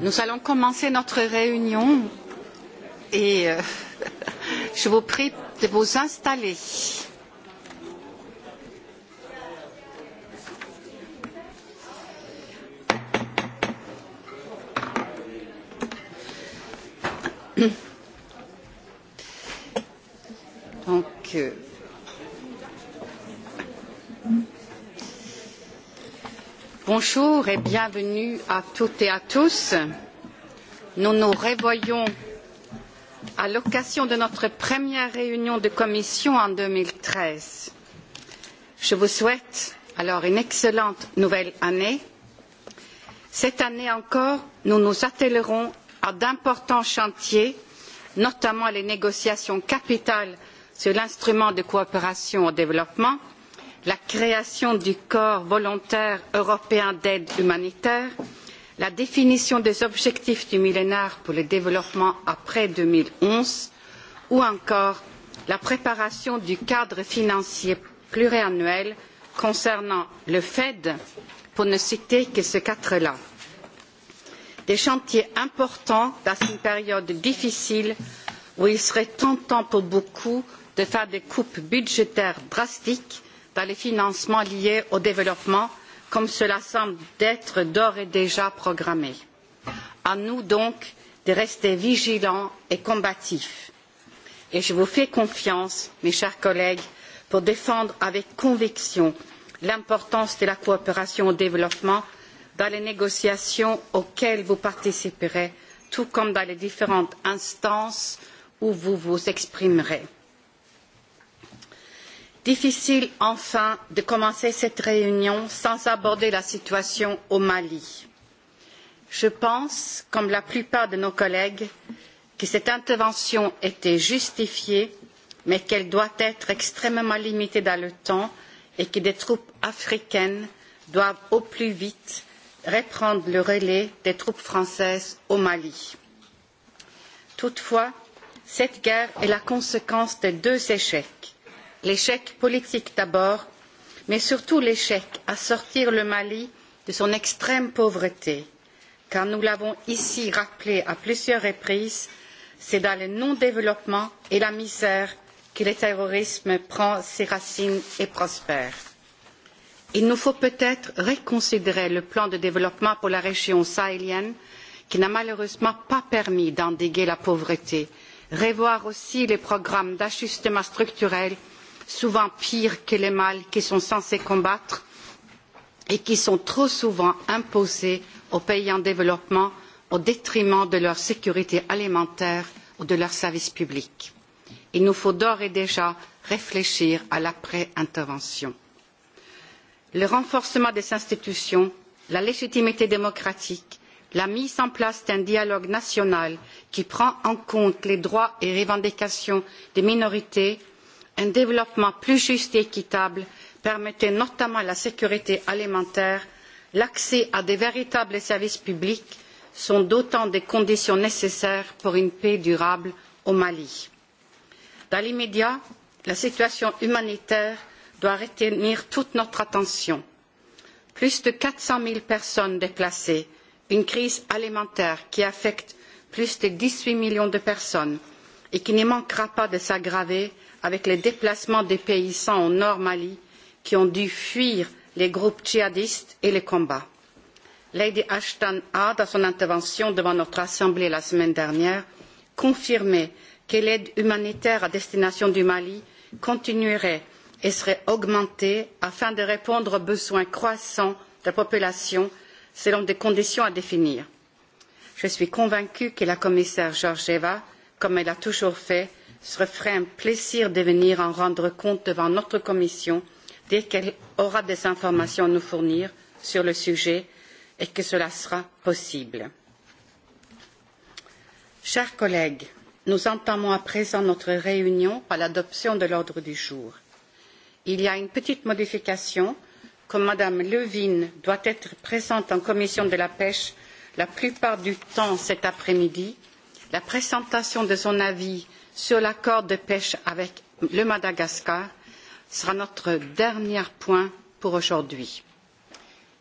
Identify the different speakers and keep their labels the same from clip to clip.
Speaker 1: Nous allons commencer notre réunion et euh, je vous prie de vous installer. Donc, euh, Bonjour et bienvenue à toutes et à tous. Nous nous revoyons à l'occasion de notre première réunion de commission en 2013. Je vous souhaite alors une excellente nouvelle année. Cette année encore, nous nous attellerons à d'importants chantiers, notamment les négociations capitales sur l'instrument de coopération au développement – la création du corps volontaire européen d'aide humanitaire, la définition des objectifs du millénaire pour le développement après 2011 ou encore la préparation du cadre financier pluriannuel concernant le Fed, pour ne citer que ces quatre-là. Des chantiers importants dans une période difficile où il serait tentant pour beaucoup de faire des coupes budgétaires drastiques dans les financements liés au développement comme cela semble être d'ores et déjà programmé. à nous donc de rester vigilants et combatifs et je vous fais confiance mes chers collègues pour défendre avec conviction l'importance de la coopération au développement dans les négociations auxquelles vous participerez tout comme dans les différentes instances où vous vous exprimerez difficile enfin de commencer cette réunion sans aborder la situation au mali. je pense comme la plupart de nos collègues que cette intervention était justifiée mais qu'elle doit être extrêmement limitée dans le temps et que des troupes africaines doivent au plus vite reprendre le relais des troupes françaises au mali. toutefois cette guerre est la conséquence de deux échecs l'échec politique d'abord mais surtout l'échec à sortir le mali de son extrême pauvreté car nous l'avons ici rappelé à plusieurs reprises c'est dans le non développement et la misère que le terrorisme prend ses racines et prospère. il nous faut peut être reconsidérer le plan de développement pour la région sahélienne qui n'a malheureusement pas permis d'endiguer la pauvreté revoir aussi les programmes d'ajustement structurel souvent pire que les mâles qu'ils sont censés combattre et qui sont trop souvent imposés aux pays en développement au détriment de leur sécurité alimentaire ou de leurs services publics. Il nous faut d'ores et déjà réfléchir à l'après intervention. Le renforcement des institutions, la légitimité démocratique, la mise en place d'un dialogue national qui prend en compte les droits et revendications des minorités un développement plus juste et équitable permettait notamment la sécurité alimentaire l'accès à de véritables services publics sont d'autant de conditions nécessaires pour une paix durable au mali. dans l'immédiat la situation humanitaire doit retenir toute notre attention plus de quatre cents zéro personnes déplacées une crise alimentaire qui affecte plus de dix huit millions de personnes et qui ne manquera pas de s'aggraver avec les déplacements des paysans au nord Mali qui ont dû fuir les groupes djihadistes et les combats. Lady Ashton a, dans son intervention devant notre Assemblée la semaine dernière, confirmé que l'aide humanitaire à destination du Mali continuerait et serait augmentée afin de répondre aux besoins croissants de la population selon des conditions à définir. Je suis convaincue que la commissaire Georgieva, comme elle l'a toujours fait, se ferait un plaisir de venir en rendre compte devant notre commission dès qu'elle aura des informations à nous fournir sur le sujet et que cela sera possible. Chers collègues, nous entamons à présent notre réunion par l'adoption de l'ordre du jour. Il y a une petite modification comme Madame Levin doit être présente en commission de la pêche la plupart du temps cet après-midi, la présentation de son avis sur l'accord de pêche avec le Madagascar sera notre dernier point pour aujourd'hui.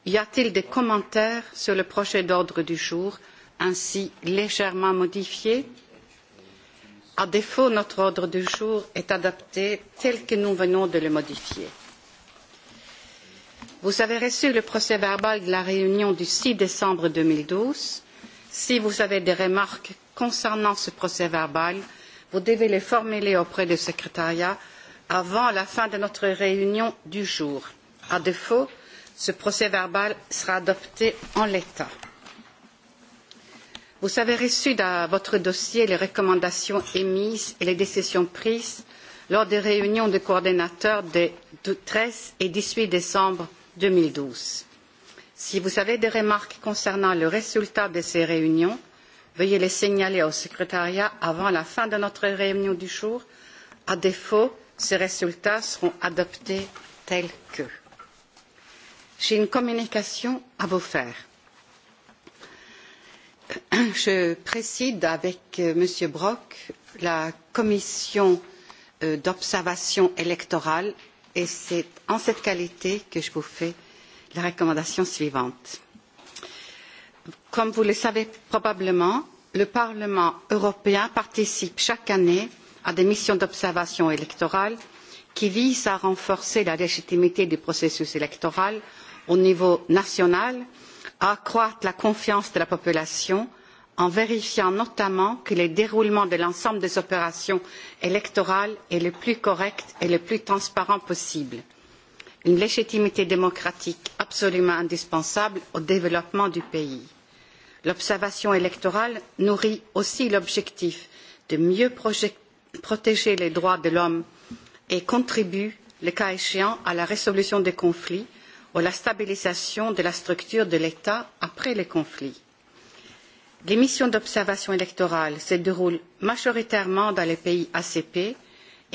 Speaker 1: Y a-t-il des commentaires sur le projet d'ordre du jour ainsi légèrement modifié À défaut, notre ordre du jour est adapté tel que nous venons de le modifier. Vous avez reçu le procès verbal de la réunion du 6 décembre 2012. Si vous avez des remarques concernant ce procès verbal, Vous devez les formuler auprès du secrétariat avant la fin de notre réunion du jour. À défaut, ce procès verbal sera adopté en l'état. Vous avez reçu dans votre dossier les recommandations émises et les décisions prises lors des réunions des coordinateurs des 13 et 18 décembre 2012. Si vous avez des remarques concernant le résultat de ces réunions, Veuillez les signaler au secrétariat avant la fin de notre réunion du jour. À défaut, ces résultats seront adoptés tels que. J'ai une communication à vous faire. Je préside avec euh, M. Brok la commission euh, d'observation électorale et c'est en cette qualité que je vous fais la recommandation suivante comme vous le savez probablement le parlement européen participe chaque année à des missions d'observation électorale qui visent à renforcer la légitimité du processus électoral au niveau national à accroître la confiance de la population en vérifiant notamment que le déroulement de l'ensemble des opérations électorales est le plus correct et le plus transparent possible une légitimité démocratique absolument indispensable au développement du pays l'observation électorale nourrit aussi l'objectif de mieux protéger les droits de l'homme et contribue le cas échéant à la résolution des conflits ou à la stabilisation de la structure de l'état après les conflits. les missions d'observation électorale se déroulent majoritairement dans les pays acp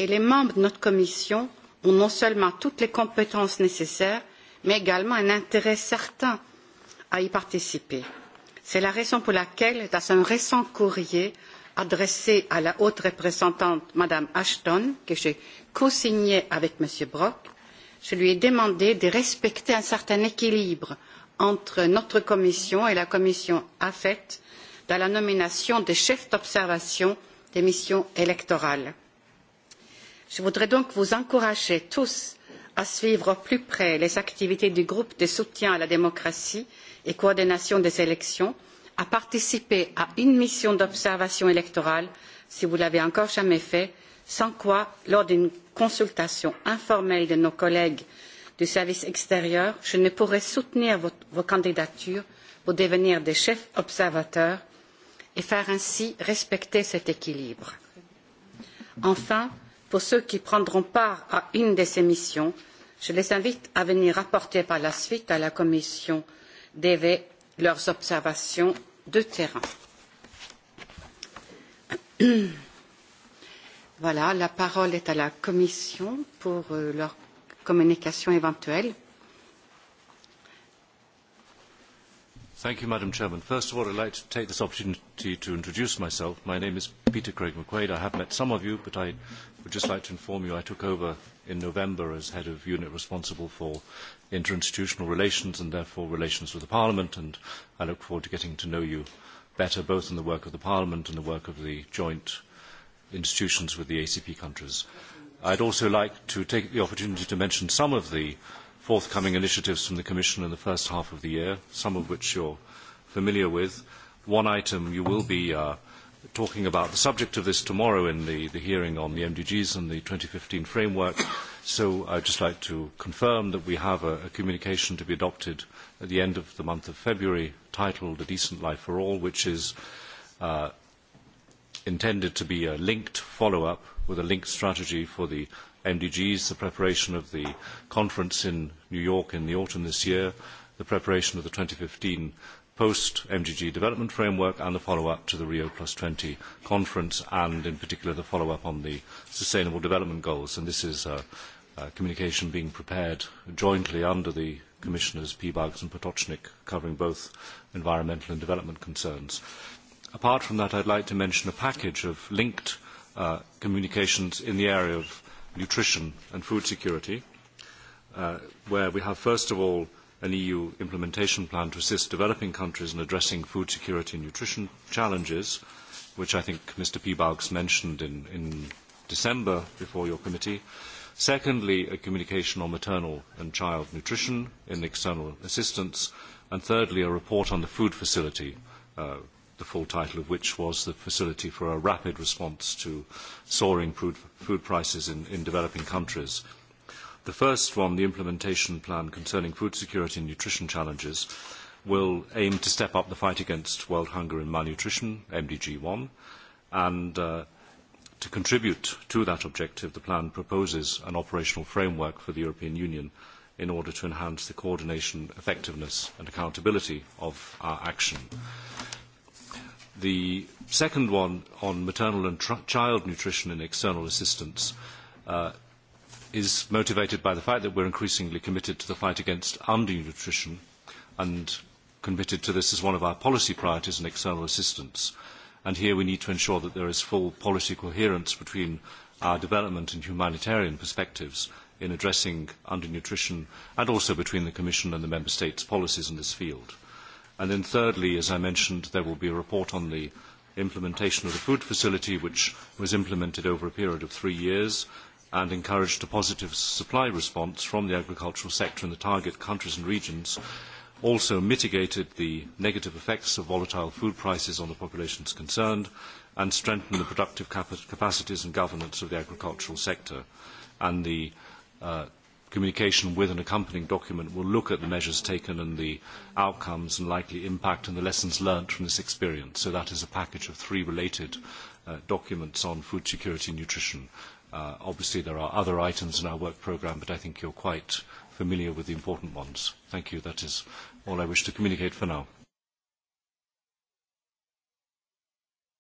Speaker 1: et les membres de notre commission ont non seulement toutes les compétences nécessaires mais également un intérêt certain à y participer c'est la raison pour laquelle dans un récent courrier adressé à la haute représentante mme ashton que j'ai cosigné avec m. brok je lui ai demandé de respecter un certain équilibre entre notre commission et la commission afet dans la nomination des chefs d'observation des missions électorales. je voudrais donc vous encourager tous à suivre au plus près les activités du groupe de soutien à la démocratie et coordination des élections à participer à une mission d'observation électorale si vous l'avez encore jamais fait sans quoi lors d'une consultation informelle de nos collègues du service extérieur je ne pourrai soutenir votre, vos candidatures pour devenir des chefs observateurs et faire ainsi respecter cet équilibre. Enfin, pour ceux qui prendront part à une de ces missions, je les invite à venir rapporter par la suite à la commission délai leurs observations de terrain. Voilà, la parole est à la Commission pour euh, leur communication éventuelle.
Speaker 2: Thank you, Madam President. First of all, I'd like to take this opportunity to introduce myself. My name is Peter Craig McQuaid. I have met some of you, but I would just like to inform you I took over in November as head of unit responsible for interinstitutional relations and therefore relations with the Parliament, and I look forward to getting to know you better, both in the work of the Parliament and the work of the joint institutions with the ACP countries. I'd also like to take the opportunity to mention some of the forthcoming initiatives from the Commission in the first half of the year, some of which you're familiar with. One item you will be uh, talking about the subject of this tomorrow in the, the hearing on the MDGs and the 2015 framework So I'd just like to confirm that we have a, a communication to be adopted at the end of the month of February titled A Decent Life for All, which is uh, intended to be a linked follow-up with a linked strategy for the MDGs, the preparation of the conference in New York in the autumn this year, the preparation of the 2015 post-MGG development framework and the follow-up to the Rio Plus 20 conference and in particular the follow-up on the sustainable development goals. And this is a, uh, uh, communication being prepared jointly under the Commissioners Peebugs and Potocnik, covering both environmental and development concerns. Apart from that, I'd like to mention a package of linked uh, communications in the area of nutrition and food security, uh, where we have, first of all, an EU implementation plan to assist developing countries in addressing food security and nutrition challenges, which I think Mr. Piebalgs mentioned in, in December before your committee. Secondly, a communication on maternal and child nutrition in external assistance. And thirdly, a report on the food facility, uh, the full title of which was the Facility for a Rapid Response to Soaring Food, food Prices in, in Developing Countries. The first from the implementation plan concerning food security and nutrition challenges, will aim to step up the fight against world hunger and malnutrition, MDG 1, and uh, to contribute to that objective, the plan proposes an operational framework for the European Union in order to enhance the coordination, effectiveness and accountability of our action. The second one on maternal and child nutrition and external assistance uh, is motivated by the fact that we're increasingly committed to the fight against undernutrition and committed to this as one of our policy priorities in external assistance. And here we need to ensure that there is full policy coherence between our development and humanitarian perspectives in addressing undernutrition and also between the Commission and the Member States' policies in this field. And then thirdly, as I mentioned, there will be a report on the implementation of the food facility, which was implemented over a period of three years, and encouraged a positive supply response from the agricultural sector in the target countries and regions, also mitigated the negative effects of volatile food prices on the populations concerned and strengthened the productive cap capacities and governance of the agricultural sector. And the uh, communication with an accompanying document will look at the measures taken and the outcomes and likely impact and the lessons learned from this experience. So that is a package of three related uh, documents on food security and nutrition Uh, obviously, there are other items in our work programme, but I think you're quite familiar with the important ones. Thank you. That is all I wish to communicate for now.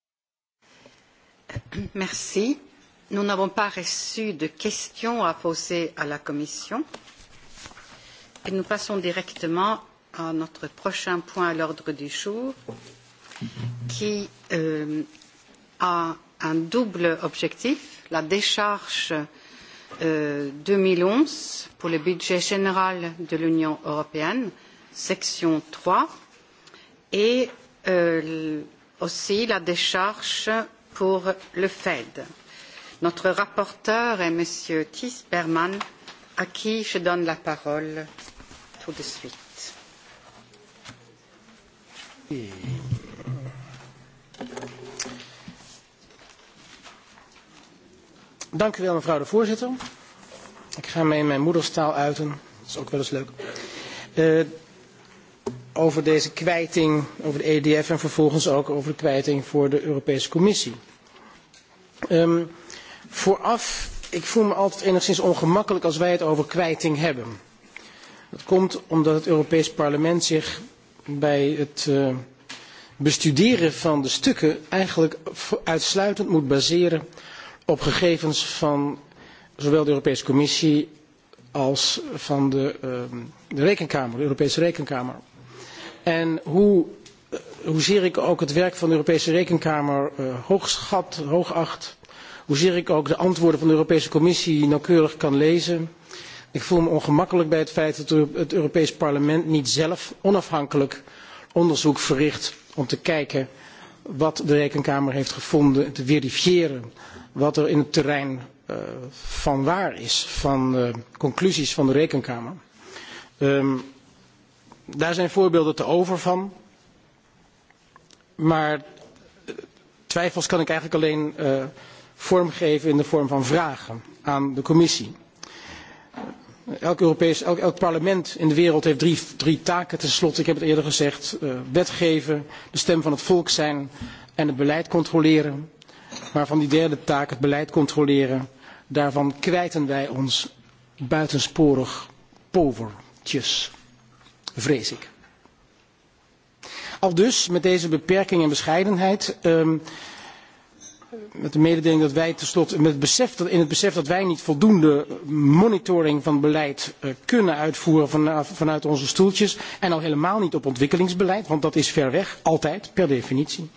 Speaker 1: Merci. Nous n'avons pas reçu de questions à poser à la Commission. Et nous passons directement à notre prochain point à l'ordre du jour, qui euh, a un double objectif la décharge euh, 2011 pour le budget général de l'Union européenne, section 3, et euh, aussi la décharge pour le Fed. Notre rapporteur est M. Thies Berman, à qui je donne la parole tout de suite.
Speaker 3: Dank u wel, mevrouw de voorzitter. Ik ga mij in mijn moederstaal uiten. Dat is ook wel eens leuk. Uh, over deze kwijting, over de EDF en vervolgens ook over de kwijting voor de Europese Commissie. Um, vooraf, ik voel me altijd enigszins ongemakkelijk als wij het over kwijting hebben. Dat komt omdat het Europees Parlement zich bij het uh, bestuderen van de stukken eigenlijk uitsluitend moet baseren op gegevens van zowel de Europese Commissie als van de, ehm, de Rekenkamer, de Europese Rekenkamer. En hoe, eh, hoezeer ik ook het werk van de Europese Rekenkamer eh, hoog schat, hoog hoezeer ik ook de antwoorden van de Europese Commissie nauwkeurig kan lezen, ik voel me ongemakkelijk bij het feit dat het Europees Parlement niet zelf onafhankelijk onderzoek verricht om te kijken wat de Rekenkamer heeft gevonden en te verifiëren wat er in het terrein uh, van waar is, van uh, conclusies van de rekenkamer. Um, daar zijn voorbeelden te over van, maar eh, twijfels kan ik eigenlijk alleen uh, vormgeven in de vorm van vragen aan de commissie. Elk, Europees, elk, elk parlement in de wereld heeft drie, drie taken tenslotte, ik heb het eerder gezegd, uh, wetgeven, de stem van het volk zijn en het beleid controleren waarvan van die derde taak, het beleid controleren, daarvan kwijten wij ons buitensporig povertjes, vrees ik. Al dus met deze beperking en bescheidenheid, um, met de mededeling dat wij tenslotte, met het besef dat, in het besef dat wij niet voldoende monitoring van beleid uh, kunnen uitvoeren van, vanuit onze stoeltjes en al helemaal niet op ontwikkelingsbeleid, want dat is ver weg, altijd, per definitie.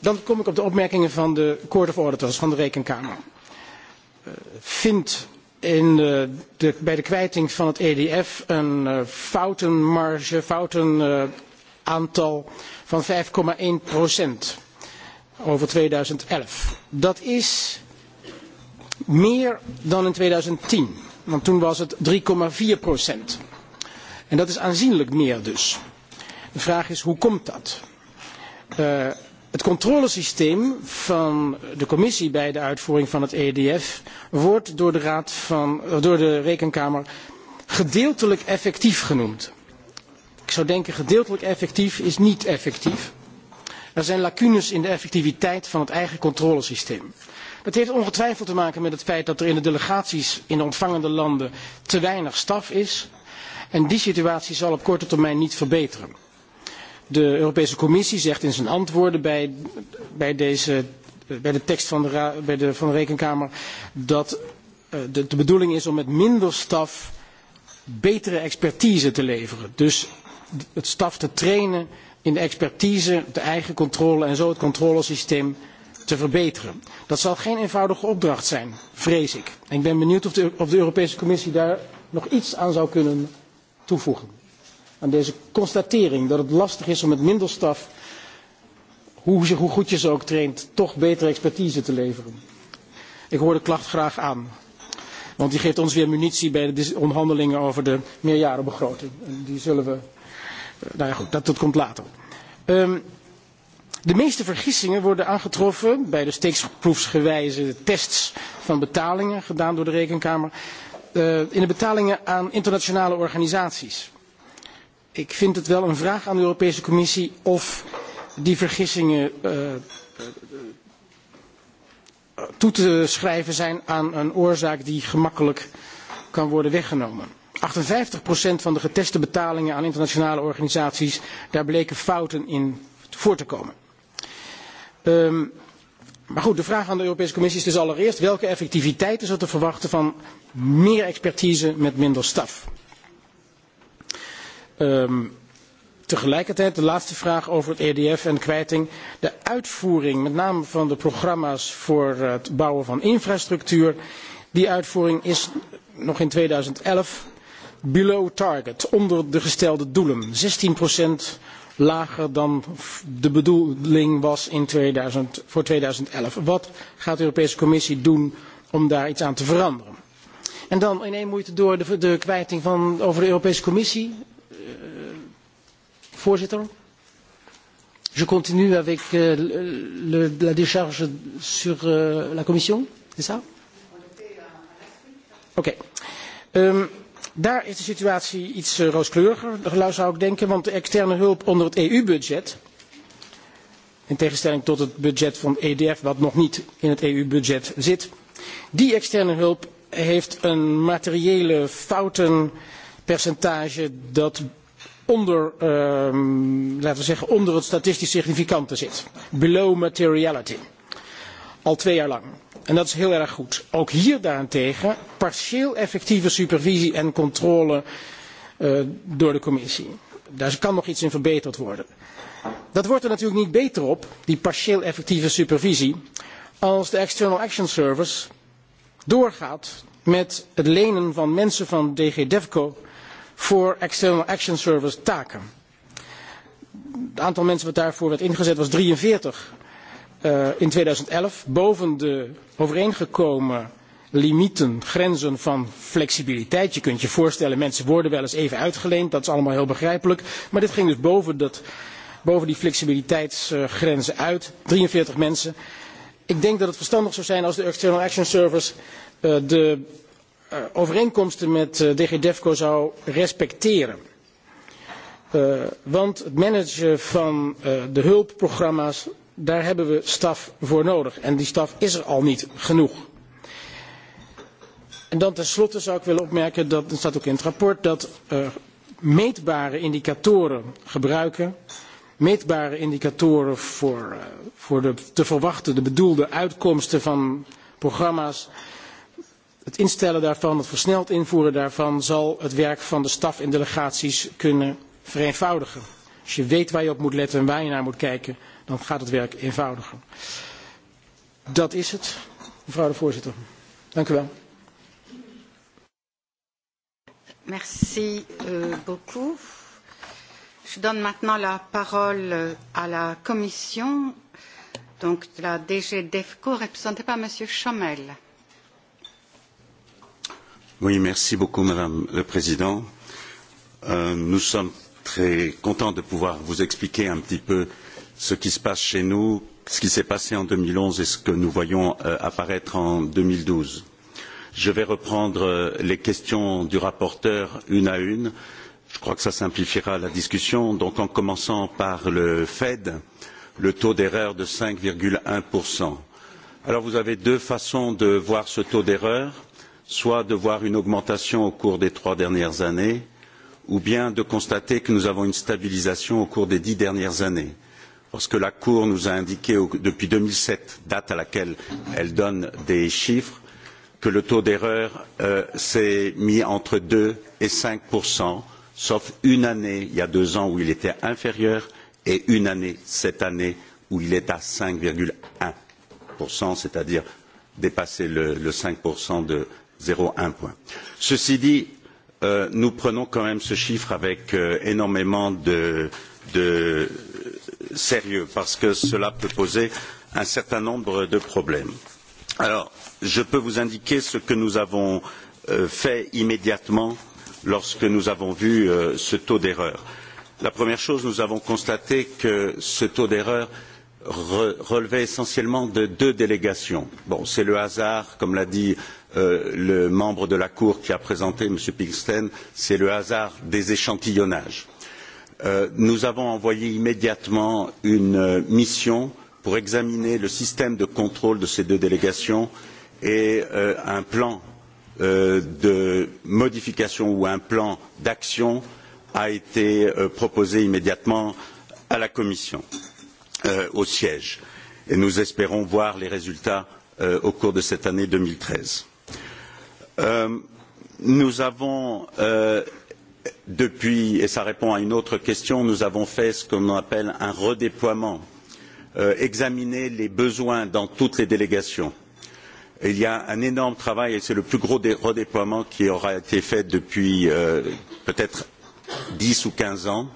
Speaker 3: Dan kom ik op de opmerkingen van de Court of Auditors van de Rekenkamer. Eh, vindt in de, eh, de, bij de kwijting van het EDF een uh, foutenmarge, foutenaantal uh, van 5,1 procent over 2011. Dat is meer dan in 2010, want toen was het 3,4 procent. En dat is aanzienlijk meer dus. De vraag is, hoe komt dat? Uh, Het controlesysteem van de commissie bij de uitvoering van het EDF wordt door de, Raad van, door de Rekenkamer gedeeltelijk effectief genoemd. Ik zou denken gedeeltelijk effectief is niet effectief. Er zijn lacunes in de effectiviteit van het eigen controlesysteem. Dat heeft ongetwijfeld te maken met het feit dat er in de delegaties in de ontvangende landen te weinig staf is. En die situatie zal op korte termijn niet verbeteren. De Europese Commissie zegt in zijn antwoorden bij, bij, deze, bij de tekst van de, bij de, van de Rekenkamer dat uh, de, de bedoeling is om met minder staf betere expertise te leveren. Dus het staf te trainen in de expertise, de eigen controle en zo het controlesysteem te verbeteren. Dat zal geen eenvoudige opdracht zijn, vrees ik. En ik ben benieuwd of de, of de Europese Commissie daar nog iets aan zou kunnen toevoegen aan deze constatering dat het lastig is om met minder staf, hoe, ze, hoe goed je ze ook traint, toch betere expertise te leveren. Ik hoor de klacht graag aan. Want die geeft ons weer munitie bij de onderhandelingen over de meerjarenbegroting. En die zullen we... Eh, nou ja, goed, dat, dat komt later. Um, de meeste vergissingen worden aangetroffen bij de steeksproefsgewijze tests van betalingen gedaan door de Rekenkamer. Uh, in de betalingen aan internationale organisaties ik vind het wel een vraag aan de Europese Commissie of die vergissingen uh, toe te schrijven zijn aan een oorzaak die gemakkelijk kan worden weggenomen. 58% van de geteste betalingen aan internationale organisaties, daar bleken fouten in voor te komen. Um, maar goed, de vraag aan de Europese Commissie is dus allereerst welke effectiviteit is er te verwachten van meer expertise met minder staf? Ehm, tegelijkertijd de laatste vraag over het EDF en kwijting. De uitvoering, met name van de programma's voor het bouwen van infrastructuur, die uitvoering is nog in tweeduizendelf below target, onder de gestelde doelen. 16% lager dan de bedoeling was in 2000, voor tweeduizendelf Wat gaat de Europese Commissie doen om daar iets aan te veranderen? En dan in één moeite door de, de kwijting van, over de Europese Commissie. Voorzitter, je continue avec euh, le, la décharge sur euh, la commission, c'est ça Oké. Okay. Um, daar is de situatie iets uh, rooskleuriger, zou ik denken, want de externe hulp onder het
Speaker 4: EU-budget,
Speaker 3: in tegenstelling tot het budget van EDF, wat nog niet in het EU-budget zit, die externe hulp heeft een materiële foutenpercentage dat onder, um, laten we zeggen, onder het statistisch significante zit. Below materiality. Al twee jaar lang. En dat is heel erg goed. Ook hier daarentegen partieel effectieve supervisie en controle uh, door de commissie. Daar kan nog iets in verbeterd worden. Dat wordt er natuurlijk niet beter op, die partieel effectieve supervisie, als de External Action Service doorgaat met het lenen van mensen van DG DEFCO voor External Action Service taken. Het aantal mensen wat daarvoor werd ingezet was 43 uh, eh, in 2011, boven de overeengekomen limieten, grenzen van flexibiliteit. Je kunt je voorstellen, mensen worden wel eens even uitgeleend, dat is allemaal heel begrijpelijk. Maar dit ging dus boven, dat, boven die flexibiliteitsgrenzen uit, 43 mensen. Ik denk dat het verstandig zou zijn als de External Action Service uh, de Eh, overeenkomsten met eh, DG devco zou respecteren. Eh, want het managen van de hulpprogramma's, daar hebben we staf voor nodig. En die staf is er al niet genoeg. En dan tenslotte zou ik willen opmerken, dat, dat er staat ook in het rapport, dat uh, meetbare indicatoren gebruiken, meetbare indicatoren voor, uh, voor de te verwachten, de bedoelde uitkomsten van programma's, Het instellen daarvan, het versneld invoeren daarvan, zal het werk van de staf en delegaties kunnen vereenvoudigen. Als je weet waar je op moet letten en waar je naar moet kijken, dan gaat het werk eenvoudiger. Dat is het, mevrouw de voorzitter. Dank u wel. Merci euh, beaucoup. Je donne
Speaker 1: maintenant la parole euh, à la Commission, donc la DG DEFCO, représentée par Monsieur Chamel.
Speaker 5: Oui, merci beaucoup, Madame le Président. Euh, nous sommes très contents de pouvoir vous expliquer un petit peu ce qui se passe chez nous, ce qui s'est passé en 2011 et ce que nous voyons euh, apparaître en 2012. Je vais reprendre euh, les questions du rapporteur une à une. Je crois que ça simplifiera la discussion. Donc, en commençant par le Fed, le taux d'erreur de 5,1 Alors, vous avez deux façons de voir ce taux d'erreur soit de voir une augmentation au cours des trois dernières années, ou bien de constater que nous avons une stabilisation au cours des dix dernières années. Parce que la Cour nous a indiqué depuis 2007, date à laquelle elle donne des chiffres, que le taux d'erreur euh, s'est mis entre 2 et 5 sauf une année, il y a deux ans, où il était inférieur, et une année, cette année, où il est à 5,1 c'est-à-dire dépasser le, le 5 de zéro un point. Ceci dit, euh, nous prenons quand même ce chiffre avec euh, énormément de, de sérieux parce que cela peut poser un certain nombre de problèmes. Alors, je peux vous indiquer ce que nous avons euh, fait immédiatement lorsque nous avons vu euh, ce taux d'erreur. La première chose, nous avons constaté que ce taux d'erreur re relevait essentiellement de deux délégations. Bon, c'est le hasard, comme l'a dit euh, Euh, le membre de la Cour qui a présenté, M. Pinkston, c'est le hasard des échantillonnages. Euh, nous avons envoyé immédiatement une euh, mission pour examiner le système de contrôle de ces deux délégations et un plan de modification ou un plan d'action a été proposé immédiatement à la Commission, au siège. Et nous espérons voir les résultats au cours de cette année deux mille treize Euh, nous avons euh, depuis et cela répond à une autre question nous avons fait ce qu'on appelle un redéploiement euh, examiner les besoins dans toutes les délégations. Il y a un énorme travail et c'est le plus gros redéploiement qui aura été fait depuis euh, peut-être dix ou quinze ans.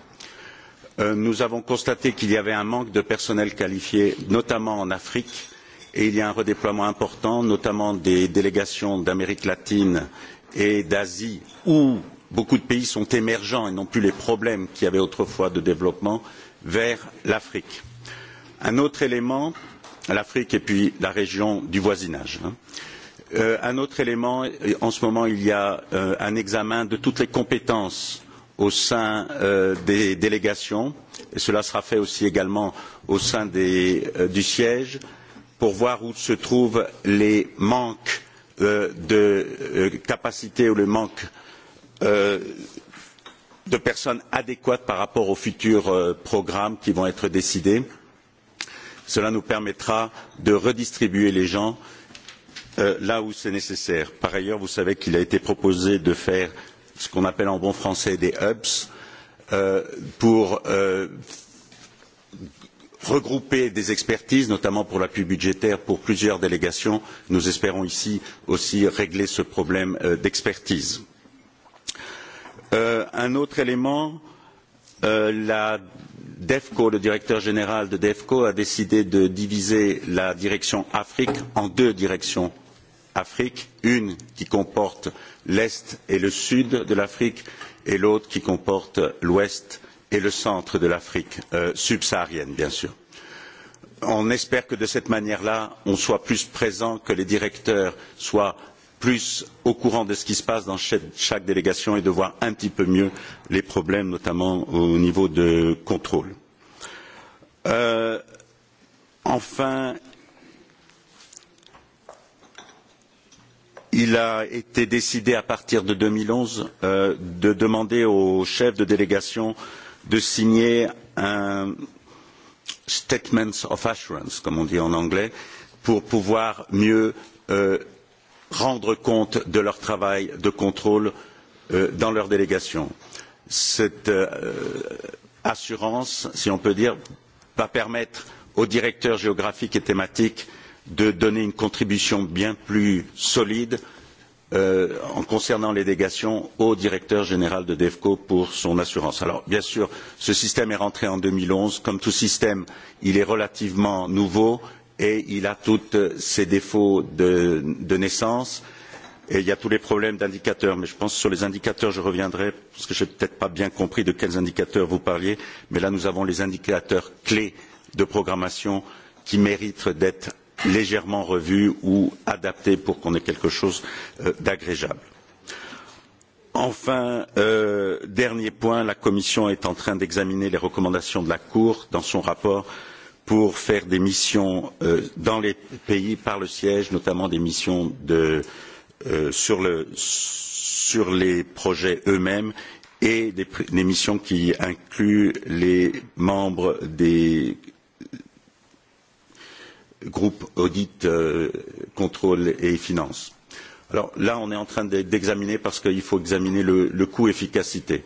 Speaker 5: Euh, nous avons constaté qu'il y avait un manque de personnel qualifié, notamment en Afrique, et il y a un redéploiement important, notamment des délégations d'Amérique latine et d'Asie, où beaucoup de pays sont émergents et n'ont plus les problèmes qu'il y avait autrefois de développement, vers l'Afrique. Un autre élément, l'Afrique et puis la région du voisinage. Euh, un autre élément, en ce moment, il y a euh, un examen de toutes les compétences au sein euh, des délégations, et cela sera fait aussi également au sein des, euh, du siège, pour voir où se trouvent les manques euh, de euh, capacité ou le manque euh, de personnes adéquates par rapport aux futurs euh, programmes qui vont être décidés. Cela nous permettra de redistribuer les gens là où c'est nécessaire. Par ailleurs, vous savez qu'il a été proposé de faire ce qu'on appelle en bon français des hubs pour regrouper des expertises, notamment pour l'appui budgétaire pour plusieurs délégations. Nous espérons ici aussi régler ce problème euh, d'expertise. Euh, un autre élément, euh, la DEFCO, le directeur général de DEFCO, a décidé de diviser la direction Afrique en deux directions Afrique, une qui comporte l'Est et le Sud de l'Afrique et l'autre qui comporte l'Ouest et le centre de l'Afrique euh, subsaharienne, bien sûr. On espère que de cette manière-là, on soit plus présent, que les directeurs soient plus au courant de ce qui se passe dans chaque, chaque délégation et de voir un petit peu mieux les problèmes, notamment au niveau de contrôle. Euh, enfin, il a été décidé à partir de deux mille onze euh, de demander aux chefs de délégation euh, de signer un statement of assurance, comme on dit en anglais, pour pouvoir mieux euh, rendre compte de leur travail de contrôle euh, dans leur délégation. Cette euh, assurance, si on peut dire, va permettre aux directeurs géographiques et thématiques de donner une contribution bien plus solide euh, concernant les délégations au directeur général de DEFCO pour son assurance. Alors bien sûr, ce système est rentré en 2011. Comme tout système, il est relativement nouveau et il a tous ses défauts de, de naissance. Et il y a tous les problèmes d'indicateurs, mais je pense que sur les indicateurs, je reviendrai, parce que je n'ai peut-être pas bien compris de quels indicateurs vous parliez, mais là, nous avons les indicateurs clés de programmation qui méritent d'être légèrement revu ou adapté pour qu'on ait quelque chose euh, d'agréable. Enfin, euh, dernier point, la Commission est en train d'examiner les recommandations de la Cour dans son rapport pour faire des missions euh, dans les pays par le siège, notamment des missions de, euh, sur, le, sur les projets eux-mêmes et des, des missions qui incluent les membres des groupe audit, euh, contrôle et finances. Alors là, on est en train d'examiner parce qu'il faut examiner le, le coût efficacité.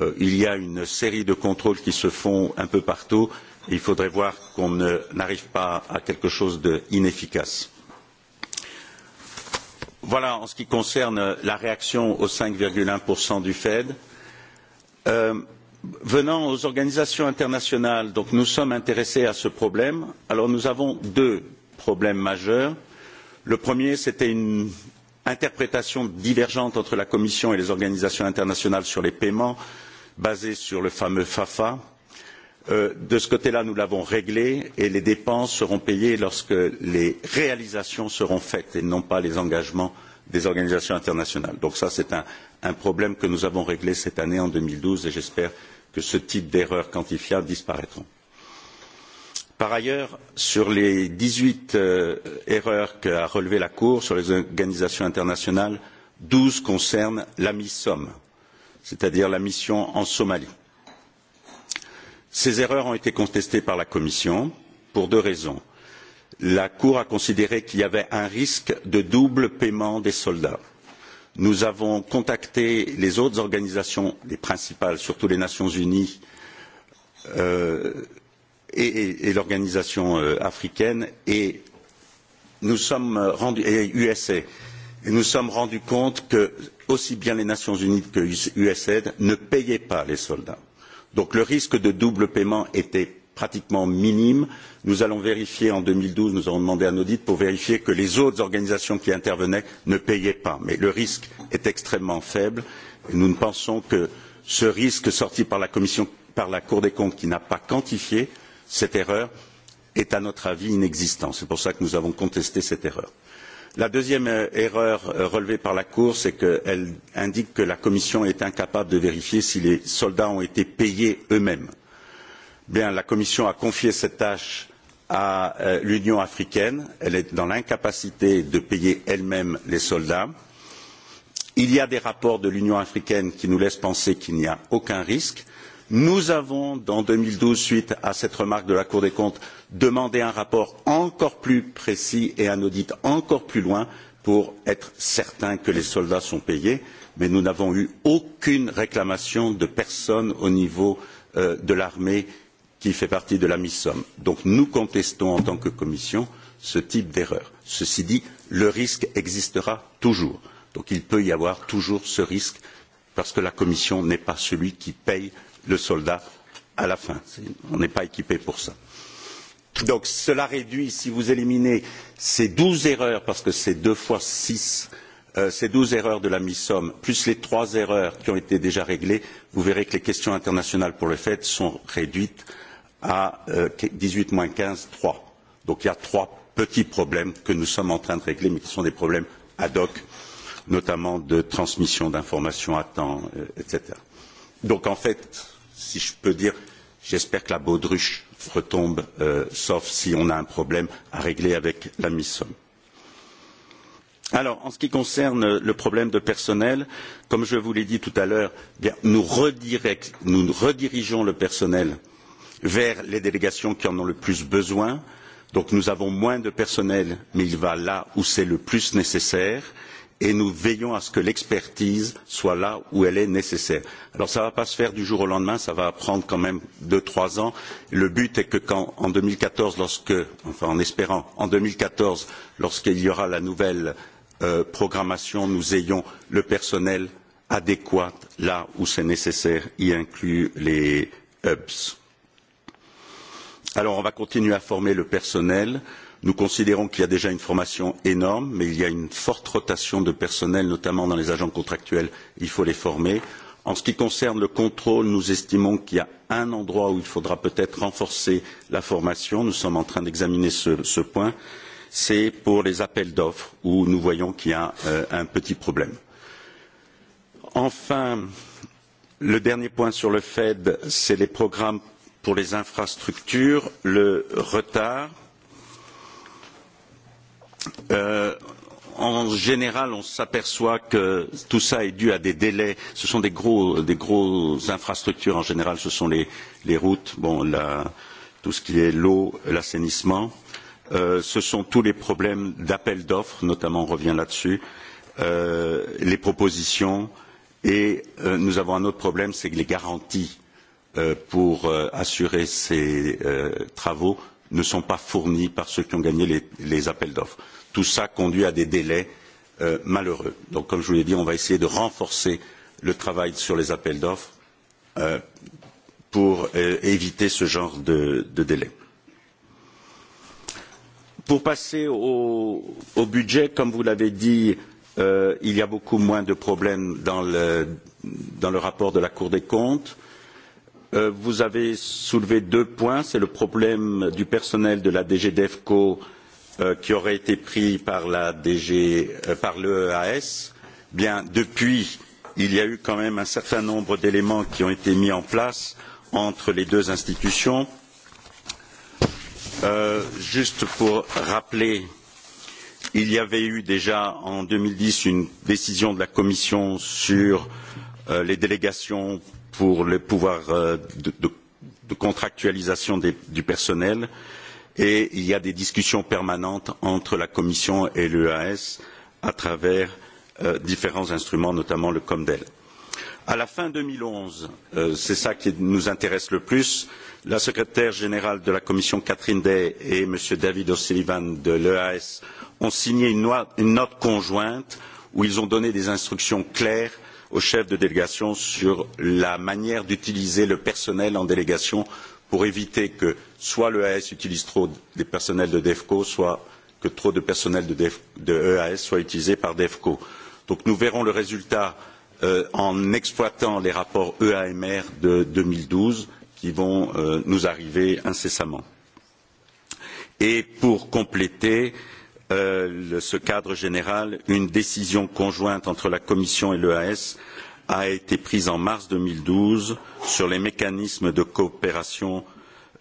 Speaker 5: Euh, il y a une série de contrôles qui se font un peu partout. Et il faudrait voir qu'on n'arrive pas à quelque chose d'inefficace. Voilà en ce qui concerne la réaction aux 5,1% du Fed. Euh, venant aux organisations internationales donc nous sommes intéressés à ce problème alors nous avons deux problèmes majeurs le premier c'était une interprétation divergente entre la commission et les organisations internationales sur les paiements basée sur le fameux fafa. Euh, de ce côté là nous l'avons réglé et les dépenses seront payées lorsque les réalisations seront faites et non pas les engagements des organisations internationales. donc ça c'est un un problème que nous avons réglé cette année en deux mille douze et j'espère que ce type d'erreurs quantifiables disparaîtront. Par ailleurs, sur les dix huit euh, erreurs qu'a relevées la Cour sur les organisations internationales, douze concernent la MISOM, c'est-à-dire la mission en Somalie. Ces erreurs ont été contestées par la Commission pour deux raisons. La Cour a considéré qu'il y avait un risque de double paiement des soldats Nous avons contacté les autres organisations, les principales, surtout les Nations Unies euh, et, et, l'organisation euh, africaine et nous sommes rendus et USA. Et nous sommes rendus compte que aussi bien les Nations Unies que USAID ne payaient pas les soldats. Donc le risque de double paiement était pratiquement minime. Nous allons vérifier en 2012, nous avons demandé un audit pour vérifier que les autres organisations qui intervenaient ne payaient pas. Mais le risque est extrêmement faible. Et nous ne pensons que ce risque sorti par la Commission, par la Cour des comptes qui n'a pas quantifié cette erreur est à notre avis inexistant. C'est pour ça que nous avons contesté cette erreur. La deuxième euh, erreur euh, relevée par la Cour, c'est qu'elle indique que la Commission est incapable de vérifier si les soldats ont été payés eux-mêmes. Bien, la Commission a confié cette tâche à euh, l'Union africaine. Elle est dans l'incapacité de payer elle-même les soldats. Il y a des rapports de l'Union africaine qui nous laissent penser qu'il n'y a aucun risque. Nous avons, dans 2012, suite à cette remarque de la Cour des comptes, demandé un rapport encore plus précis et un audit encore plus loin pour être certain que les soldats sont payés, mais nous n'avons eu aucune réclamation de personne au niveau euh, de l'armée qui fait partie de la MISOM. Donc nous contestons en tant que Commission ce type d'erreur. Ceci dit, le risque existera toujours. Donc il peut y avoir toujours ce risque parce que la Commission n'est pas celui qui paye le soldat à la fin. On n'est pas équipé pour ça. Donc cela réduit, si vous éliminez ces douze erreurs, parce que c'est deux fois six, euh, ces douze erreurs de la mi-somme, plus les trois erreurs qui ont été déjà réglées, vous verrez que les questions internationales pour le fait sont réduites à euh, dix huit moins quinze trois. Donc il y a trois petits problèmes que nous sommes en train de régler, mais qui sont des problèmes ad hoc, notamment de transmission d'informations à temps, euh, etc. Donc en fait, si je peux dire, j'espère que la baudruche retombe, euh, sauf si on a un problème à régler avec la MISOM. Alors, en ce qui concerne le problème de personnel, comme je vous l'ai dit tout à l'heure, eh nous, nous redirigeons le personnel euh, vers les délégations qui en ont le plus besoin. Donc nous avons moins de personnel, mais il va là où c'est le plus nécessaire et nous veillons à ce que l'expertise soit là où elle est nécessaire. Alors ça ne va pas se faire du jour au lendemain, ça va prendre quand même deux trois ans. Le but est que quand en 2014, lorsque, enfin en espérant, en 2014, lorsqu'il y aura la nouvelle euh, programmation, nous ayons le personnel adéquat là où c'est nécessaire, y inclut les hubs. Euh, alors on va continuer à former le personnel. Nous considérons qu'il y a déjà une formation énorme, mais il y a une forte rotation de personnel, notamment dans les agents contractuels. Il faut les former. En ce qui concerne le contrôle, nous estimons qu'il y a un endroit où il faudra peut-être renforcer la formation. Nous sommes en train d'examiner ce, ce point. C'est pour les appels d'offres où nous voyons qu'il y a euh, un petit problème. Enfin, le dernier point sur le Fed, c'est les programmes pour les infrastructures, le retard. Euh, en général, on s'aperçoit que tout ça est dû à des délais. Ce sont des gros, des gros infrastructures. En général, ce sont les, les routes, bon, la, tout ce qui est l'eau, l'assainissement. Euh, ce sont tous les problèmes d'appel d'offres, notamment, on revient là-dessus, euh, les propositions. Et euh, nous avons un autre problème, c'est les garanties Euh, pour euh, assurer ces euh, travaux ne sont pas fournis par ceux qui ont gagné les, les appels d'offres. Tout cela conduit à des délais euh, malheureux. Donc, comme je vous l'ai dit, on va essayer de renforcer le travail sur les appels d'offres euh, pour euh, éviter ce genre de, de délai. Pour passer au, au budget, comme vous l'avez dit, euh, il y a beaucoup moins de problèmes dans le, dans le rapport de la Cour des comptes. Euh, vous avez soulevé deux points. C'est le problème du personnel de la DG DEFCO euh, qui aurait été pris par la DG, euh, par l'EAS. Bien, depuis, il y a eu quand même un certain nombre d'éléments qui ont été mis en place entre les deux institutions. Euh, juste pour rappeler, il y avait eu déjà en 2010 une décision de la Commission sur euh, les délégations pour le pouvoir euh, de, de, de contractualisation des, du personnel et il y a des discussions permanentes entre la Commission et l'EAS à travers euh, différents instruments, notamment le COMDEL. À la fin 2011, euh, c'est ça qui nous intéresse le plus, la secrétaire générale de la Commission Catherine Day et M. David O'Sullivan de l'EAS ont signé une, note conjointe où ils ont donné des instructions claires aux chefs de délégation sur la manière d'utiliser le personnel en délégation pour éviter que soit l'EAS utilise trop des personnels de DEFCO, soit que trop de personnel de, DEF, de EAS soit utilisé par DEFCO. Donc nous verrons le résultat euh, en exploitant les rapports EAMR de 2012 qui vont euh, nous arriver incessamment. Et pour compléter, euh, Euh, ce cadre général, une décision conjointe entre la Commission et l'EAS a été prise en mars deux mille douze sur les mécanismes de coopération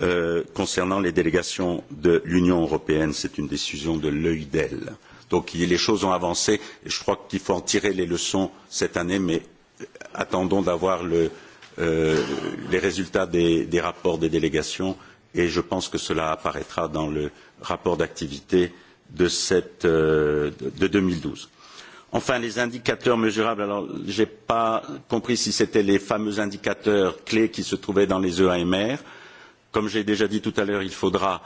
Speaker 5: euh, concernant les délégations de l'Union européenne. C'est une décision de l'EIDEL. Donc les choses ont avancé et je crois qu'il faut en tirer les leçons cette année, mais euh, attendons d'avoir le, euh, les résultats des, des rapports des délégations et je pense que cela apparaîtra dans le rapport d'activité euh, de, cette, euh, de 2012. Enfin, les indicateurs mesurables. Alors, je n'ai pas compris si c'était les fameux indicateurs clés qui se trouvaient dans les EAMR. Comme j'ai déjà dit tout à l'heure, il faudra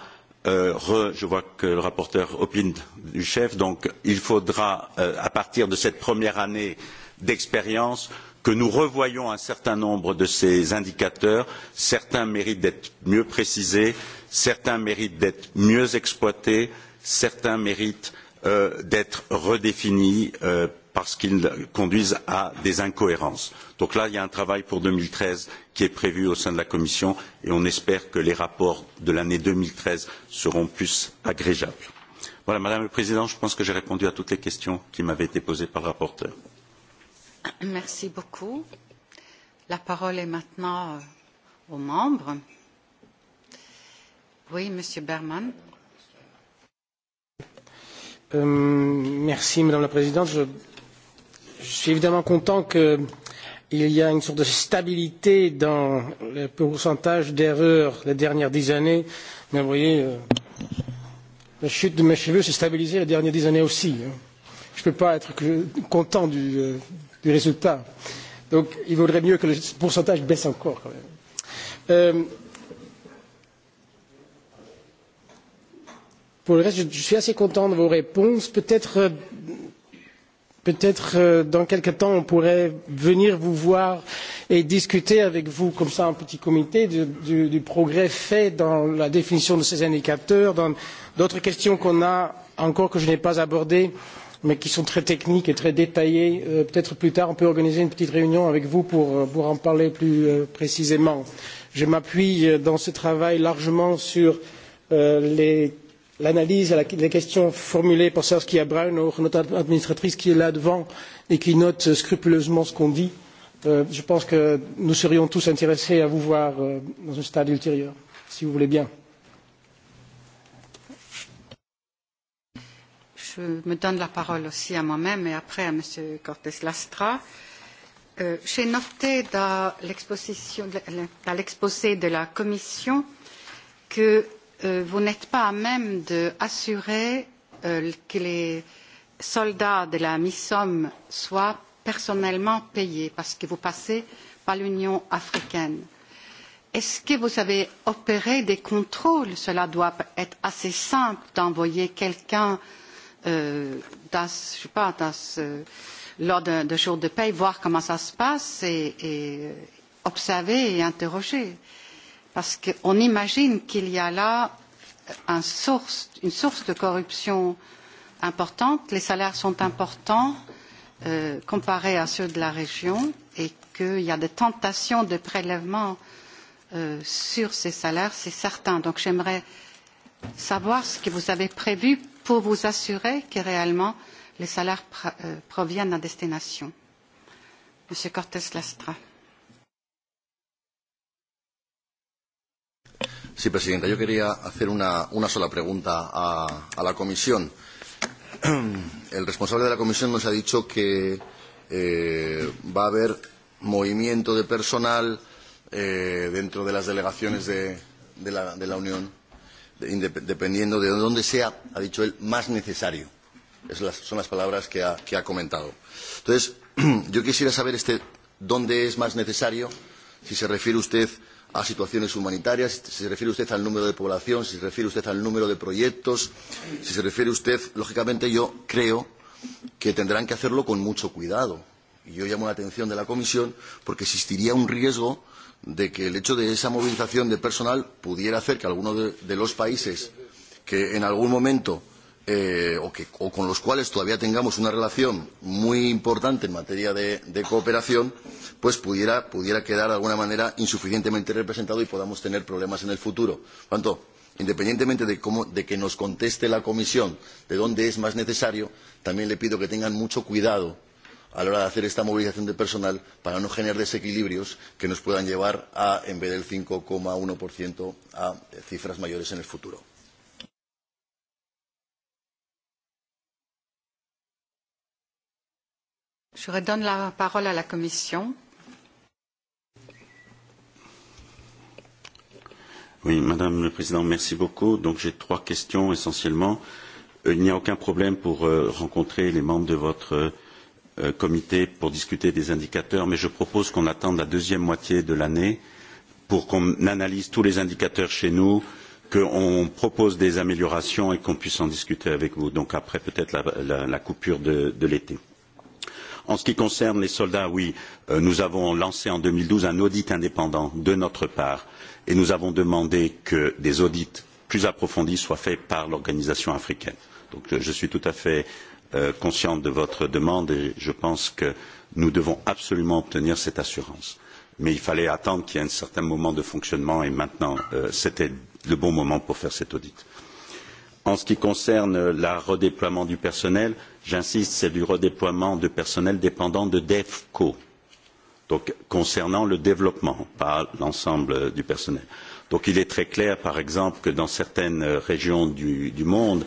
Speaker 5: euh, re, je vois que le rapporteur opine du chef, donc il faudra, euh, à partir de cette première année d'expérience, que nous revoyions un certain nombre de ces indicateurs. Certains méritent d'être mieux précisés, certains méritent d'être mieux exploités, euh, certains méritent euh, d'être redéfinis euh, parce qu'ils conduisent à des incohérences. Donc là, il y a un travail pour 2013 qui est prévu au sein de la Commission et on espère que les rapports de l'année 2013 seront plus agrégeables. Voilà, Madame la Présidente, je pense que j'ai répondu à toutes les questions qui m'avaient été posées par le rapporteur.
Speaker 1: Merci beaucoup. La parole est maintenant euh, aux membres. Oui, Monsieur Berman.
Speaker 3: Euh, merci Madame la Présidente. Je, je suis évidemment content qu'il y a une sorte de stabilité dans le pourcentage d'erreurs les dernières dix années. Mais vous voyez, euh, la chute de mes cheveux s'est stabilisée les dernières dix années aussi. Je ne peux pas être que, content du, euh, du résultat. Donc il vaudrait mieux que le pourcentage baisse encore quand même. Euh, Pour le reste, je, suis assez content de vos réponses. Peut-être euh, peut-être euh, dans quelque temps on pourrait venir vous voir et discuter avec vous comme ça en petit comité du, du, du progrès fait dans la définition de ces indicateurs, dans d'autres questions qu'on a encore que je n'ai pas abordées mais qui sont très techniques et très détaillées. Euh, peut-être plus tard on peut organiser une petite réunion avec vous pour, euh, pour en parler plus euh, précisément. Je m'appuie dans ce travail largement sur les l'analyse et les questions formulées par Saskia Bruinhoog, notre administratrice qui est là devant et qui note scrupuleusement ce qu'on dit, euh, je pense que nous serions tous intéressés à vous voir euh, dans un stade ultérieur, si vous voulez bien.
Speaker 1: Je me donne la parole aussi à moi-même et après à M. Cortés-Lastra. Euh, J'ai noté dans l'exposé de la Commission que Euh, vous n'êtes pas à même d'assurer euh, que les soldats de la MISOM soient personnellement payés parce que vous passez par l'Union africaine. Est-ce que vous avez opéré des contrôles Cela doit être assez simple d'envoyer quelqu'un euh, dans, je sais pas, dans ce, lors d'un jour de paix, voir comment ça se passe et, et observer et interroger. Euh, parce qu'on imagine qu'il y a là un source, une source de corruption importante. Les salaires sont importants euh, comparés à ceux de la région et qu'il y a des tentations de prélèvement euh, sur ces salaires, c'est certain. Donc j'aimerais savoir ce que vous avez prévu pour vous assurer que réellement les salaires pr euh, proviennent à destination. Monsieur Cortés Lastra.
Speaker 6: Sí, Presidenta. Yo quería hacer una, una sola pregunta a, a la Comisión. El responsable de la Comisión nos ha dicho que eh, va a haber movimiento de personal eh, dentro de las delegaciones de, de, la, de la Unión, de, dependiendo de dónde sea, ha dicho él, más necesario. Esas las, son las palabras que ha, que ha comentado. Entonces, yo quisiera saber este, dónde es más necesario, si se refiere usted a a situaciones humanitarias, si se refiere usted al número de población, si se refiere usted al número de proyectos, si se refiere usted, lógicamente yo creo que tendrán que hacerlo con mucho cuidado. Y yo llamo la atención de la Comisión porque existiría un riesgo de que el hecho de esa movilización de personal pudiera hacer que alguno de, de los países que en algún momento eh, o, que, o con los cuales todavía tengamos una relación muy importante en materia de, de cooperación, pues pudiera, pudiera quedar de alguna manera insuficientemente representado y podamos tener problemas en el futuro. Por tanto, independientemente de, cómo, de que nos conteste la Comisión de dónde es más necesario, también le pido que tengan mucho cuidado a la hora de hacer esta movilización de personal para no generar desequilibrios que nos puedan llevar a, en vez del 5,1%, a cifras mayores en el futuro.
Speaker 1: Je redonne la parole à la Commission.
Speaker 5: Oui, Madame le Président, merci beaucoup. Donc j'ai trois questions essentiellement. Euh, il n'y a aucun problème pour euh, rencontrer les membres de votre euh, comité pour discuter des indicateurs, mais je propose qu'on attende la deuxième moitié de l'année pour qu'on analyse tous les indicateurs chez nous, qu'on propose des améliorations et qu'on puisse en discuter avec vous. Donc après peut-être la, la, la coupure de, de l'été. En ce qui concerne les soldats, oui, euh, nous avons lancé en 2012 un audit indépendant de notre part et nous avons demandé que des audits plus approfondis soient faits par l'organisation africaine. Donc euh, je suis tout à fait euh, conscient de votre demande et je pense que nous devons absolument obtenir cette assurance. Mais il fallait attendre qu'il y ait un certain moment de fonctionnement et maintenant euh, c'était le bon moment pour faire cet audit. En ce qui concerne le redéploiement du personnel, j'insiste, c'est du redéploiement de personnel dépendant de DEFCO, donc concernant le développement, pas l'ensemble du personnel. Donc il est très clair, par exemple, que dans certaines régions du, du monde,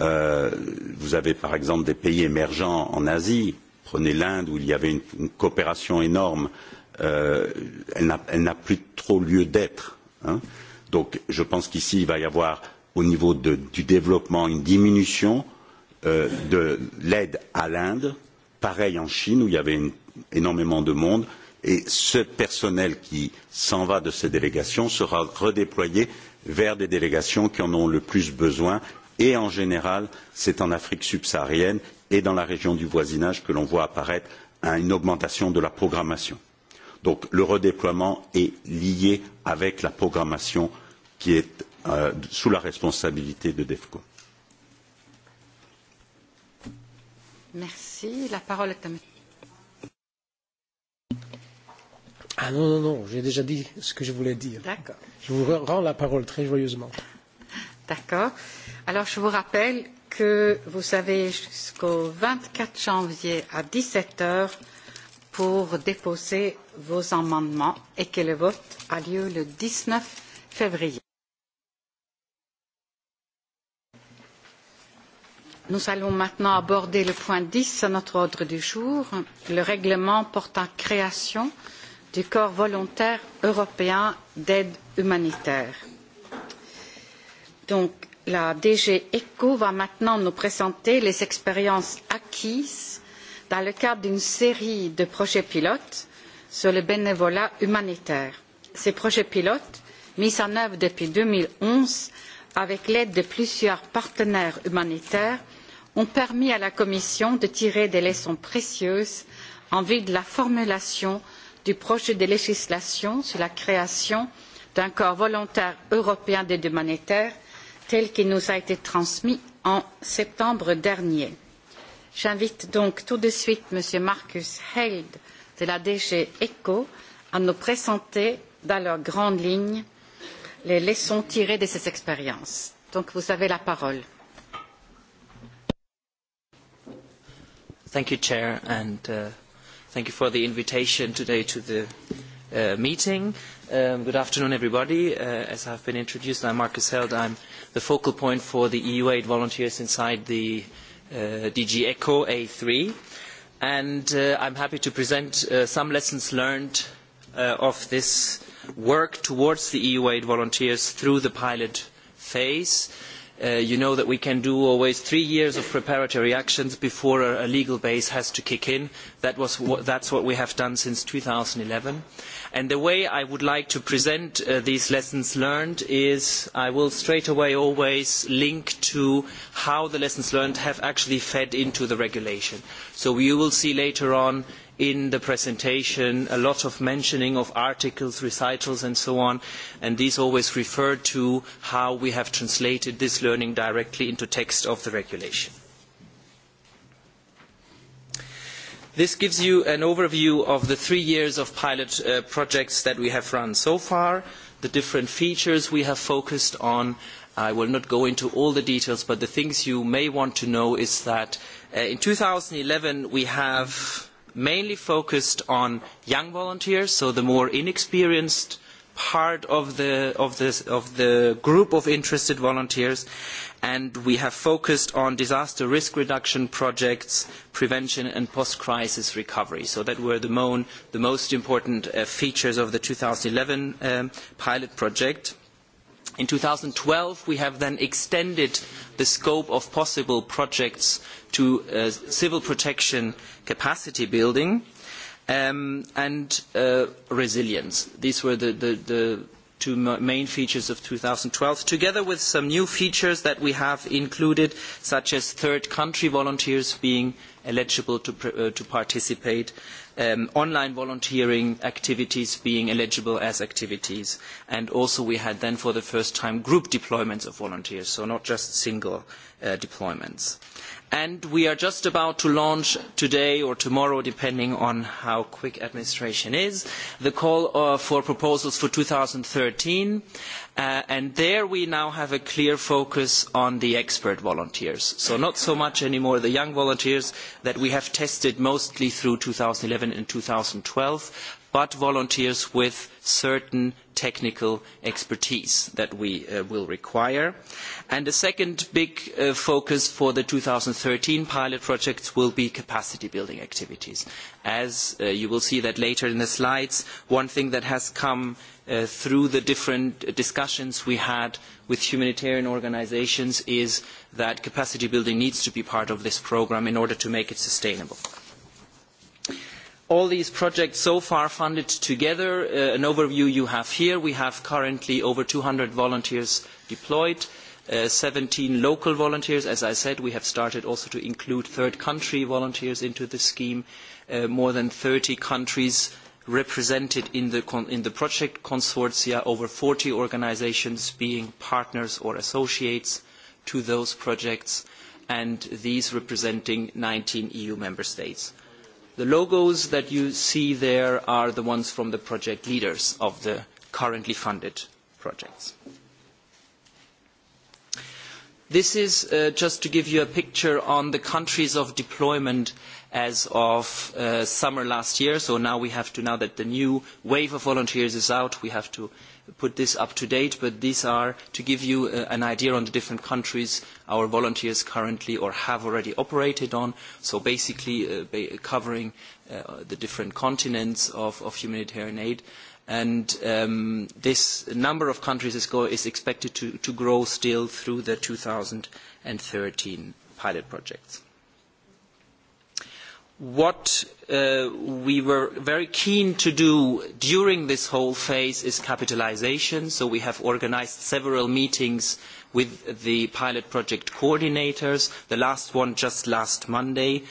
Speaker 5: euh, vous avez par exemple des pays émergents en Asie, prenez l'Inde où il y avait une, une coopération énorme, euh, elle n'a plus trop lieu d'être. Hein. Donc je pense qu'ici il va y avoir au niveau de, du développement une diminution euh, de l'aide à l'Inde, pareil en Chine où il y avait une, énormément de monde, et ce personnel qui s'en va de ces délégations sera redéployé vers des délégations qui en ont le plus besoin et en général c'est en Afrique subsaharienne et dans la région du voisinage que l'on voit apparaître une augmentation de la programmation. Donc le redéploiement est lié avec la programmation qui est Euh, sous la responsabilité de DEFCO.
Speaker 1: Merci. La parole est à
Speaker 3: Ah non, non, non, j'ai déjà dit ce que je voulais dire. D'accord. Je vous rends la parole très joyeusement. D'accord. Alors je vous rappelle que
Speaker 1: vous avez jusqu'au 24 janvier à 17h pour déposer vos amendements et que le vote a lieu le 19 février. Nous allons maintenant aborder le point 10 à notre ordre du jour, le règlement portant création du corps volontaire européen d'aide humanitaire. Donc, la DG ECO va maintenant nous présenter les expériences acquises dans le cadre d'une série de projets pilotes sur le bénévolat humanitaire. Ces projets pilotes, mis en œuvre depuis 2011 avec l'aide de plusieurs partenaires humanitaires, ont permis à la commission de tirer des leçons précieuses en vue de la formulation du projet de législation sur la création d'un corps volontaire européen d'aide humanitaire tel qu'il nous a été transmis en septembre dernier. J'invite donc tout de suite M. Markus Held de la DG ECHO à nous présenter dans leurs grandes lignes les leçons tirées de ces expériences. Donc vous avez la parole.
Speaker 7: Thank you, Chair, and uh, thank you for the invitation today to the uh, meeting. Um, good afternoon, everybody. Uh, as I've been introduced, I'm Marcus Held. I'm the focal point for the EU aid volunteers inside the uh, DG ECHO A3. And uh, I'm happy to present uh, some lessons learned uh, of this work towards the EU aid volunteers through the pilot phase. Uh, Uh, you know that we can do always three years of preparatory actions before a, a legal base has to kick in. That was what, that's what we have done since 2011. And the way I would like to present uh, these lessons learned is I will straight away always link to how the lessons learned have actually fed into the regulation. So you will see later on in the presentation, a lot of mentioning of articles, recitals and so on, and these always refer to how we have translated this learning directly into text of the regulation. This gives you an overview of the three years of pilot uh, projects that we have run so far, the different features we have focused on. I will not go into all the details, but the things you may want to know is that uh, in 2011 we have mainly focused on young volunteers, so the more inexperienced part of the, of, this, of the group of interested volunteers, and we have focused on disaster risk reduction projects, prevention and post-crisis recovery. So that were the, the most important uh, features of the 2011 um, pilot project. In 2012, we have then extended the scope of possible projects to uh, civil protection capacity building um, and uh, resilience. These were the, the, the two main features of 2012, together with some new features that we have included, such as third country volunteers being eligible to, uh, to participate, um, online volunteering activities being eligible as activities. And also we had then for the first time group deployments of volunteers, so not just single uh, deployments. And we are just about to launch today or tomorrow, depending on how quick administration is, the call uh, for proposals for 2013 Uh, and there we now have a clear focus on the expert volunteers. So not so much anymore the young volunteers that we have tested mostly through two thousand and eleven and and two thousand twelve but volunteers with certain technical expertise that we uh, will require. And the second big uh, focus for the 2013 pilot projects will be capacity building activities. As uh, you will see that later in the slides, one thing that has come Uh, through the different discussions we had with humanitarian organisations is that capacity building needs to be part of this programme in order to make it sustainable all these projects so far funded together, uh, an overview you have here, we have currently over 200 volunteers deployed, uh, 17 local volunteers. As I said, we have started also to include third country volunteers into the scheme, uh, more than 30 countries represented in the, in the project consortia, over 40 organizations being partners or associates to those projects, and these representing 19 EU member states. The logos that you see there are the ones from the project leaders of the currently funded projects. This is uh, just to give you a picture on the countries of deployment as of uh, summer last year. So now we have to, now that the new wave of volunteers is out, we have to put this up to date, but these are to give you uh, an idea on the different countries our volunteers currently or have already operated on. So basically uh, ba covering uh, the different continents of, of humanitarian aid. And um, this number of countries is, go is expected to, to grow still through the 2013 pilot projects. What Uh, we were very keen to do during this whole phase is capitalisation. So we have organised several meetings with the pilot project coordinators, the last one just last Monday,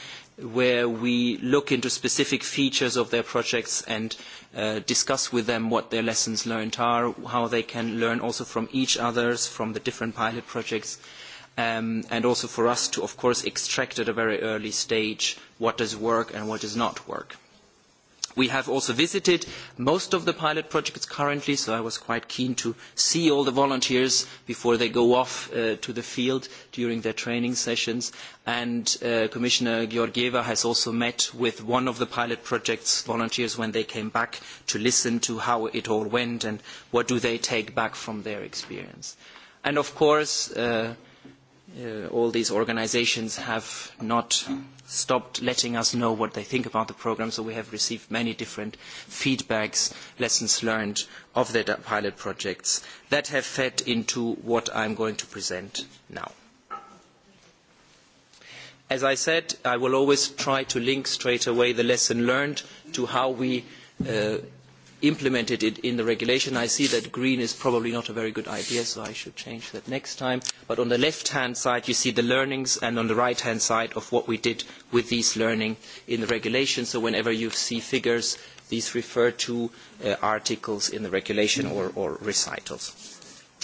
Speaker 7: where we look into specific features of their projects and uh, discuss with them what their lessons learned are, how they can learn also from each other, from the different pilot projects, uh, um, and also for us to, of course, extract at a very early stage what does work and what does not work. We have also visited most of the pilot projects currently, so I was quite keen to see all the volunteers before they go off uh, to the field during their training sessions. And uh, Commissioner Georgieva has also met with one of the pilot projects volunteers when they came back to listen to how it all went and what do they take back from their experience. And of course, uh, Uh, all these organizations have not stopped letting us know what they think about the program, so we have received many different feedbacks, lessons learned of their pilot projects that have fed into what I'm going to present now. As I said, I will always try to link straight away the lesson learned to how we uh, implemented it in the regulation. I see that green is probably not a very good idea, so I should change that next time. But on the left-hand side, you see the learnings, and on the right-hand side of what we did with these learning in the regulation. So whenever you see figures, these refer to uh, articles in the regulation or, or recitals.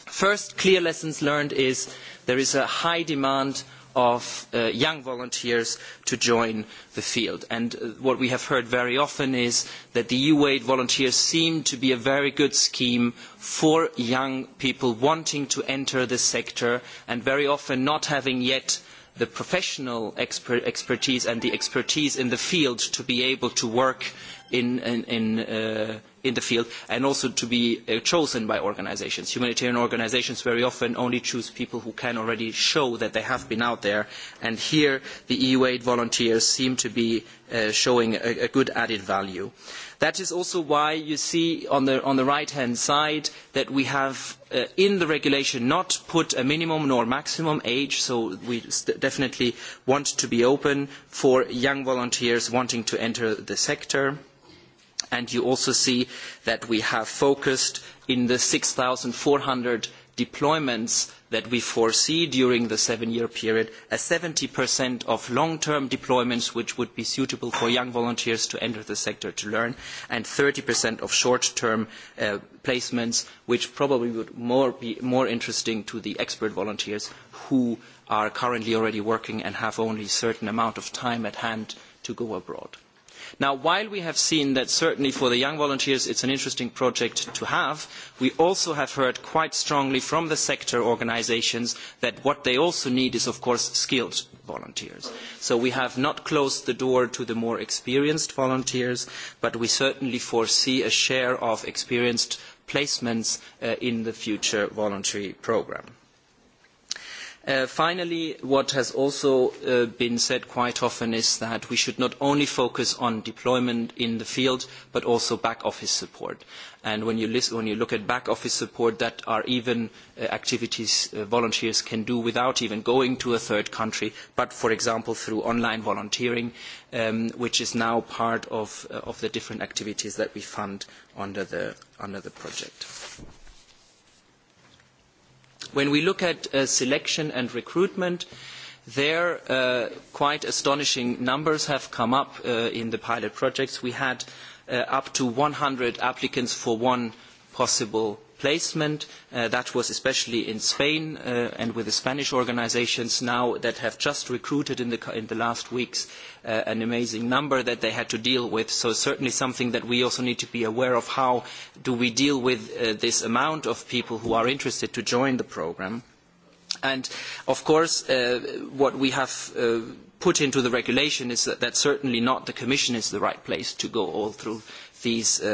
Speaker 7: First, clear lessons learned is there is a high demand of uh, young volunteers to join the field. And uh, what we have heard very often is that the EU-aid volunteers seem to be a very good scheme for young people wanting to enter the sector and very often not having yet the professional exper expertise and the expertise in the field to be able to work in, in, in uh, in the field and also to be uh, chosen by organizations. Humanitarian organizations very often only choose people who can already show that they have been out there and here the EU aid volunteers seem to be uh, showing a, a good added value. That is also why you see on the, on the right-hand side that we have uh, in the regulation not put a minimum nor maximum age, so we definitely want to be open for young volunteers wanting to enter the sector and you also see that we have focused in the 6,400 deployments that we foresee during the seven-year period, a 70% of long-term deployments which would be suitable for young volunteers to enter the sector to learn, and 30% of short-term uh, placements, which probably would more be more interesting to the expert volunteers who are currently already working and have only a certain amount of time at hand to go abroad. Now, while we have seen that certainly for the young volunteers it's an interesting project to have, we also have heard quite strongly from the sector organisations that what they also need is, of course, skilled volunteers. So we have not closed the door to the more experienced volunteers, but we certainly foresee a share of experienced placements uh, in the future voluntary programme. Uh, finally, what has also uh, been said quite often is that we should not only focus on deployment in the field, but also back office support. And when you, when you look at back office support, that are even uh, activities volunteers can do without even going to a third country, but for example through online volunteering, um, which is now part of, of, the different activities that we fund under the, under the project. When we look at uh, selection and recruitment, there uh, quite astonishing numbers have come up uh, in the pilot projects. We had uh, up to 100 applicants for one possible placement. Uh, that was especially in Spain uh, and with the Spanish organizations now that have just recruited in the, in the last weeks uh, an amazing number that they had to deal with. So certainly something that we also need to be aware of how do we deal with uh, this amount of people who are interested to join the programme. And of course, uh, what we have uh, put into the regulation is that, that certainly not the Commission is the right place to go all through uh, these uh,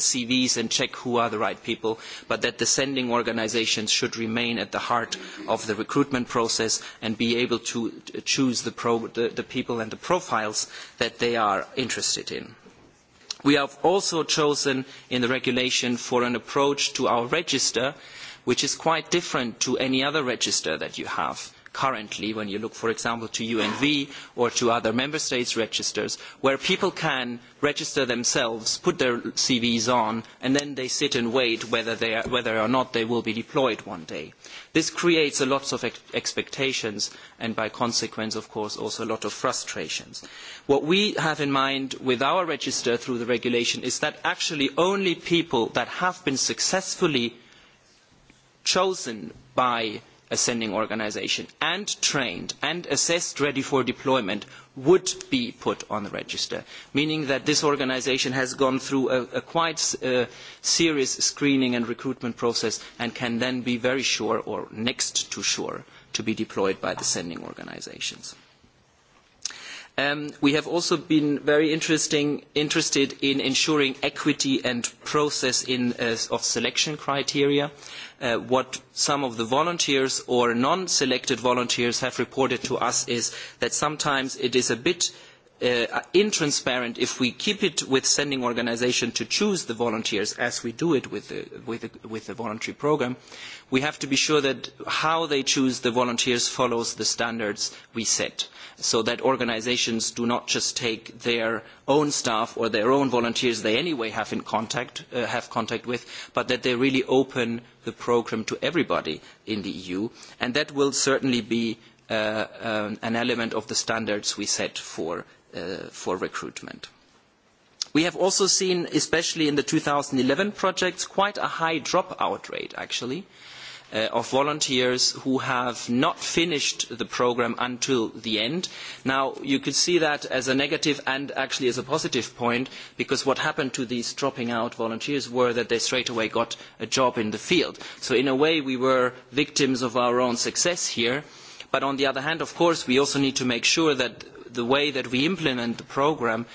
Speaker 7: CVs and check who are the right people, but that the sending organizations should remain at the heart of the recruitment process and be able to uh, choose the, pro the, the people and the profiles that they are interested in. We have also chosen in the regulation for an approach to our register which is quite different to any other register that you have currently when you look, for example, to UNV or to other member states' registers, where people can register themselves, put their CVs on, and then they sit and wait whether, they are, whether or not they will be deployed one day. This creates a lot of ex expectations and by consequence, of course, also a lot of frustrations. What we have in mind with our register through the regulation is that actually only people that have been successfully chosen by a sending organisation and trained and assessed ready for deployment would be put on the register, meaning that this organisation has gone through a, a quite uh, serious screening and recruitment process and can then be very sure or next to sure to be deployed by the sending organisations. Um, we have also been very interested in ensuring equity and process in, uh, of selection criteria. Uh, Uh, what some of the volunteers or non-selected volunteers have reported to us is that sometimes it is a bit uh, intransparent if we keep it with sending organisation to choose the volunteers as we do it with the, with, the, with the voluntary programme, we have to be sure that how they choose the volunteers follows the standards we set so that organisations do not just take their own staff or their own volunteers they anyway have in contact, uh, have contact with, but that they really open the programme to everybody in the EU. And that will certainly be uh, um, an element of the standards we set for Uh, for recruitment. We have also seen, especially in the 2011 projects, quite a high dropout rate, actually, uh, of volunteers who have not finished the program until the end. Now, you could see that as a negative and actually as a positive point, because what happened to these dropping out volunteers were that they straight away got a job in the field. So in a way, we were victims of our own success here, But on the other hand, of course, we also need to make sure that the way that we implement the programme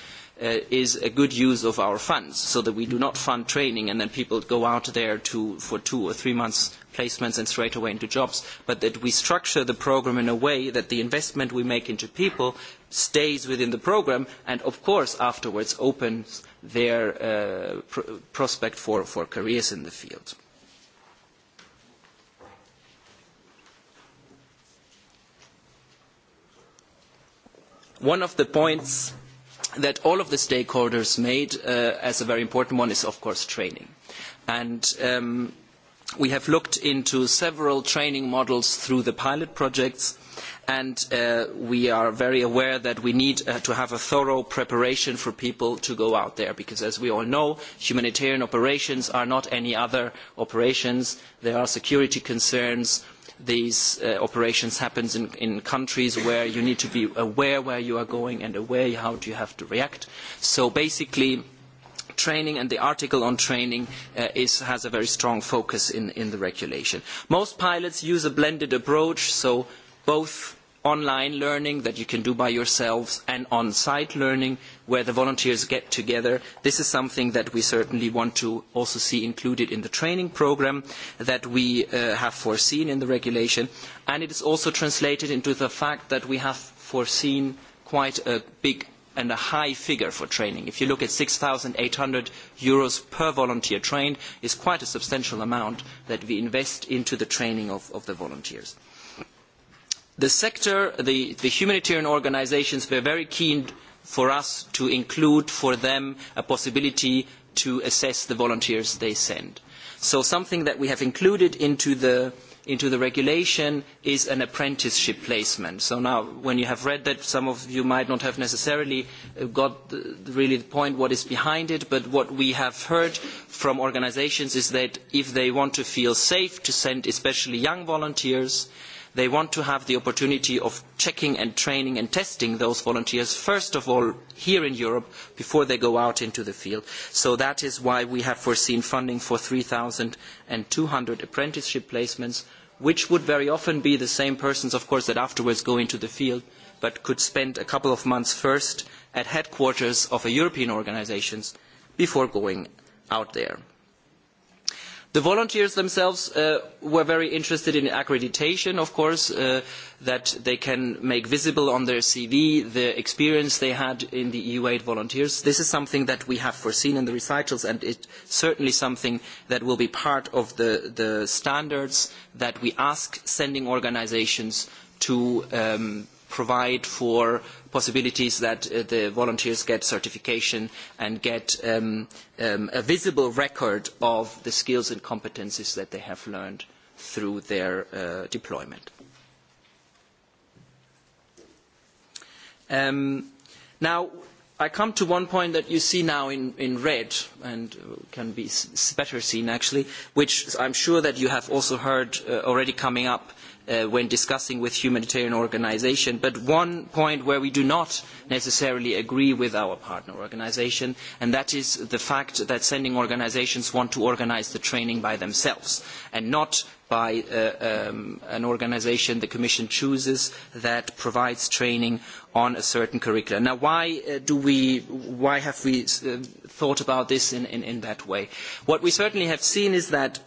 Speaker 7: uh, is a good use of our funds, so that we do not fund training and then people go out there to, for two or three months placements and straight away into jobs, but that we structure the programme in a way that the investment we make into people stays within the programme and of course afterwards opens their uh, pr prospect for, for careers in the field. One of the points that all of the stakeholders made uh, as a very important one is, of course, training. And um, we have looked into several training models through the pilot projects and uh, we are very aware that we need uh, to have a thorough preparation for people to go out there because as we all know humanitarian operations are not any other operations there are security concerns these uh, operations happens in, in countries where you need to be aware where you are going and aware how do you have to react. So basically, training and the article on training uh, is, has a very strong focus in, in the regulation. Most pilots use a blended approach, so both online learning that you can do by yourselves and on-site learning where the volunteers get together. This is something that we certainly want to also see included in the training program that we uh, have foreseen in the regulation. And it is also translated into the fact that we have foreseen quite a big and a high figure for training. If you look at 6,800 euros per volunteer trained, is quite a substantial amount that we invest into the training of, of the volunteers. The sector, the, the humanitarian organisations were very keen for us to include for them a possibility to assess the volunteers they send. So something that we have included into the, into the regulation is an apprenticeship placement. So now, when you have read that, some of you might not have necessarily uh, got the, really the point what is behind it, but what we have heard from organisations is that if they want to feel safe to send especially young volunteers, uh, They want to have the opportunity of checking and training and testing those volunteers, first of all here in Europe, before they go out into the field. So that is why we have foreseen funding for 3,200 apprenticeship placements, which would very often be the same persons, of course, that afterwards go into the field, but could spend a couple of months first at headquarters of a European organisation before going out there. The volunteers themselves uh, were very interested in accreditation, of course, uh, that they can make visible on their CV the experience they had in the EU aid volunteers. This is something that we have foreseen in the recitals, and it's certainly something that will be part of the, the standards that we ask sending organizations to um, provide for possibilities that uh, the volunteers get certification and get um, um, a visible record of the skills and competences that they have learned through their uh, deployment. Um, now, I come to one point that you see now in, in red and can be better seen actually, which I'm sure that you have also heard uh, already coming up uh, when discussing with humanitarian organisations. But one point where we do not necessarily agree with our partner organisation, and that is the fact that sending organisations want to organise the training by themselves and not by uh, um, an organisation the Commission chooses that provides training on a certain curriculum. Now, why, uh, do we, why have we uh, thought about this in, in, in that way? What we certainly have seen is that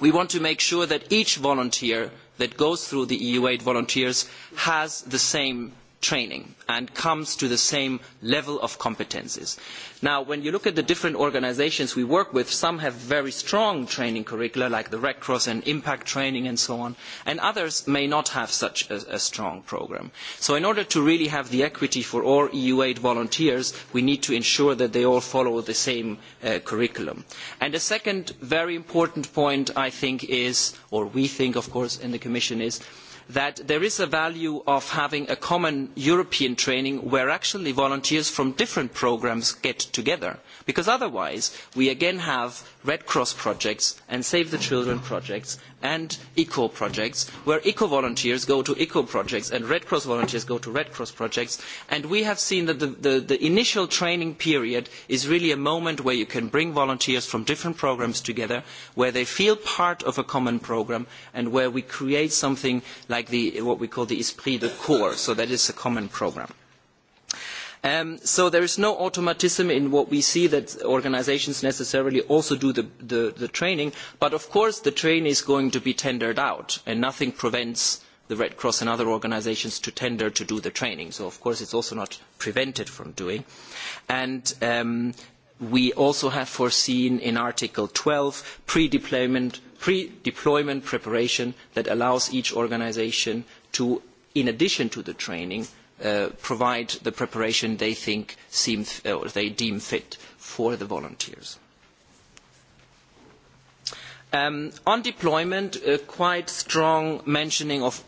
Speaker 7: we want to make sure that each volunteer that goes through the EU aid volunteers has the same training and comes to the same level of competences. Now, when you look at the different organizations we work with, some have very strong training curricula, like the Red Cross and impact training and so on, and others may not have such a, a strong program. So in order to really have the equity for all EU aid volunteers, we need to ensure that they all follow the same uh, curriculum. And the second very important point, I think, is, or we think, of course, in the Commission is, that there is a value of having a common European training where actually volunteers from different programmes get together. Because otherwise, we again have Red Cross projects and Save the Children projects and ECO projects, where ECO volunteers go to ECO projects and Red Cross volunteers go to Red Cross projects. And we have seen that the, the, the initial training period is really a moment where you can bring volunteers from different programs together, where they feel part of a common program, and where we create something like the, what we call the esprit de corps, so that is a common program. Um, so there is no automatism in what we see that organisations necessarily also do the, the, the, training, but of course the training is going to be tendered out, and nothing prevents the Red Cross and other organisations to tender to do the training. So of course it's also not prevented from doing. And um, we also have foreseen in Article 12 pre-deployment pre preparation that allows each organisation to, in addition to the training, Uh, provide the preparation they think seem uh, or they deem fit for the volunteers. Um, on deployment, a quite strong mentioning of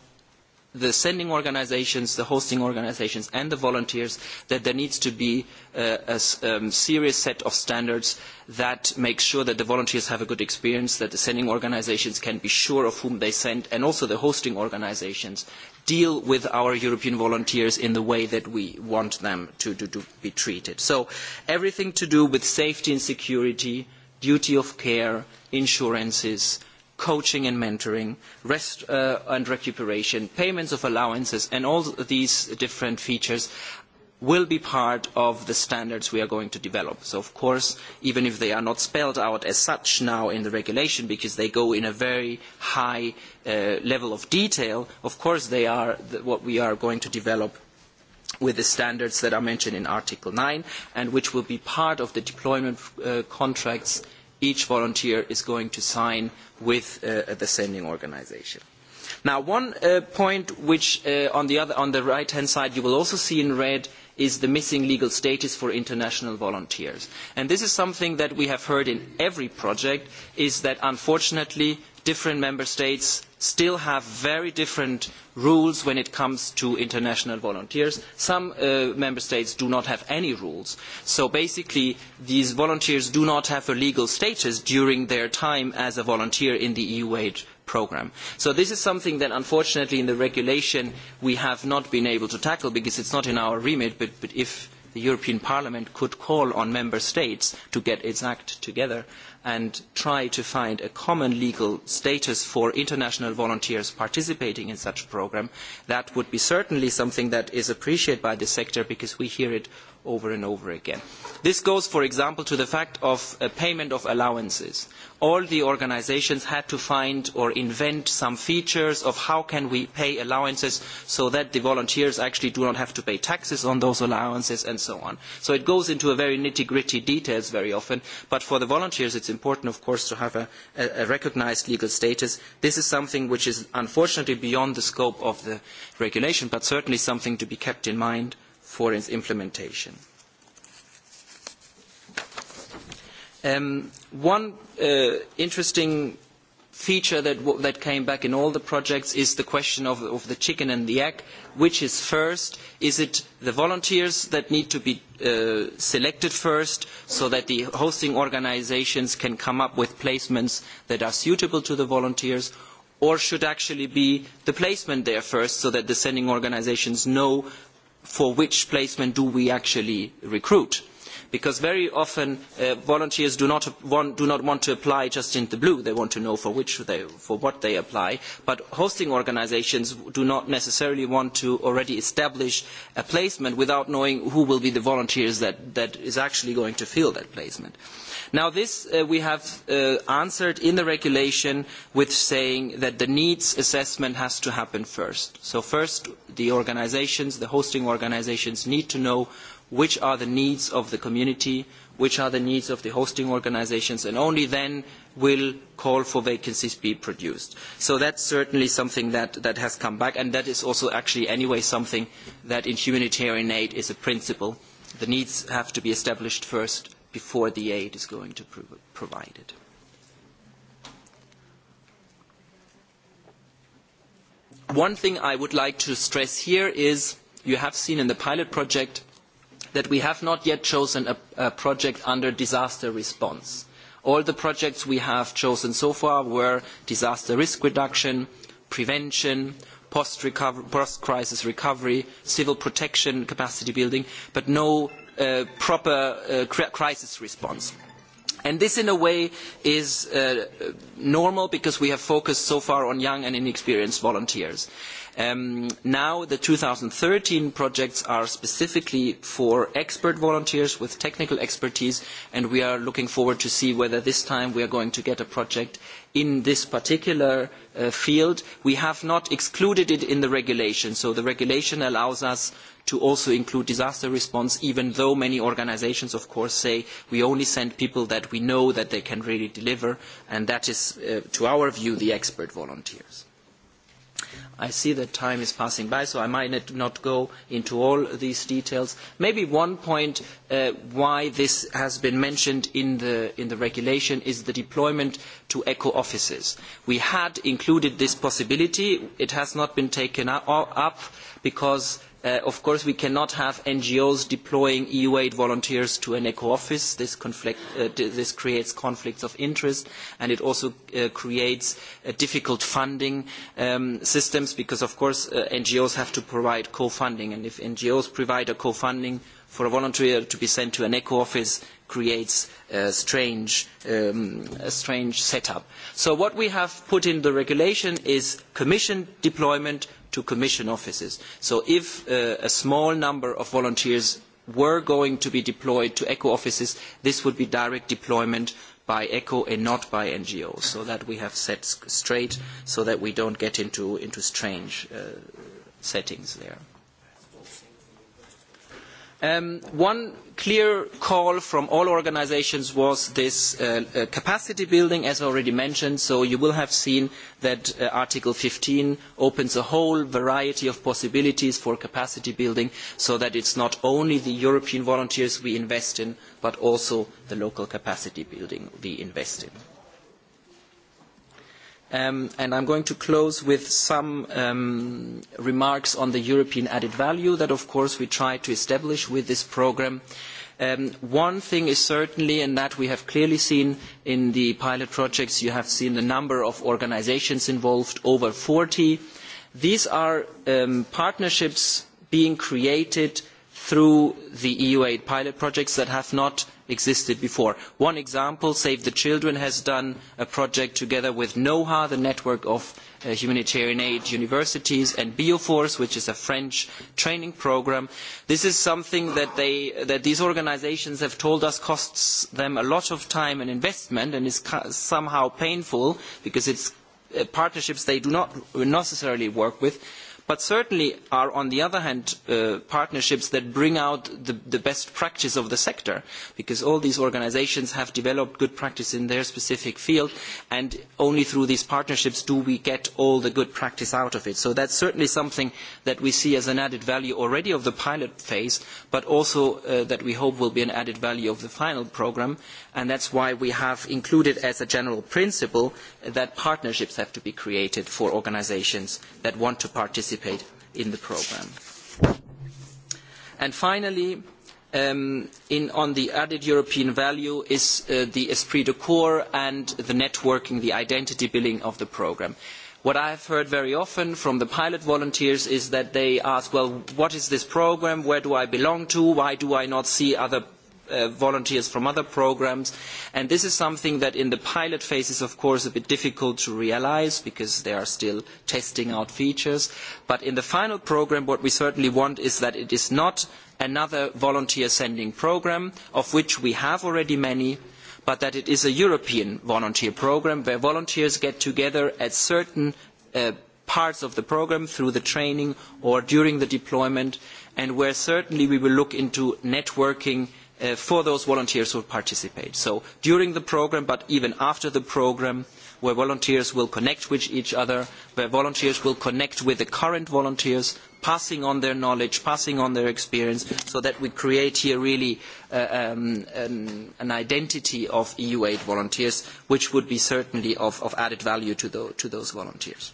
Speaker 7: the sending organisations, the hosting organisations and the volunteers that there needs to be uh, a, um, serious set of standards that makes sure that the volunteers have a good experience, that the sending organisations can be sure of whom they send and also the hosting organisations deal with our European volunteers in the way that we want them to, to, to be treated. So everything to do with safety and security, duty of care, insurances, coaching and mentoring, rest uh, and recuperation, payments of allowances, and all these different features will be part of the standards we are going to develop. So of course, even if they are not spelled out as such now in the regulation, because they go in a very high uh, level of detail, of course they are what we are going to develop with the standards that are mentioned in Article 9 and which will be part of the deployment uh, contracts each volunteer is going to sign with uh, the sending organisation. Now, one uh, point which uh, on, the other, on the right-hand side you will also see in red is the missing legal status for international volunteers. And this is something that we have heard in every project, is that unfortunately different member states still have very different rules when it comes to international volunteers. Some uh, member states do not have any rules. So basically, these volunteers do not have a legal status during their time as a volunteer in the EU-aid program. So this is something that unfortunately in the regulation we have not been able to tackle because it's not in our remit, but, but if the European Parliament could call on member states to get its act together and try to find a common legal status for international volunteers participating in such a programme, that would be certainly something that is appreciated by the sector because we hear it over and over again. This goes, for example, to the fact of uh, payment of allowances. All the organisations had to find or invent some features of how can we pay allowances so that the volunteers actually do not have to pay taxes on those allowances and so on. So it goes into a very nitty-gritty details very often, but for the volunteers it's important, of course, to have a, a, a recognised legal status. This is something which is unfortunately beyond the scope of the regulation, but certainly something to be kept in mind for its implementation. Um, one uh, interesting feature that, that came back in all the projects is the question of, of the chicken and the egg. Which is first? Is it the volunteers that need to be uh, selected first so that the hosting organisations can come up with placements that are suitable to the volunteers? Or should actually be the placement there first so that the sending organisations know for which placement do we actually recruit because very often uh, volunteers do not, want, do not want to apply just in the blue. They want to know for, which they, for what they apply. But hosting organisations do not necessarily want to already establish a placement without knowing who will be the volunteers that, that is actually going to fill that placement. Uh, Now this uh, we have uh, answered in the regulation with saying that the needs assessment has to happen first. So first the organizations, the hosting organizations need to know which are the needs of the community, which are the needs of the hosting organizations, and only then will call for vacancies be produced. So that's certainly something that, that has come back, and that is also actually anyway something that in humanitarian aid is a principle. The needs have to be established first, before the aid is going to be provided. One thing I would like to stress here is you have seen in the pilot project that we have not yet chosen a, a project under disaster response. All the projects we have chosen so far were disaster risk reduction, prevention, post-crisis post recovery, civil protection capacity building, but no proper uh, crisis response. And this, in a way, is uh, normal because we have focused so far on young and inexperienced volunteers. Um, now the 2013 projects are specifically for expert volunteers with technical expertise, and we are looking forward to see whether this time we are going to get a project in this particular uh, field. We have not excluded it in the regulation, so the regulation allows us to also include disaster response, even though many organizations, of course, say we only send people that we know that they can really deliver, and that is, uh, to our view, the expert volunteers. I see that time is passing by, so I might not go into all these details. Maybe one point uh, why this has been mentioned in the, in the regulation is the deployment to ECHO offices We had included this possibility. It has not been taken up because Uh, of course, we cannot have NGOs deploying EU aid volunteers to an echo office. This, conflict, uh, this creates conflicts of interest, and it also uh, creates uh, difficult funding um, systems because, of course, uh, NGOs have to provide co-funding, and if NGOs provide a co-funding for a volunteer to be sent to an Echo office creates a strange, um, a strange setup. So what we have put in the regulation is commission deployment to commission offices. So if uh, a small number of volunteers were going to be deployed to ECHO offices, this would be direct deployment by ECHO and not by NGOs. So that we have set straight so that we don't get into, into strange uh, settings there. Um, one clear call from all organisations was this uh, uh, capacity building, as already mentioned. So you will have seen that uh, Article 15 opens a whole variety of possibilities for capacity building so that it's not only the European volunteers we invest in, but also the local capacity building we invest in. Um, and I'm going to close with some um, remarks on the European added value that, of course, we try to establish with this programme. Um, one thing is certainly, and that we have clearly seen in the pilot projects, you have seen the number of organisations involved, over 40. These are um, partnerships being created through the EU aid pilot projects that have not existed before. One example, Save the Children has done a project together with NOHA, the network of uh, humanitarian aid universities, and Bioforce, which is a French training programme. This is something that, they, that these organisations have told us costs them a lot of time and investment and is somehow painful because it's uh, partnerships they do not necessarily work with but certainly are, on the other hand, uh, partnerships that bring out the, the, best practice of the sector, because all these organizations have developed good practice in their specific field, and only through these partnerships do we get all the good practice out of it. So that's certainly something that we see as an added value already of the pilot phase, but also uh, that we hope will be an added value of the final program, and that's why we have included as a general principle that partnerships have to be created for organisations that want to participate in the programme. And finally, um, in, on the added European value is uh, the esprit de corps and the networking, the identity building of the programme. What I have heard very often from the pilot volunteers is that they ask, well, what is this programme? Where do I belong to? Why do I not see other Uh, volunteers from other programs. And this is something that in the pilot phase is of course a bit difficult to realize because they are still testing out features. But in the final program, what we certainly want is that it is not another volunteer sending program, of which we have already many, but that it is a European volunteer program where volunteers get together at certain uh, parts of the program through the training or during the deployment and where certainly we will look into networking Uh, for those volunteers who participate. So during the program, but even after the program, where volunteers will connect with each other, where volunteers will connect with the current volunteers, passing on their knowledge, passing on their experience, so that we create here really uh, um, an, an, identity of EU aid volunteers, which would be certainly of, of added value to, the, to, those volunteers.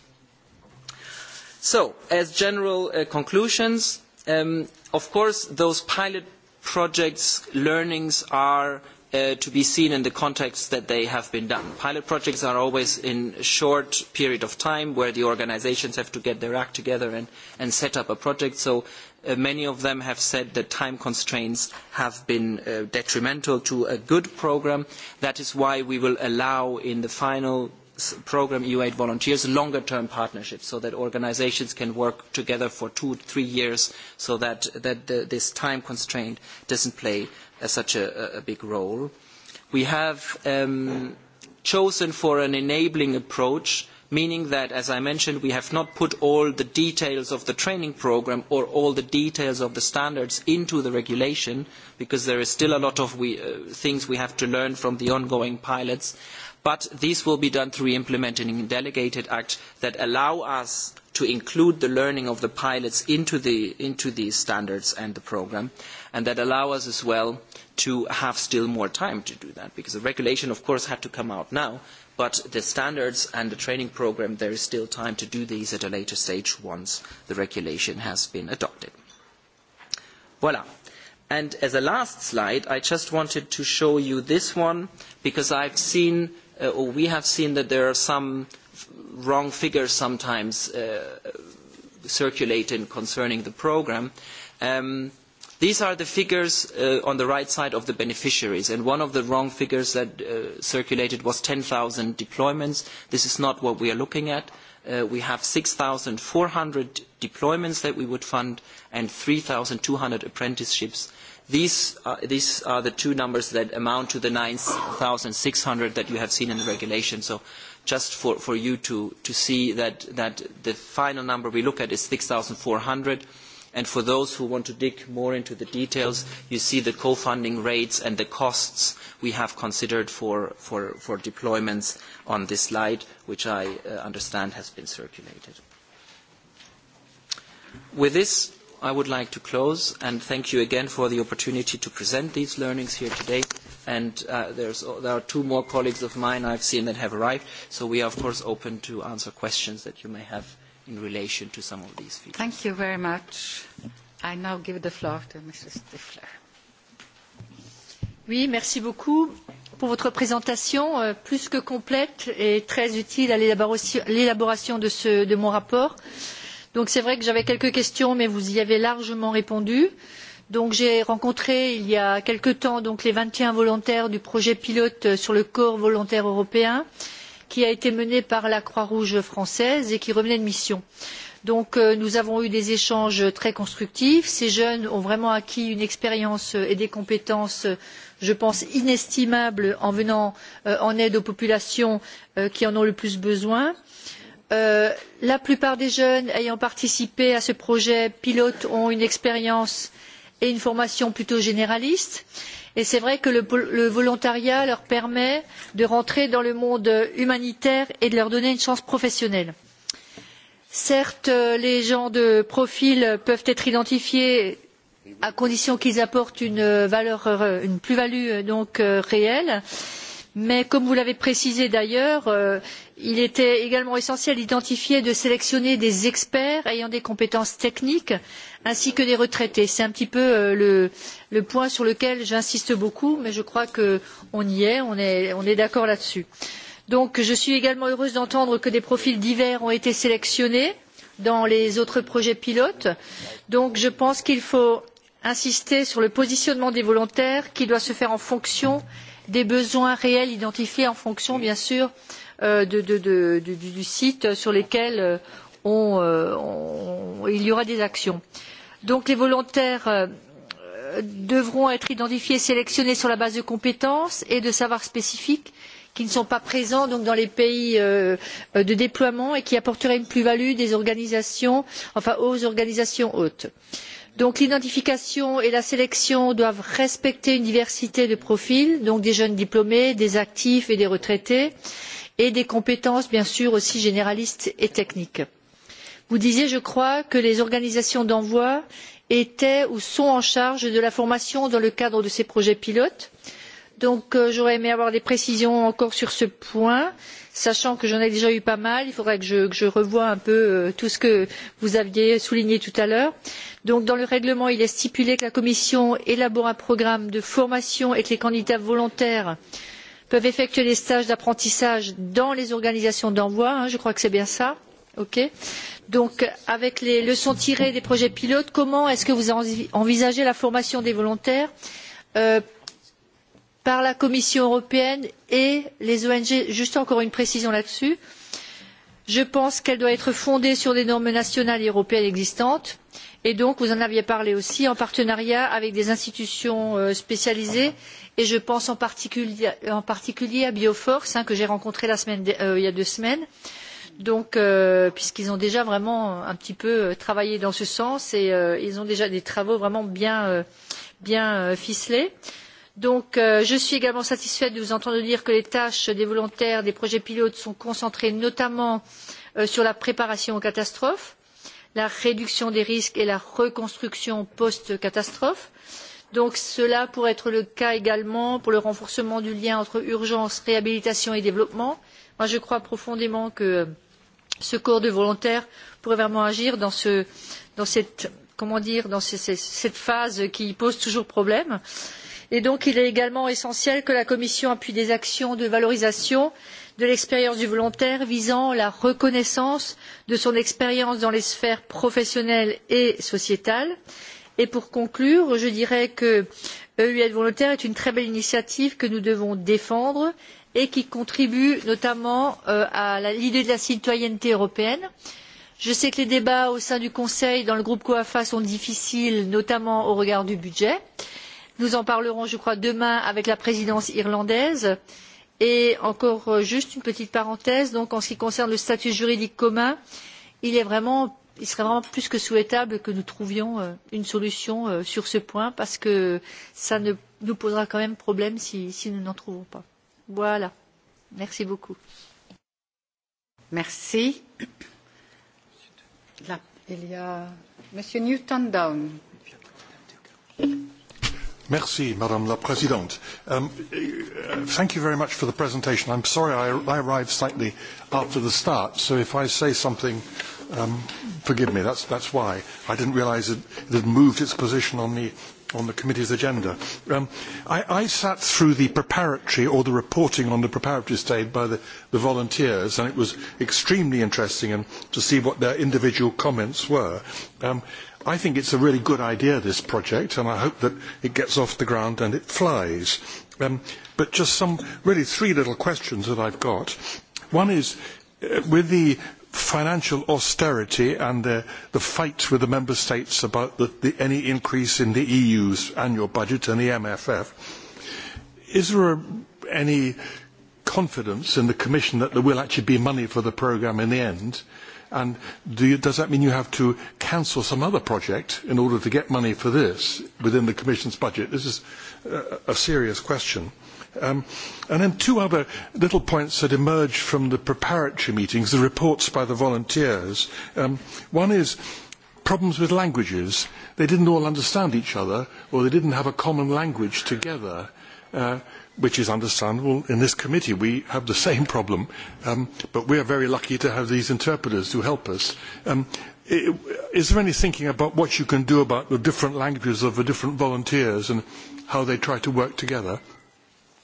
Speaker 7: So, as general uh, conclusions, um, of course, those pilot projects' learnings are uh, to be seen in the context that they have been done. Pilot projects are always in a short period of time where the organizations have to get their act together and, and set up a project. So uh, many of them have said that time constraints have been uh, detrimental to a good program. That is why we will allow in the final program eu Aid volunteers longer term partnerships so that organizations can work together for two, three years so that, that the, this time constraint doesn't play uh, such a, a, big role. We have um, chosen for an enabling approach meaning that, as I mentioned, we have not put all the details of the training programme or all the details of the standards into the regulation, because there is still a lot of we, uh, things we have to learn from the ongoing pilots but this will be done through implementing delegated acts that allow us to include the learning of the pilots into, the, into these standards and the programme, and that allow us as well to have still more time to do that, because the regulation, of course, had to come out now, but the standards and the training programme, there is still time to do these at a later stage once the regulation has been adopted. Voilà. And as a last slide, I just wanted to show you this one, because I've seen uh, or we have seen that there are some wrong figures sometimes uh, circulated concerning the program. Um, these are the figures uh, on the right side of the beneficiaries, and one of the wrong figures that uh, circulated was 10,000 deployments. This is not what we are looking at. Uh, we have 6,400 deployments that we would fund and 3,200 apprenticeships These, uh, these are the two numbers that amount to the 9,600 that you have seen in the regulation. So just for, for you to, to see that, that the final number we look at is 6,400. And for those who want to dig more into the details, you see the co-funding rates and the costs we have considered for, for, for deployments on this slide, which I uh, understand has been circulated. With this, I would like to close and thank you again for the opportunity to present these learnings here today. And uh, uh, there are two more colleagues of mine I've seen that have arrived. So we are, of course, open to answer questions that you may have in relation to some of these features.
Speaker 1: Thank you very much. I now give the floor to Mr. Stifler.
Speaker 8: Oui, merci beaucoup pour votre présentation euh, plus que complète et très utile à l'élaboration de, de mon rapport. Euh, Donc c'est vrai que j'avais quelques questions, mais vous y avez largement répondu. Donc j'ai rencontré il y a quelque temps donc les 21 volontaires du projet pilote euh, sur le corps volontaire européen qui a été mené par la Croix-Rouge française et qui revenait de mission. Donc euh, nous avons eu des échanges très constructifs. Ces jeunes ont vraiment acquis une expérience euh, et des compétences, euh, je pense, inestimables en venant euh, en aide aux populations euh, qui en ont le plus besoin. Euh, la plupart des jeunes ayant participé à ce projet pilote ont une expérience et une formation plutôt généraliste et c'est vrai que le, le volontariat leur permet de rentrer dans le monde humanitaire et de leur donner une chance professionnelle. certes euh, les gens de profil peuvent être identifiés à condition qu'ils apportent une, une plus value euh, réelle et mais comme vous l'avez précisé d'ailleurs euh, il était également essentiel d'identifier et de sélectionner des experts ayant des compétences techniques ainsi que des retraités. c'est un petit peu euh, le, point sur lequel j'insiste beaucoup mais je crois qu'on y est on est, d'accord là dessus. Donc, je suis également heureuse d'entendre que des profils divers ont été sélectionnés dans les autres projets pilotes. Donc, je pense qu'il faut insister sur le positionnement des volontaires qui doit se faire en fonction des des besoins réels identifiés en fonction bien sûr euh, de, de, de, du, du site sur lequel euh, on, euh, on, il y aura des actions. donc les volontaires devront être identifiés et sélectionnés sur la base de compétences et de savoirs spécifiques qui ne sont pas présents donc, dans les pays euh, de déploiement et qui apporteraient une plus value des organisations, enfin, aux organisations hôtes. Euh, donc l'identification et la sélection doivent respecter une diversité de profils donc des jeunes diplômés des actifs et des retraités et des compétences bien sûr aussi généralistes et techniques. vous disiez je crois que les organisations d'envoi étaient ou sont en charge de la formation dans le cadre de ces projets pilotes donc euh, j'aurais aimé avoir des précisions encore sur ce point sachant que j'en ai déjà eu pas mal il faudrait que je, revoie un peu euh, tout ce que vous aviez souligné tout à l'heure. donc dans le règlement il est stipulé que la commission élabore un programme de formation et que les candidats volontaires peuvent effectuer des stages d'apprentissage dans les organisations d'envoi hein, je crois que c'est bien ça. ok donc avec les leçons tirées des projets pilotes comment est ce que vous envisagez la formation des volontaires euh, par la commission européenne et les ong juste encore une précision là dessus je pense qu'elle doit être fondée sur des normes nationales et européennes existantes et donc vous en aviez parlé aussi en partenariat avec des institutions euh, spécialisées et je pense en particulier, en particulier à bioforce hein, que j'ai rencontré la semaine, euh, il y a deux semaines donc euh, puisqu'ils ont déjà vraiment un petit peu euh, travaillé dans ce sens et euh, ils ont déjà des travaux vraiment bien, euh, bien ficelés. Euh, Donc, euh, je suis également satisfaite de vous entendre dire que les tâches des volontaires des projets pilotes sont concentrées notamment euh, sur la préparation aux catastrophes, la réduction des risques et la reconstruction post-catastrophe. cela pourrait être le cas également pour le renforcement du lien entre urgence, réhabilitation et développement. je crois profondément que ce corps de volontaires pourrait vraiment agir dans, ce, dans cette, comment dire, dans cette phase qui pose toujours problème. Euh, et donc il est également essentiel que la commission appuie des actions de valorisation de l'expérience du volontaire visant la reconnaissance de son expérience dans les sphères professionnelle et sociétale et pour conclure je dirais que eu aide volontaire est une très belle initiative que nous devons défendre et qui contribue notamment euh, à l'idée de la citoyenneté européenne. je sais que les débats au sein du conseil dans le groupe coafa sont difficiles notamment au regard du budget mais nous en parlerons je crois demain avec la présidence irlandaise et encore euh, juste une petite parenthèse en ce qui concerne le statut juridique commun il serait vraiment plus que souhaitable que nous trouvions euh, une solution euh, sur ce point parce que cela nous posera quand même problème si, nous n'en trouvons pas. Voilà. Merci beaucoup. Merci.
Speaker 1: Là, il y a Monsieur Newton Down.
Speaker 9: Merci, Madame la Présidente. Um, uh, thank you very much for the presentation. I'm sorry I, I arrived slightly after the start, so if I say something, um, forgive me. That's, that's why. I didn't realise it, it had moved its position on the, on the committee's agenda. Um, I, I sat through the preparatory or the reporting on the preparatory stage by the, the volunteers, and it was extremely interesting and to see what their individual comments were. Um, I think it's a really good idea, this project, and I hope that it gets off the ground and it flies. Um, but just some, really three little questions that I've got. One is, uh, with the financial austerity and the, the fight with the member states about the, the, any increase in the EU's annual budget and the MFF, is there a, any confidence in the Commission that there will actually be money for the programme in the end? And do you, does that mean you have to cancel some other project in order to get money for this within the Commission's budget? This is a, a serious question. Um, and then two other little points that emerged from the preparatory meetings, the reports by the volunteers. Um, one is problems with languages. They didn't all understand each other, or they didn't have a common language together. Uh, which is understandable. In this committee, we have the same problem, um, but we are very lucky to have these interpreters who help us. Um, is there any thinking about what you can do about the different languages of the different volunteers and how they try to work together?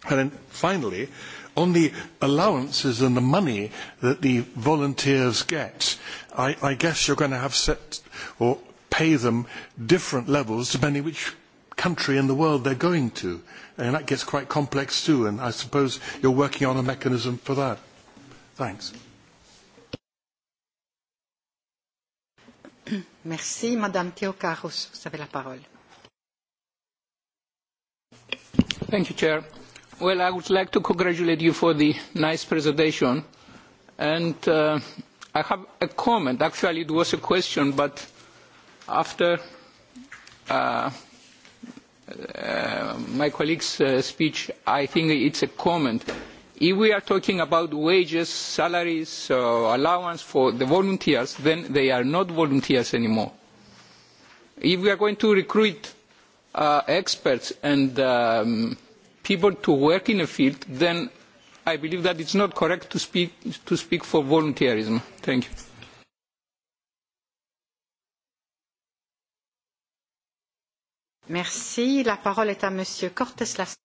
Speaker 9: And then finally, on the allowances and the money that the volunteers get, I, I guess you're going to have set or pay them different levels depending which country in the world they're going to and that gets quite complex too, and I suppose you're working on a mechanism for that. Thanks.
Speaker 1: Merci. Madame Theocaros, vous avez la parole.
Speaker 7: Thank you, Chair. Well, I would like to congratulate you for the nice presentation. And uh, I have a comment. Actually, it was a question, but after uh, uh, my colleague's uh, speech, I think it's a comment. If we are talking about wages, salaries, uh, allowance for the volunteers, then they are not volunteers anymore. If we are going to recruit uh, experts and um, people to work in a field, then I believe that it's not correct to speak, to speak for volunteerism. Thank you.
Speaker 1: Merci. La parole est à Monsieur Cortés Lastra.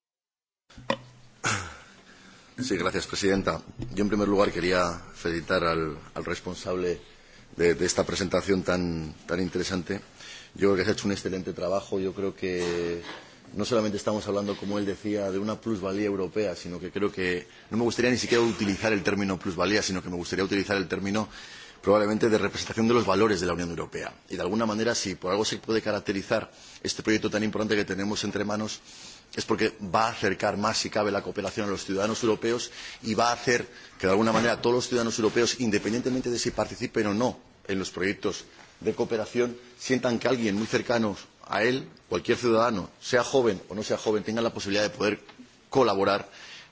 Speaker 6: Sí, gracias, presidenta. Yo, en primer lugar, quería felicitar al, al responsable de, de esta presentación tan, tan interesante. Yo creo que se ha hecho un excelente trabajo. Yo creo que no solamente estamos hablando, como él decía, de una plusvalía europea, sino que creo que no me gustaría ni siquiera utilizar el término plusvalía, sino que me gustaría utilizar el término probablemente de representación de los valores de la Unión Europea. Y de alguna manera, si por algo se puede caracterizar este proyecto tan importante que tenemos entre manos, es porque va a acercar más, si cabe, la cooperación a los ciudadanos europeos y va a hacer que, de alguna manera, todos los ciudadanos europeos, independientemente de si participen o no en los proyectos de cooperación, sientan que alguien muy cercano a él, cualquier ciudadano, sea joven o no sea joven, tenga la posibilidad de poder colaborar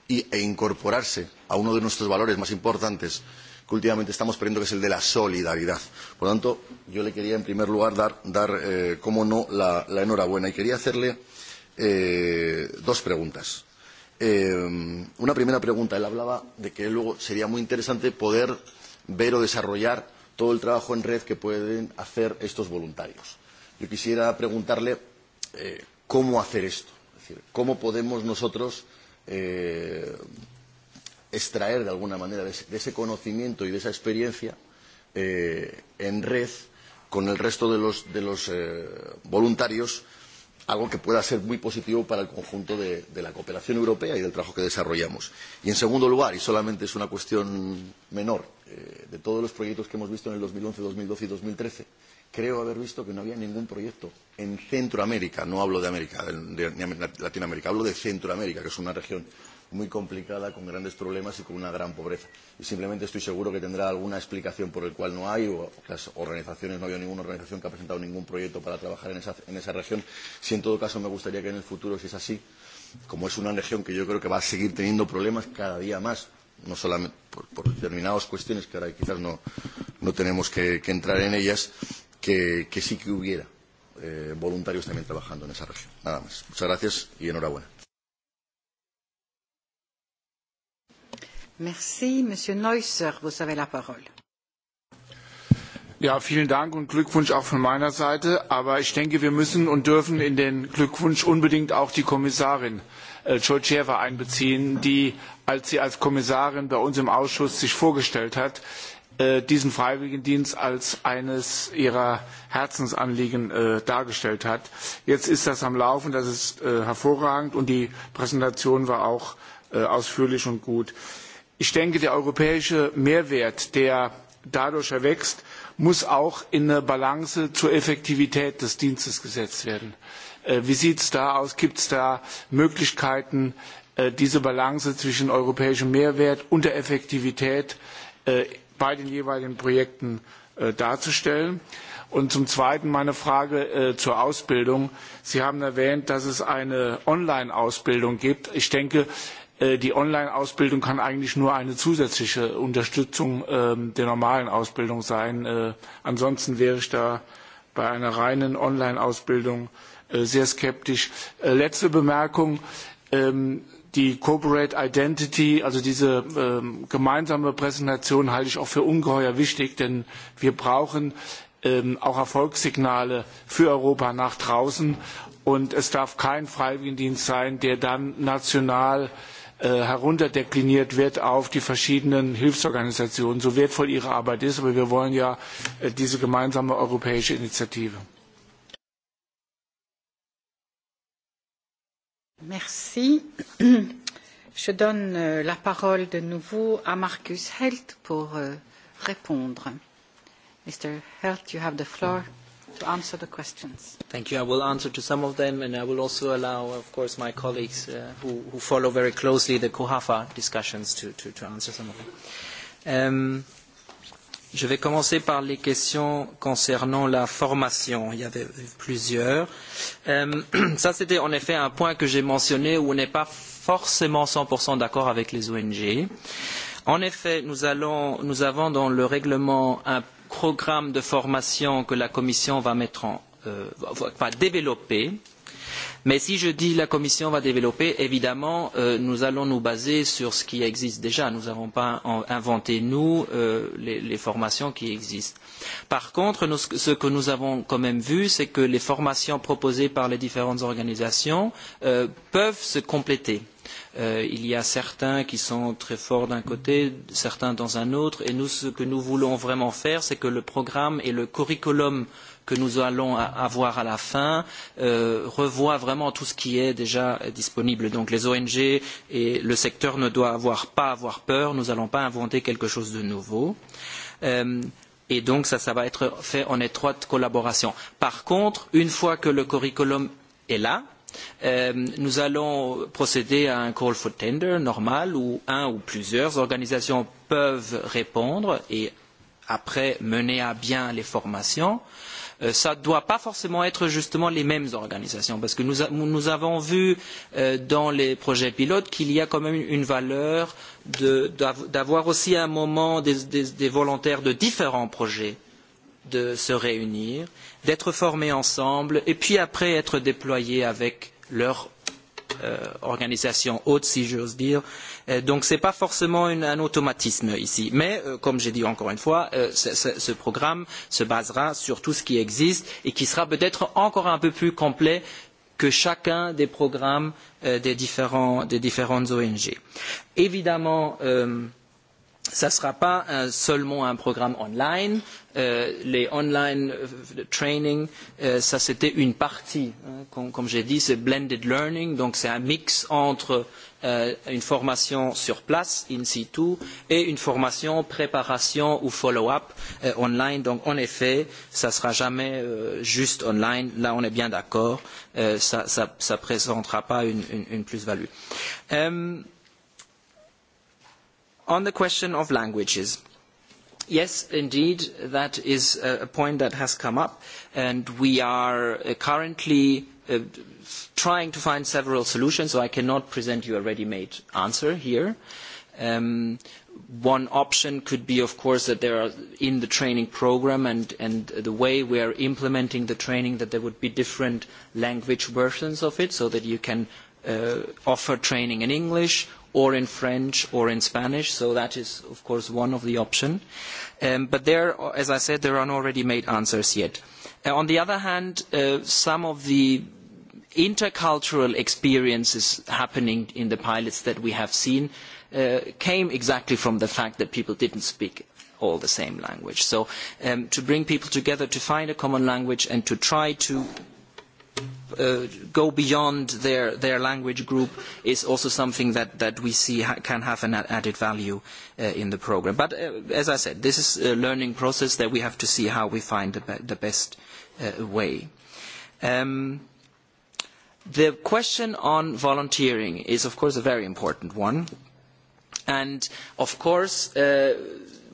Speaker 6: y, e incorporarse a uno de nuestros valores más importantes, que últimamente estamos perdiendo, que es el de la solidaridad. Por lo tanto, yo le quería en primer lugar dar, dar eh, como no, la, la enhorabuena y quería hacerle eh, dos preguntas. Eh, una primera pregunta, él hablaba de que luego sería muy interesante poder ver o desarrollar todo el trabajo en red que pueden hacer estos voluntarios. Yo quisiera preguntarle eh, cómo hacer esto, es decir, cómo podemos nosotros eh, extraer de alguna manera de ese, conocimiento y de esa experiencia eh, en red con el resto de los, de los eh, voluntarios algo que pueda ser muy positivo para el conjunto de, de la cooperación europea y del trabajo que desarrollamos. Y, en segundo lugar, y solamente es una cuestión menor, eh, de todos los proyectos que hemos visto en el 2011, 2012 y 2013, creo haber visto que no había ningún proyecto en Centroamérica, no hablo de América, de, de, de Latinoamérica, hablo de Centroamérica, que es una región muy complicada, con grandes problemas y con una gran pobreza. Y simplemente estoy seguro que tendrá alguna explicación por el cual no hay, o las organizaciones, no ha habido ninguna organización que ha presentado ningún proyecto para trabajar en esa, en esa región. Si en todo caso me gustaría que en el futuro, si es así, como es una región que yo creo que va a seguir teniendo problemas cada día más, no solamente por, por determinadas cuestiones que ahora quizás no, no tenemos que, que entrar en ellas, que, que sí que hubiera eh, voluntarios también trabajando en esa región. Nada más. Muchas gracias y enhorabuena.
Speaker 1: Merci. Monsieur Neusser, vous avez la parole.
Speaker 10: Ja, vielen Dank und Glückwunsch auch von meiner Seite. Aber ich denke, wir müssen und dürfen in den Glückwunsch unbedingt auch die Kommissarin äh, Georgieva einbeziehen, die, als sie als Kommissarin bei uns im Ausschuss sich vorgestellt hat, äh, diesen Freiwilligendienst als eines ihrer Herzensanliegen äh, dargestellt hat. Jetzt ist das am Laufen, das ist äh, hervorragend und die Präsentation war auch äh, ausführlich und gut. Äh, ich denke, der europäische Mehrwert, der dadurch erwächst, muss auch in eine Balance zur Effektivität des Dienstes gesetzt werden. Äh, wie sieht es da aus? Gibt es da Möglichkeiten, äh, diese Balance zwischen europäischem Mehrwert und der Effektivität äh, bei den jeweiligen Projekten darzustellen? Und zum Zweiten meine Frage zur Ausbildung. Sie haben erwähnt, dass es eine Online-Ausbildung gibt. Ich denke, Äh, die Online-Ausbildung kann eigentlich nur eine zusätzliche Unterstützung ähm, der normalen Ausbildung sein. Äh, ansonsten wäre ich da bei einer reinen Online-Ausbildung äh, sehr skeptisch. letzte Bemerkung. Ähm, die Corporate Identity, also diese ähm, gemeinsame Präsentation, halte ich auch für ungeheuer wichtig, denn wir brauchen auch Erfolgssignale für Europa nach draußen. Und es darf kein Freiwilligendienst sein, der dann national äh, Äh, herunterdekliniert wird auf die verschiedenen Hilfsorganisationen, so wertvoll ihre Arbeit ist. Aber wir wollen ja äh, diese gemeinsame europäische Initiative.
Speaker 1: Merci. Je donne euh, la parole de nouveau à Markus Helt pour euh, répondre. Mr. Helt, you have the floor to answer the questions.
Speaker 7: Thank you. I will answer to some of them, and I will also allow, of course, my colleagues uh, who, who follow very closely the COHAFA discussions to, to, to answer some of them. Um, je vais commencer par les questions concernant la formation. Il y avait plusieurs. Euh, ça, c'était en effet un point que j'ai mentionné où on n'est pas forcément 100% d'accord avec les ONG. En effet, nous, allons, nous avons dans le règlement un programme de formation que la Commission va, mettre en, euh, va développer euh, Mais si je dis que la Commission va développer, évidemment, euh, nous allons nous baser sur ce qui existe déjà. Nous n'avons pas inventé, nous, euh, les, les formations qui existent. Par contre, nous, ce que nous avons quand même vu, c'est que les formations proposées par les différentes organisations euh, peuvent se compléter. Euh, il y a certains qui sont très forts d'un côté, certains dans un autre, et nous, ce que nous voulons vraiment faire, c'est que le programme et le curriculum euh, que nous allons avoir à la fin euh, revoit vraiment tout ce qui est déjà disponible. Donc les ONG et le secteur ne doivent avoir, pas avoir peur, nous n'allons pas inventer quelque chose de nouveau. Euh, et donc ça, ça va être fait en étroite collaboration. Par contre, une fois que le curriculum est là, Euh, nous allons procéder à un call for tender normal où un ou plusieurs organisations peuvent répondre et après mener à bien les formations. Euh, Euh, ça ne doit pas forcément être justement les mêmes organisations parce que nous, nous avons vu euh, dans les projets pilotes qu'il y a quand même une valeur d'avoir aussi un moment des, des, des volontaires de différents projets de se réunir, d'être formés ensemble et puis après être déployés avec leurs euh, organisation haute, si j'ose dire. Et euh, donc ce n'est pas forcément une, un automatisme ici. Mais, euh, comme j'ai dit encore une fois, euh, ce, ce, ce programme se basera sur tout ce qui existe et qui sera peut-être encore un peu plus complet que chacun des programmes euh, des, différents, des différentes ONG. Évidemment, euh, ça ne sera pas un, euh, seulement un programme online. Euh, les online euh, training, euh, ça c'était une partie. Hein, com comme j'ai dit, c'est blended learning, donc c'est un mix entre euh, une formation sur place, in situ, et une formation préparation ou follow-up euh, online. Donc en effet, ça ne sera jamais euh, juste online. Là, on est bien d'accord. Euh, ça ne présentera pas une, une, une plus-value. Euh, On the question of languages, Yes, indeed, that is a point that has come up, and we are uh, currently uh, trying to find several solutions, so I cannot present you a ready-made answer here. Um, one option could be, of course, that there are in the training program and, and the way we are implementing the training that there would be different language versions of it so that you can uh, offer training in English or in French or in Spanish. So that is, of course, one of the options. Um, but there, as I said, there are no ready-made answers yet. Uh, on the other hand, uh, some of the intercultural experiences happening in the pilots that we have seen uh, came exactly from the fact that people didn't speak all the same language. So um, to bring people together to find a common language and to try to Uh, go beyond their, their language group is also something that, that we see ha can have an added value uh, in the program. But uh, as I said, this is a learning process that we have to see how we find the, be the best uh, way. Um, the question on volunteering is, of course, a very important one. And, of course, uh,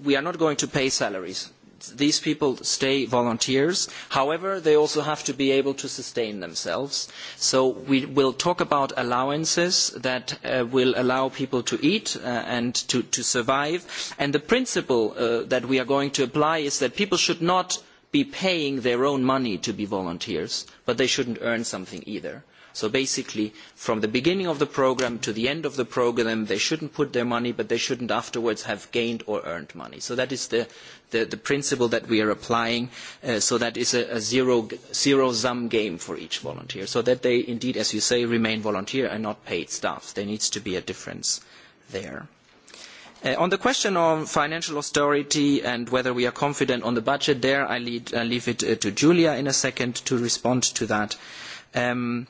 Speaker 7: we are not going to pay salaries these people stay volunteers. However, they also have to be able to sustain themselves. So we will talk about allowances that uh, will allow people to eat uh, and to, to, survive. And the principle uh, that we are going to apply is that people should not be paying their own money to be volunteers, but they shouldn't earn something either So basically, from the beginning of the programme to the end of the programme, they shouldn't put their money, but they shouldn't afterwards have gained or earned money. So that is the, the, the principle that we are applying. Uh, so that is a, a zero-sum zero game for each volunteer, so that they indeed, as you say, remain volunteer and not paid staff. There needs to be a difference there. Uh, on the question of financial austerity and whether we are confident on the budget there, I, lead, I leave it uh, to Julia in a second to respond to that. Um,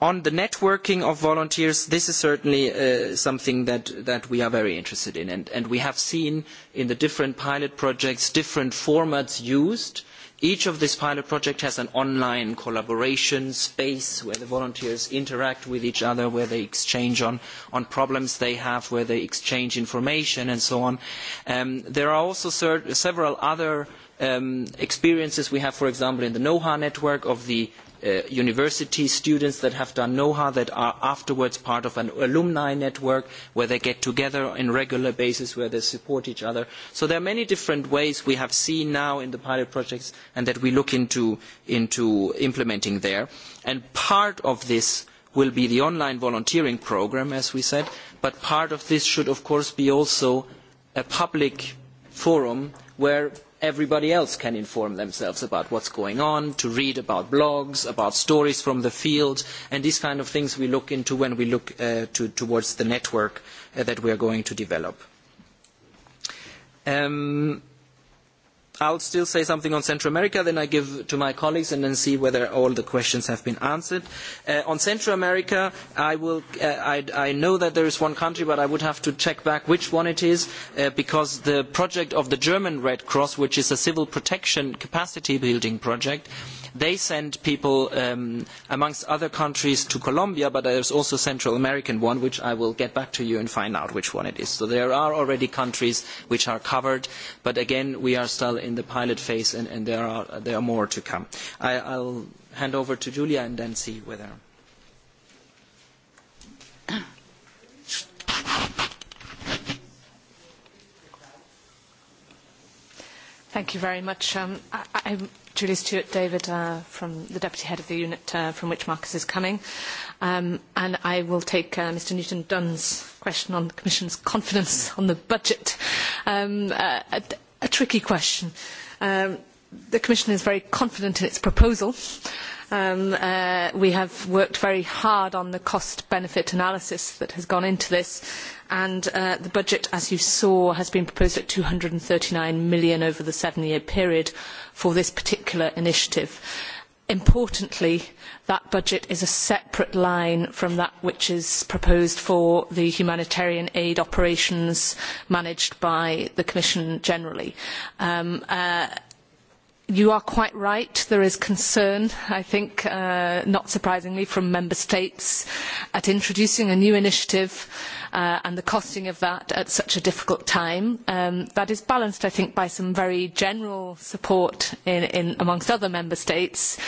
Speaker 7: on the networking of volunteers, this is certainly uh, something that, that, we are very interested in. And, and, we have seen in the different pilot projects different formats used. Each of these pilot projects has an online collaboration space where the volunteers interact with each other, where they exchange on, on problems they have, where they exchange information and so on. Um, there are also several other um, experiences we have, for example, in the NOHA network of the Uh, university students that have done know-how that are afterwards part of an alumni network where they get together on a regular basis where they support each other. So there are many different ways we have seen now in the pilot projects and that we look into, into implementing there. And part of this will be the online volunteering programme, as we said, but part of this should of course be also a public forum where everybody else can inform themselves about what's going on, to read about blogs, about stories from the field, and these kind of things we look into when we look uh, to, towards the network uh, that we are going to develop. Um, I'll still say something on Central America, then I give to my colleagues and then see whether all the questions have been answered. Uh, on Central America, I, will, uh, I, I, know that there is one country, but I would have to check back which one it is, uh, because the project of the German Red Cross, which is a civil protection capacity building project, They send people, um, amongst other countries, to Colombia, but there's also a Central American one, which I will get back to you and find out which one it is. So there are already countries which are covered, but again, we are still in the pilot phase, and, and there, are, there are more to come. I, I'll hand over to Julia and then see whether...
Speaker 4: Thank you very much. Um, I, I'm Julie Stewart David uh, from the deputy head of the unit uh, from which Marcus is coming, um, and I will take uh, Mr. Newton Dunn's question on the Commission's confidence on the budget. Um, uh, a, a tricky question. Um, the Commission is very confident in its proposal. Uh, Um, uh, we have worked very hard on the cost-benefit analysis that has gone into this, and uh, the budget, as you saw, has been proposed at 239 million over the seven-year period for this particular initiative. Importantly, that budget is a separate line from that which is proposed for the humanitarian aid operations managed by the Commission generally. Um, uh, You are quite right. There is concern, I think, uh, not surprisingly, from member states at introducing a new initiative uh, and the costing of that at such a difficult time. Um, that is balanced, I think, by some very general support in, in, amongst other member states.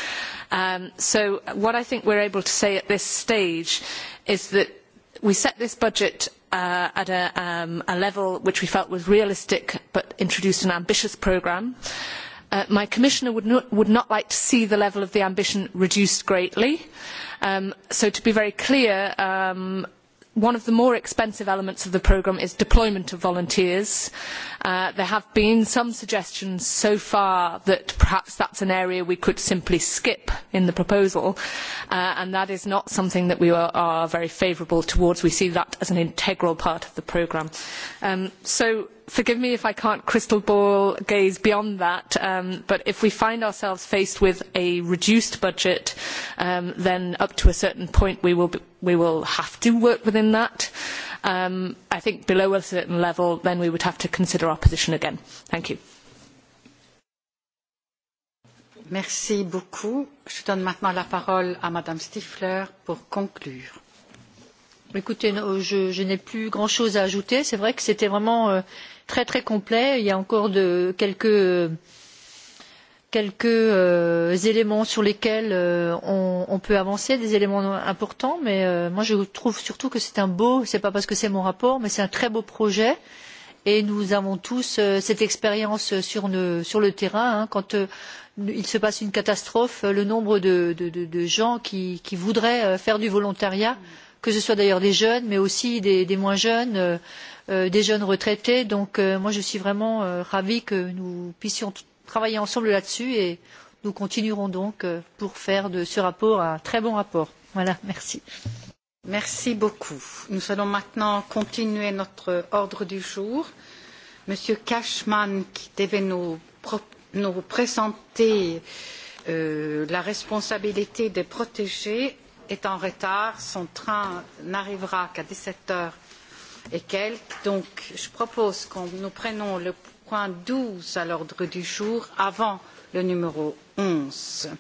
Speaker 4: Um, so what I think we're able to say at this stage is that we set this budget Uh, at a, um, a level which we felt was realistic but introduced an ambitious programme. Uh, my commissioner would not, would not like to see the level of the ambition reduced greatly. Um, so to be very clear, um, one of the more expensive elements of the programme is deployment of volunteers. Uh, there have been some suggestions so far that perhaps that's an area we could simply skip in the proposal, uh, and that is not something that we are, are very favourable towards. We see that as an integral part of the programme. Um, so forgive me if I can't crystal ball gaze beyond that, um, but if we find ourselves faced with a reduced budget, um, then up to a certain point we will, be, we will have to work within that. Um, I think below a certain level, then we would have to consider our position again. Thank you.
Speaker 1: Merci beaucoup. Je donne maintenant la parole à Madame Stifler
Speaker 8: pour conclure. Écoutez, je, je n'ai plus grand-chose à ajouter. C'est vrai que c'était vraiment euh, très très complet. Il y a encore de, quelques, quelques euh, éléments sur lesquels euh, on, on peut avancer, des éléments importants, mais euh, moi je trouve surtout que c'est un beau, ce n'est pas parce que c'est mon rapport, mais c'est un très beau projet. Et nous avons tous euh, cette expérience sur, sur le terrain. Hein, quand euh, il se passe une catastrophe, le nombre de, de, de, de gens qui, qui voudraient euh, faire du volontariat, que ce soit d'ailleurs des jeunes, mais aussi des, des moins jeunes, euh, Euh, des jeunes retraités. Donc euh, moi je suis vraiment euh, ravie que nous puissions travailler ensemble là-dessus et nous continuerons donc pour faire de ce rapport un très bon rapport. Voilà, merci.
Speaker 1: Merci beaucoup. Nous allons maintenant continuer notre ordre du jour. Monsieur Cashman, qui devait nous, nous présenter euh, la responsabilité des protégés, est en retard. Son train n'arrivera qu'à 17 heures et quelques. Donc, je propose que nous prenions le point 12 à l'ordre du jour avant le numéro 11.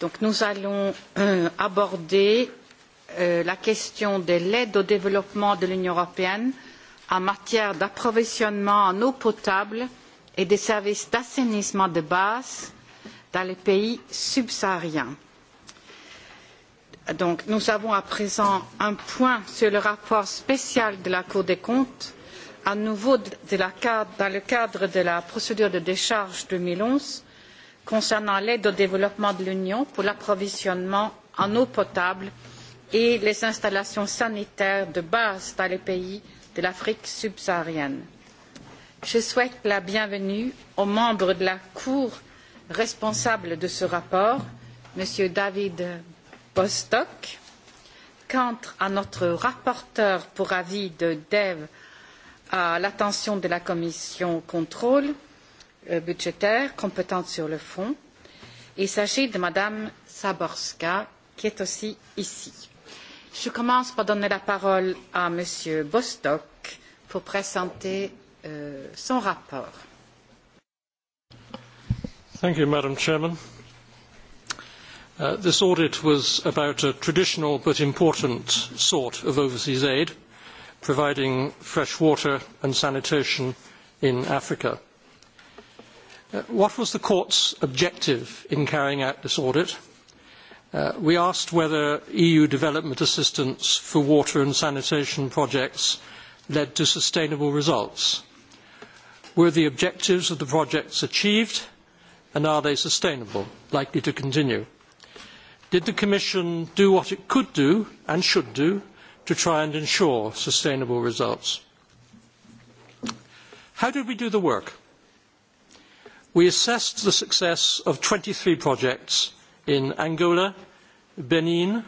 Speaker 1: Donc, nous allons euh, aborder euh, la question de l'aide au développement de l'Union européenne en matière d'approvisionnement en eau potable et des services d'assainissement de base dans les pays subsahariens Donc, nous avons à présent un point sur le rapport spécial de la Cour des comptes, à nouveau de la, dans le cadre de la procédure de décharge 2011 concernant l'aide au développement de l'Union pour l'approvisionnement en eau potable et les installations sanitaires de base dans les pays de l'Afrique subsaharienne. Je souhaite la bienvenue aux membres de la Cour responsables de ce rapport, M. David Bostock, Quant à notre rapporteur pour avis de DEV à l'attention de la commission contrôle euh, budgétaire compétente sur le fonds. Il s'agit de Madame Saborska, qui est aussi ici. Je commence par donner la parole à Monsieur Bostock pour présenter euh, son rapport.
Speaker 11: Thank you, Madam Chairman. Uh, this audit was about a traditional but important sort of overseas aid, providing fresh water and sanitation in Africa. Uh, what was the court's objective in carrying out this audit? Uh, we asked whether EU development assistance for water and sanitation projects led to sustainable results. Were the objectives of the projects achieved and are they sustainable, likely to continue? Did the Commission do what it could do and should do to try and ensure sustainable results? How did we do the work? We assessed the success of 23 projects in Angola, Benin,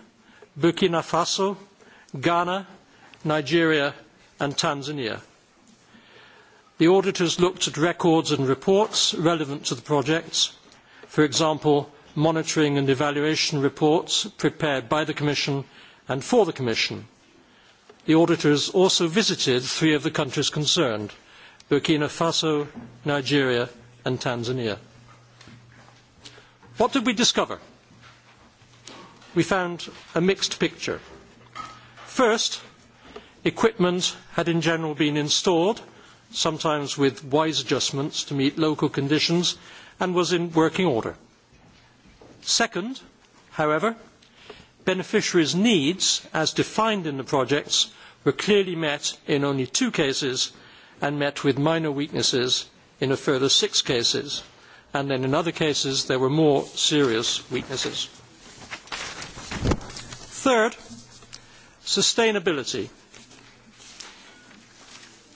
Speaker 11: Burkina Faso, Ghana, Nigeria and Tanzania. The auditors looked at records and reports relevant to the projects, for example, monitoring and evaluation reports prepared by the Commission and for the Commission. The auditors also visited three of the countries concerned, Burkina Faso, Nigeria and Tanzania. What did we discover? We found a mixed picture. First, equipment had in general been installed, sometimes with wise adjustments to meet local conditions, and was in working order. Second, however, beneficiaries' needs, as defined in the projects, were clearly met in only two cases and met with minor weaknesses in a further six cases. And then in other cases, there were more serious weaknesses. Third, sustainability.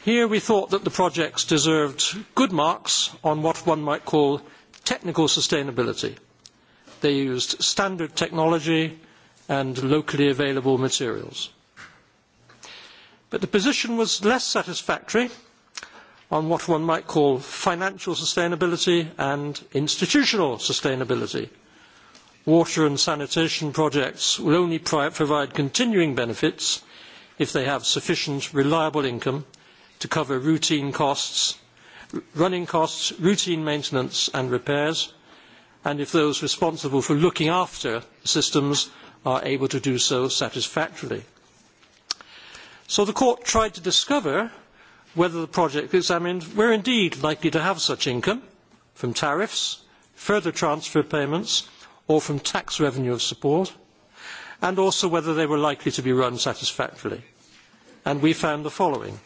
Speaker 11: Here we thought that the projects deserved good marks on what one might call technical sustainability – They used standard technology and locally available materials. But the position was less satisfactory on what one might call financial sustainability and institutional sustainability. Water and sanitation projects will only provide continuing benefits if they have sufficient reliable income to cover routine costs, running costs, routine maintenance and repairs, and if those responsible for looking after systems are able to do so satisfactorily. So the court tried to discover whether the projects examined were indeed likely to have such income from tariffs, further transfer payments, or from tax revenue of support, and also whether they were likely to be run satisfactorily. And we found the following.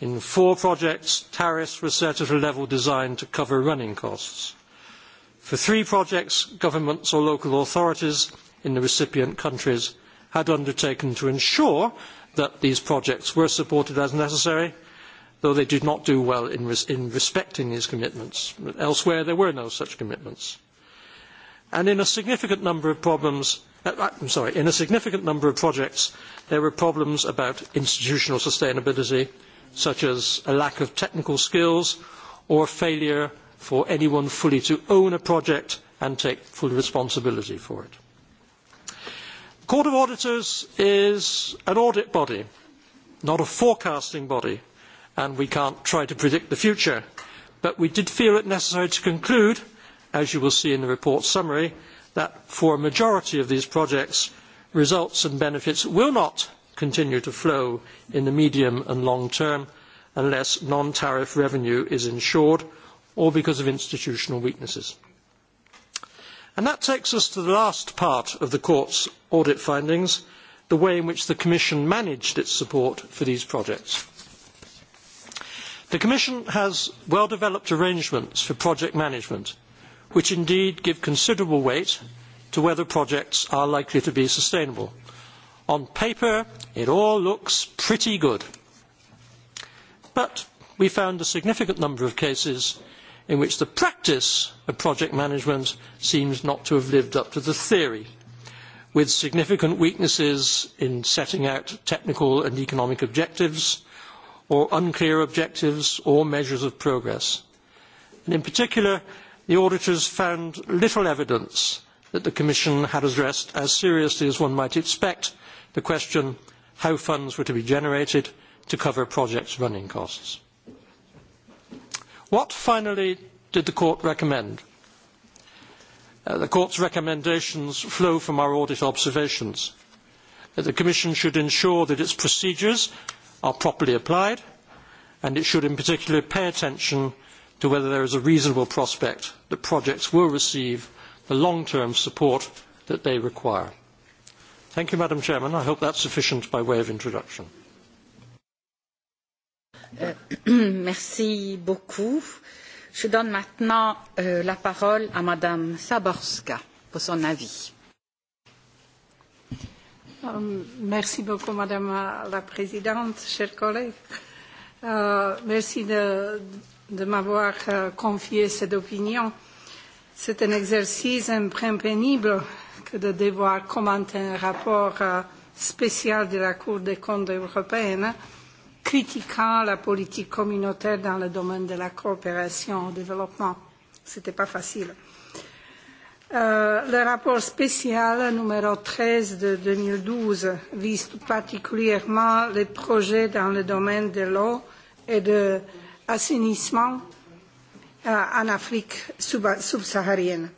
Speaker 11: In four projects, tariffs were set at a level designed to cover running costs. For three projects, governments or local authorities in the recipient countries had undertaken to ensure that these projects were supported as necessary, though they did not do well in, res in respecting these commitments. Elsewhere, there were no such commitments. And in a significant number of problems, uh, uh I'm sorry, in a significant number of projects, there were problems about institutional sustainability, such as a lack of technical skills or failure for anyone fully to own a project and take full responsibility for it. The Court of Auditors is an audit body, not a forecasting body, and we can't try to predict the future. But we did feel it necessary to conclude, as you will see in the report summary, that for a majority of these projects, results and benefits will not continue to flow in the medium and long term unless non-tariff revenue is ensured or because of institutional weaknesses. And that takes us to the last part of the Court's audit findings, the way in which the Commission managed its support for these projects. The Commission has well-developed arrangements for project management, which indeed give considerable weight to whether projects are likely to be sustainable. On paper, it all looks pretty good. But we found a significant number of cases in which the practice of project management seems not to have lived up to the theory, with significant weaknesses in setting out technical and economic objectives, or unclear objectives or measures of progress. And in particular, the auditors found little evidence that the Commission had addressed as seriously as one might expect the question how funds were to be generated to cover projects' running costs. What finally did the court recommend? Uh, the court's recommendations flow from our audit observations. That uh, the Commission should ensure that its procedures are properly applied, and it should in particular pay attention to whether there is a reasonable prospect that projects will receive the long-term support that they require. Thank you, Madam Chairman. I hope that's sufficient by way of introduction.
Speaker 1: Euh, merci beaucoup. Je donne maintenant euh, la Madame Saborska pour son avis.
Speaker 12: Um, merci beaucoup, Madame la Présidente, chers collègues. Euh, merci de, de m'avoir euh, confié cette opinion. C'est un exercice un peu pénible que de devoir commenter un rapport euh, spécial de la Cour des comptes européenne critiquant la politique communautaire dans le domaine de la coopération au développement. Ce n'était pas facile. Euh, le rapport spécial numéro 13 de 2012 vise tout particulièrement les projets dans le domaine de l'eau et de l'assainissement euh, en Afrique subsaharienne Sub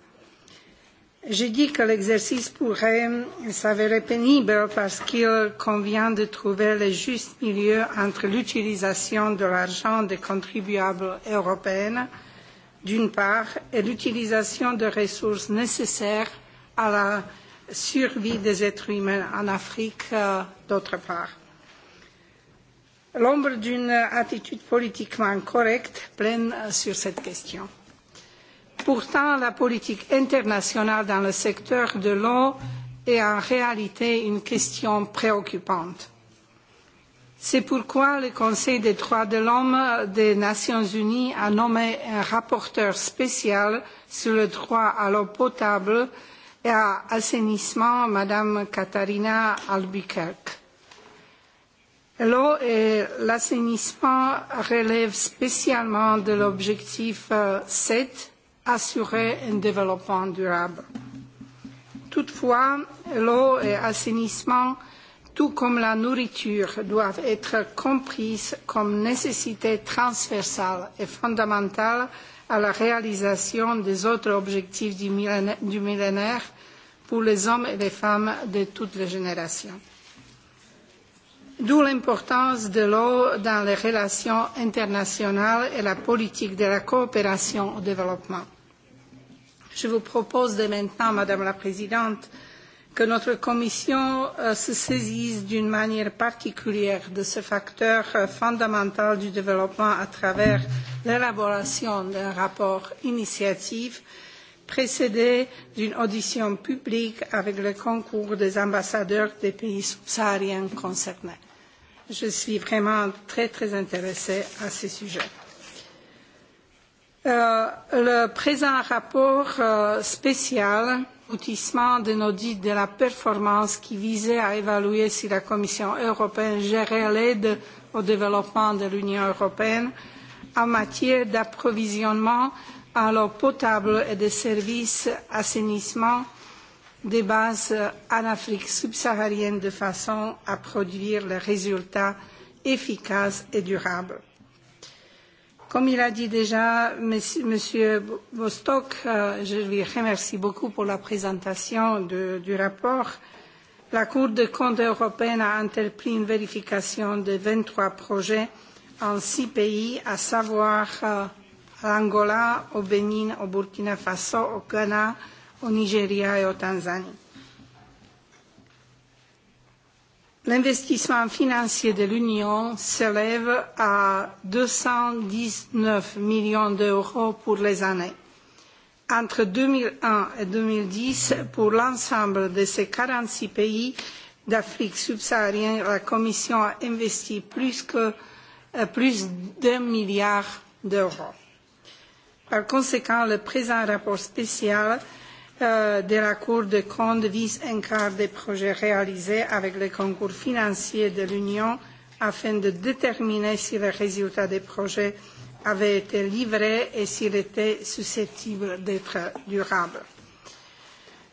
Speaker 12: Je dis que l'exercice pourrait s'avérer pénible parce qu'il convient de trouver le juste milieu entre l'utilisation de l'argent des contribuables européens, d'une part, et l'utilisation des ressources nécessaires à la survie des êtres humains en Afrique, euh, d'autre part. L'ombre d'une attitude politiquement correcte plane sur cette question. Pourtant, la politique internationale dans le secteur de l'eau est en réalité une question préoccupante. C'est pourquoi le Conseil des droits de l'homme des Nations unies a nommé un rapporteur spécial sur le droit à l'eau potable et à l'assainissement, Madame Katharina Albuquerque. L'eau et l'assainissement relèvent spécialement de l'objectif 7 euh, assurer un développement durable. Toutefois, l'eau et l'assainissement, tout comme la nourriture, doivent être comprises comme nécessité transversale et fondamentale à la réalisation des autres objectifs du millénaire pour les hommes et les femmes de toutes les générations d'où l'importance de l'eau dans les relations internationales et la politique de la coopération au développement. Je vous propose dès maintenant, Madame la Présidente, que notre Commission euh, se saisisse d'une manière particulière de ce facteur euh, fondamental du développement à travers l'élaboration d'un rapport initiative précédé d'une audition publique avec le concours des ambassadeurs des pays subsahariens concernés je suis vraiment très très intéressée à ce sujet. Euh, le présent rapport euh, spécial aboutissement d'un audit de la performance qui visait à évaluer si la Commission européenne gérait l'aide au développement de l'Union européenne en matière d'approvisionnement en eau potable et de services assainissement des bases en Afrique subsaharienne de façon à produire les résultats efficaces et durables. Comme il a dit déjà Monsieur Bostock, euh, je lui remercie beaucoup pour la présentation de, du rapport. La Cour des comptes européenne a entrepris une vérification de 23 projets en six pays, à savoir l'Angola, euh, au Bénin, au Burkina Faso, au Ghana, o Nigeria e o Tanzanie. L'investissement financier de l'Union s'élève à 219 millions d'euros pour les années. Entre 2001 et 2010, pour l'ensemble de ces 46 pays d'Afrique subsaharienne, la Commission a investi plus, que, euh, plus d'un milliard d'euros. Par conséquent, le présent rapport spécial Euh, de la Cour des comptes vise un quart des projets réalisés avec les concours financiers de l'Union afin de déterminer si les résultats des projets avaient été livrés et s'ils étaient susceptibles d'être durables.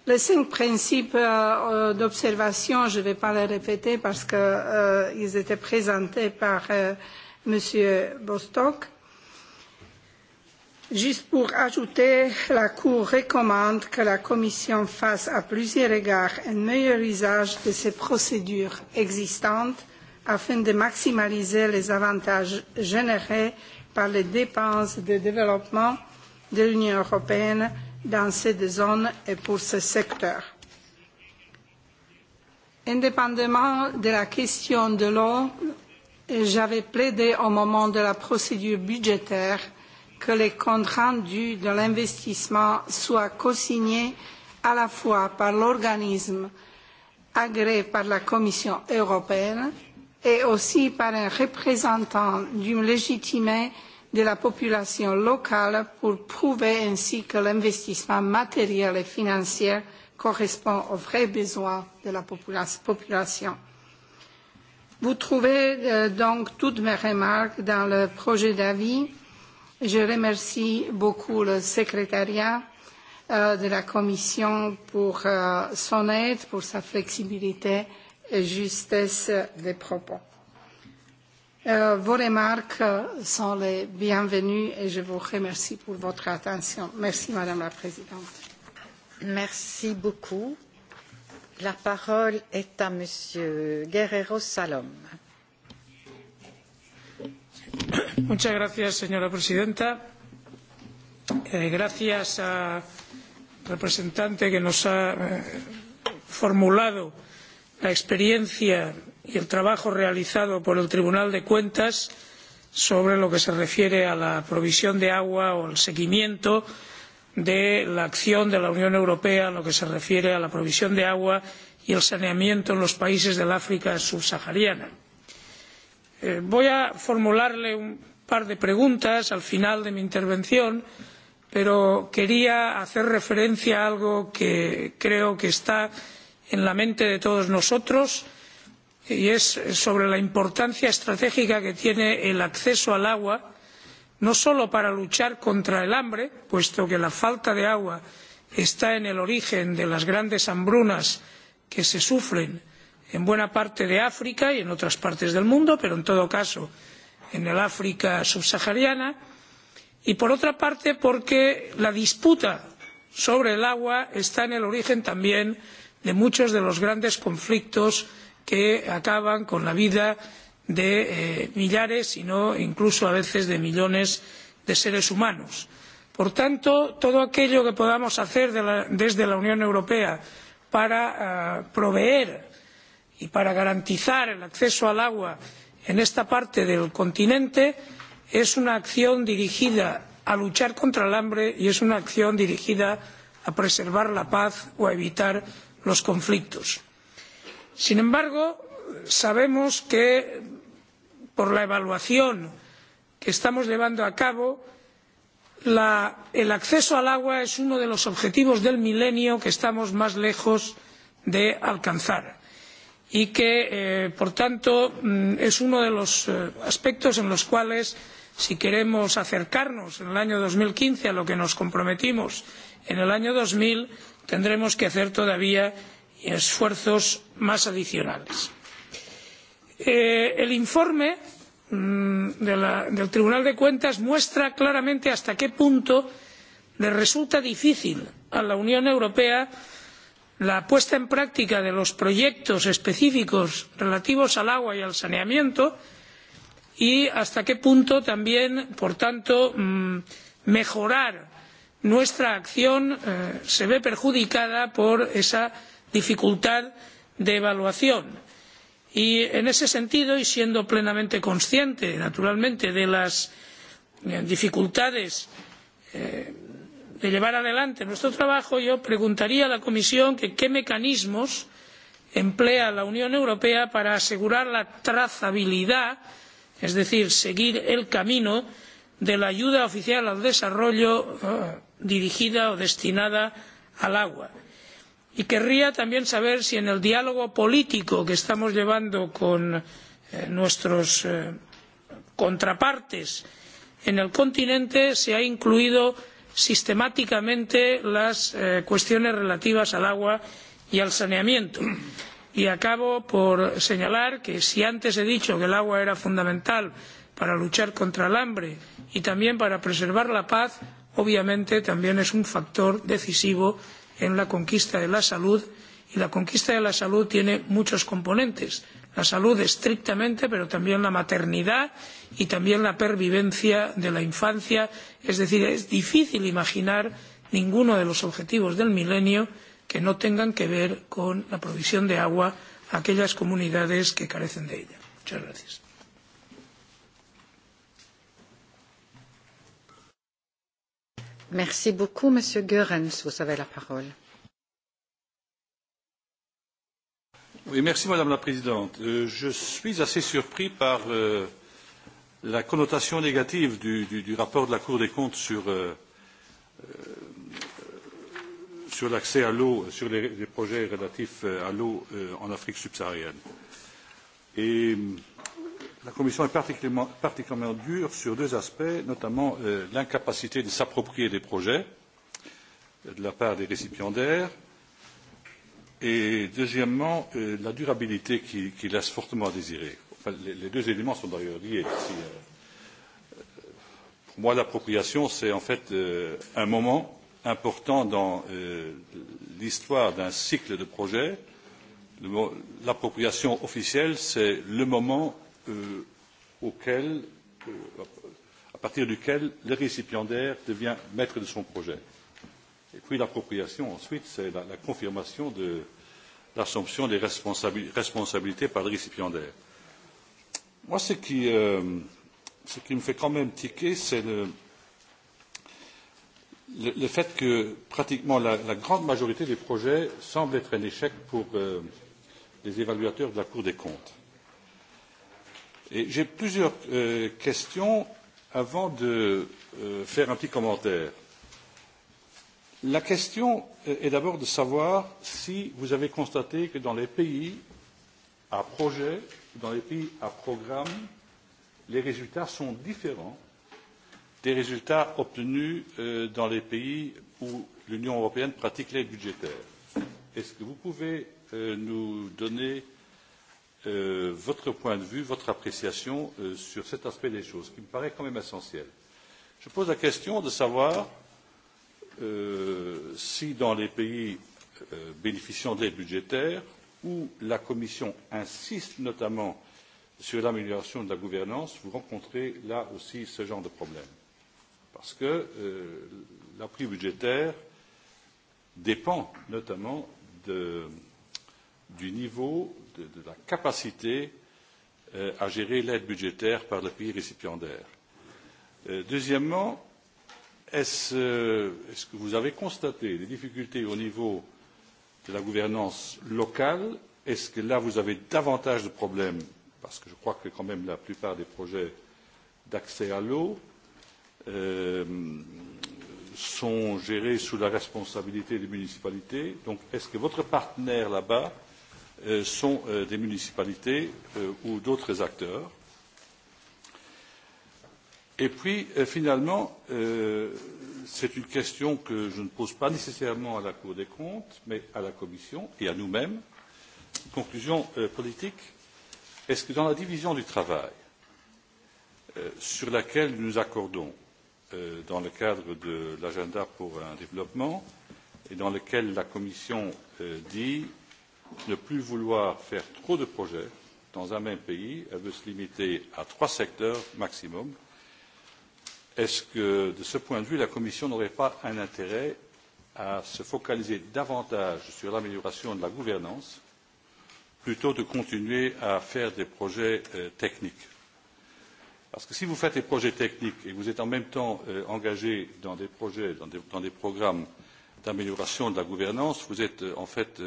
Speaker 12: Les cinq principes euh, euh, d'observation, je ne vais pas les répéter parce qu'ils euh, étaient présentés par euh, M. Bostock. Juste pour ajouter, la Cour recommande que la Commission fasse à plusieurs égards un meilleur usage de ces procédures existantes afin de maximaliser les avantages générés par les dépenses de développement de l'Union européenne dans deux zones et pour ce secteur. Indépendamment de la question de l'eau, j'avais plaidé au moment de la procédure budgétaire que les comptes rendus de l'investissement soient cosignés à la fois par l'organisme agréé par la Commission européenne et aussi par un représentant du légitimé de la population locale pour prouver ainsi que l'investissement matériel et financier correspond aux vrais besoins de la population. Vous trouvez euh, donc toutes mes remarques dans le projet d'avis Je remercie beaucoup le secrétariat euh, de la Commission pour euh, son aide, pour sa flexibilité et justesse des propos. Euh, vos remarques sont les bienvenues et je vous remercie pour votre attention. Merci Madame la Présidente. Merci beaucoup. La parole
Speaker 1: est à Monsieur Guerrero Salom
Speaker 13: señora presidenta. Eh, gracias al representante que nos ha eh, formulado la experiencia y el trabajo realizado por el Tribunal de Cuentas sobre lo que se refiere a la provisión de agua o el seguimiento de la acción de la Unión Europea en lo que se refiere a la provisión de agua y el saneamiento en los países del África subsahariana. Eh, voy a formularle un par de preguntas al final de mi intervención pero quería hacer referencia a algo que creo que está en la mente de todos nosotros y es sobre la importancia estratégica que tiene el acceso al agua no solo para luchar contra el hambre puesto que la falta de agua está en el origen de las grandes hambrunas que se sufren en buena parte de áfrica y en otras partes del mundo pero en todo caso en el áfrica subsahariana y por otra parte porque la disputa sobre el agua está en el origen también de muchos de los grandes conflictos que acaban con la vida de eh, millares si no incluso a veces de millones de seres humanos. por tanto todo aquello que podamos hacer desde la unión europea para ah, proveer y para garantizar el acceso al agua en esta parte del continente es una acción dirigida a luchar contra el hambre y es una acción dirigida a preservar la paz o a evitar los conflictos. sin embargo sabemos que por la evaluación que estamos llevando a cabo la, el acceso al agua es uno de los objetivos del milenio que estamos más lejos de alcanzar y que eh, por tanto mm, es uno de los eh, aspectos en los cuales si queremos acercarnos en el año dos mil quince a lo que nos comprometimos en el año dos mil tendremos que hacer todavía esfuerzos más adicionales. Eh, el informe mm, de la, del tribunal de cuentas muestra claramente hasta qué punto le resulta difícil a la unión europea la puesta en práctica de los proyectos específicos relativos al agua y al saneamiento y hasta qué punto también por tanto mm, mejorar nuestra acción eh, se ve perjudicada por esa dificultad de evaluación. y en ese sentido y siendo plenamente consciente naturalmente de las eh, dificultades eh, de llevar adelante nuestro trabajo yo preguntaría a la comisión qué mecanismos emplea la unión europea para asegurar la trazabilidad es decir seguir el camino de la ayuda oficial al desarrollo eh, dirigida o destinada al agua. y querría también saber si en el diálogo político que estamos llevando con eh, nuestros eh, contrapartes en el continente se ha incluido sistemáticamente las eh, cuestiones relativas al agua y al saneamiento y acabo por señalar que si antes he dicho que el agua era fundamental para luchar contra el hambre y también para preservar la paz obviamente también es un factor decisivo en la conquista de la salud y la conquista de la salud tiene muchos componentes la salud estrictamente pero también la maternidad y también la pervivencia de la infancia es decir es difícil imaginar ninguno de los objetivos del milenio que no tengan que ver con la provisión de agua a aquellas comunidades que carecen de ella. Muchas gracias. Merci beaucoup, Monsieur
Speaker 1: Goerens. Vous avez la parole.
Speaker 14: Madame la Présidente. Euh, je suis assez surpris par euh, la connotation négative du, rapport de la Cour des comptes sur, euh, l'accès à l'eau, sur les, projets relatifs à l'eau en Afrique subsaharienne. la Commission est particulièrement, dure sur deux aspects, notamment l'incapacité de s'approprier des projets de la part des récipiendaires et deuxièmement euh, la durabilité qui, laisse fortement à désirer. les, deux éléments sont d'ailleurs liés. Si, euh, pour moi, l'appropriation, c'est en fait euh, un moment important dans l'histoire d'un cycle de projets. L'appropriation officielle, c'est le moment auquel, à partir duquel le récipiendaire devient maître de son projet. Et puis l'appropriation, ensuite, c'est la, la confirmation de l'assomption des responsab responsabilités par le récipiendaire. Moi, ce qui, euh, ce qui me fait quand même tiquer, c'est le, le, le fait que pratiquement la, la grande majorité des projets semble être un échec pour euh, les évaluateurs de la Cour des comptes. Et j'ai plusieurs euh, questions avant de euh, faire un petit commentaire. La question est d'abord de savoir si vous avez constaté que dans les pays à projet, dans les pays à programme, les résultats sont différents des résultats obtenus euh, dans les pays où l'Union européenne pratique l'aide budgétaire. Est-ce que vous pouvez euh, nous donner euh, votre point de vue, votre appréciation sur cet aspect des choses, qui me paraît quand même essentiel Je pose la question de savoir Euh, si dans les pays euh, bénéficiant d'aides budgétaires où la commission insiste notamment sur l'amélioration de la gouvernance vous rencontrez là aussi ce genre de problème parce que euh, l'appui budgétaire dépend notamment de, du niveau de, de la capacité à gérer l'aide budgétaire par le pays récipiendaire. deuxièmement Euh, est-ce que vous avez constaté des difficultés au niveau de la gouvernance locale Est-ce que là, vous avez davantage de problèmes Parce que je crois que quand même la plupart des projets d'accès à l'eau euh, sont gérés sous la responsabilité des municipalités. Donc, est-ce que votre partenaire là-bas euh, sont euh, des municipalités euh, ou d'autres acteurs Et puis, euh, finalement, euh, c'est une question que je ne pose pas nécessairement à la Cour des comptes, mais à la Commission et à nous-mêmes. une Conclusion euh, politique, est-ce que dans la division du travail sur laquelle nous nous accordons dans le cadre de l'agenda pour un développement et dans lequel la Commission dit ne plus vouloir faire trop de projets dans un même pays, elle veut se limiter à trois secteurs maximum, est ce que de ce point de vue la commission n'aurait pas un intérêt à se focaliser davantage sur l'amélioration de la gouvernance plutôt que de continuer à faire des projets euh, techniques? parce que si vous faites des projets techniques et que vous êtes en même temps euh, engagé dans des projets dans des, dans des programmes d'amélioration de la gouvernance vous êtes euh, en fait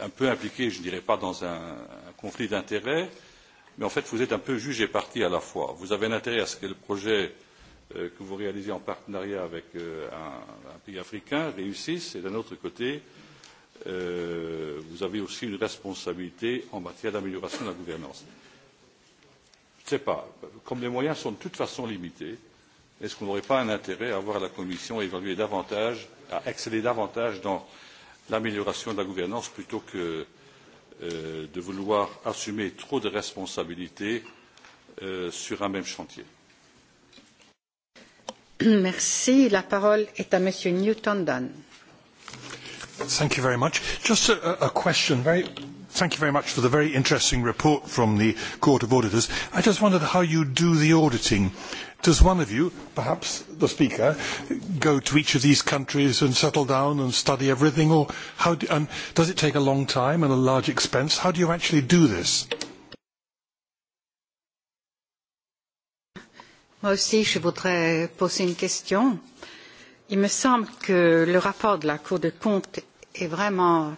Speaker 14: un peu impliqué je ne dirais pas dans un, un conflit d'intérêts mais mais en fait vous êtes un peu juge et partie à la fois. vous avez un intérêt à ce que le projet euh, que vous réalisez en partenariat avec euh, un, pays africain réussisse et d'un autre côté euh, vous avez aussi une responsabilité en matière d'amélioration de la gouvernance. je ne sais pas comme les moyens sont de toute façon limités est ce qu'on n'aurait pas un intérêt à voir la commission évaluer davantage à exceller davantage dans l'amélioration de la gouvernance plutôt que Euh, de vouloir assumer trop de responsabilités euh, sur un même chantier.
Speaker 1: Merci. La parole est à Monsieur Newton Dunn.
Speaker 9: Thank you very much. Just a, a question, very Thank you very much for the very interesting report from the Court of Auditors. I just wondered how you do the auditing. Does one of you, perhaps the Speaker, go to each of these countries and settle down and study everything? Or how do, and does it take a long time and a large expense? How do you actually do this?
Speaker 1: Moi aussi, je voudrais poser une question. Il me semble que le rapport de la Cour de compte est vraiment euh,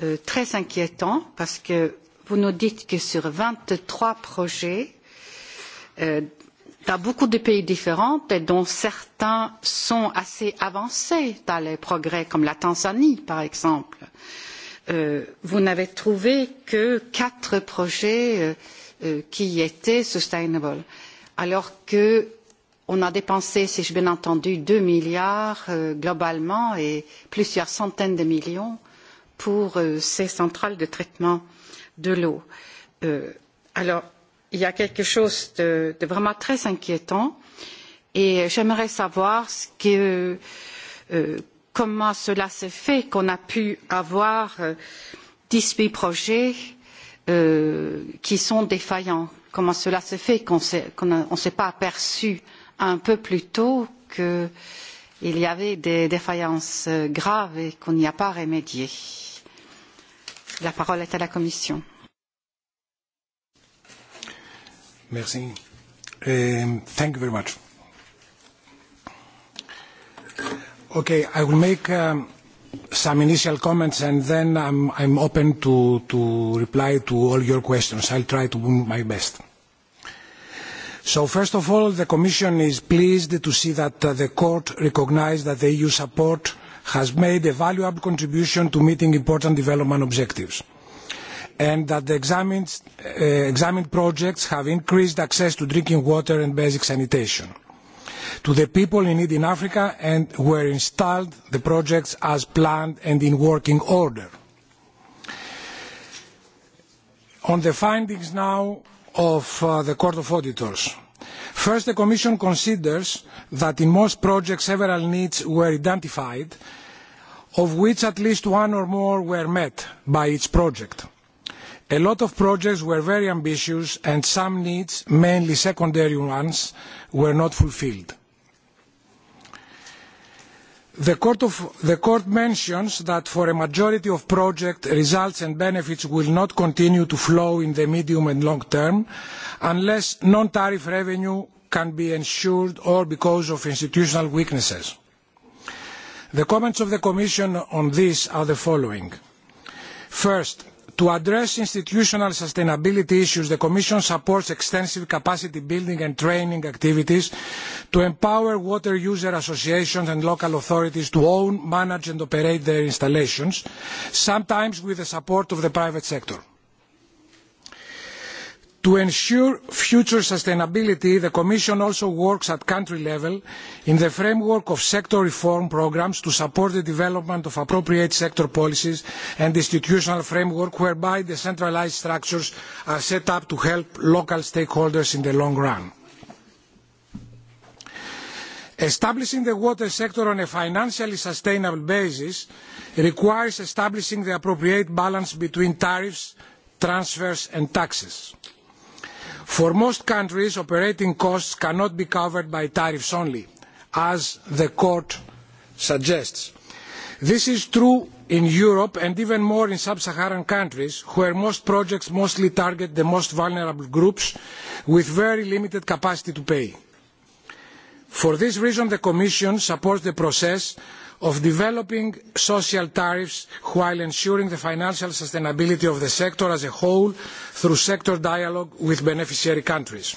Speaker 1: Euh, très inquiétant parce que vous nous dites que sur 23 projets, euh, dans beaucoup de pays différents et dont certains sont assez avancés dans les progrès, comme la Tanzanie par exemple, euh, vous n'avez trouvé que quatre projets euh, euh qui étaient sustainable, alors que on a dépensé, si j'ai bien entendu, 2 milliards euh, globalement et plusieurs centaines de millions pour euh, ces centrales de traitement de l'eau. Euh, alors, il y a quelque chose de, de vraiment très inquiétant et j'aimerais savoir ce que, euh, comment cela se fait qu'on a pu avoir euh, dix huit projets euh, qui sont défaillants. Comment cela se fait qu'on ne s'est pas aperçu un peu plus tôt qu'il y avait des défaillances euh, graves et qu'on n'y a pas remédié. Euh, La parole est à la Commission.
Speaker 15: Merci. Um, thank you very much. Okay, I will make um, some initial comments and then I'm, I'm open to, to reply to all your questions. I'll try to do my best. So first of all, the Commission is pleased to see that uh, the Court recognised that the EU support uh, has made a valuable contribution to meeting important development objectives and that the examined, uh, examined projects have increased access to drinking water and basic sanitation to the people in need in Africa and were installed the projects as planned and in working order. On the findings now of uh, the Court of Auditors. First, the Commission considers that in most projects several needs were identified of which at least one or more were met by each project. A lot of projects were very ambitious and some needs, mainly secondary ones, were not fulfilled. The court, the court mentions that for a majority of projects, results and benefits will not continue to flow in the medium and long term unless non-tariff revenue can be ensured or because of institutional weaknesses The comments of the Commission on this are the following. First, to address institutional sustainability issues the commission supports extensive capacity building and training activities to empower water user associations and local authorities to own manage and operate their installations sometimes with the support of the private sector to ensure future sustainability the commission also works at country level in the framework of sector reform programmes to support the development of appropriate sector policies and institutional framework whereby decentralised structures are set up to help local stakeholders in the long run. Establishing the water sector on a financially sustainable basis requires establishing the appropriate balance between tariffs, transfers and taxes For most countries, operating costs cannot be covered by tariffs only, as the court suggests. This is true in Europe and even more in sub-Saharan countries, where most projects mostly target the most vulnerable groups with very limited capacity to pay. For this reason, the Commission supports the process of developing social tariffs while ensuring the financial sustainability of the sector as a whole through sector dialogue with beneficiary countries.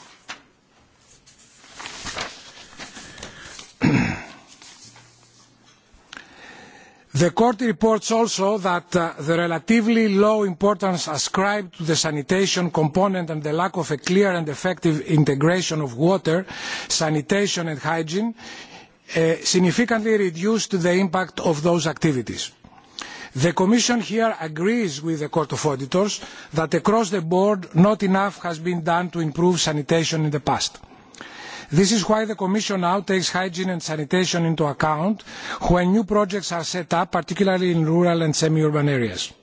Speaker 15: the court reports also that uh, the relatively low importance ascribed to the sanitation component and the lack of a clear and effective integration of water sanitation and hygiene Uh, significantly reduced the impact of those activities. The Commission here agrees with the Court of Auditors that across the board not enough has been done to improve sanitation in the past. This is why the Commission now takes hygiene and sanitation into account when new projects are set up, particularly in rural and semi-urban areas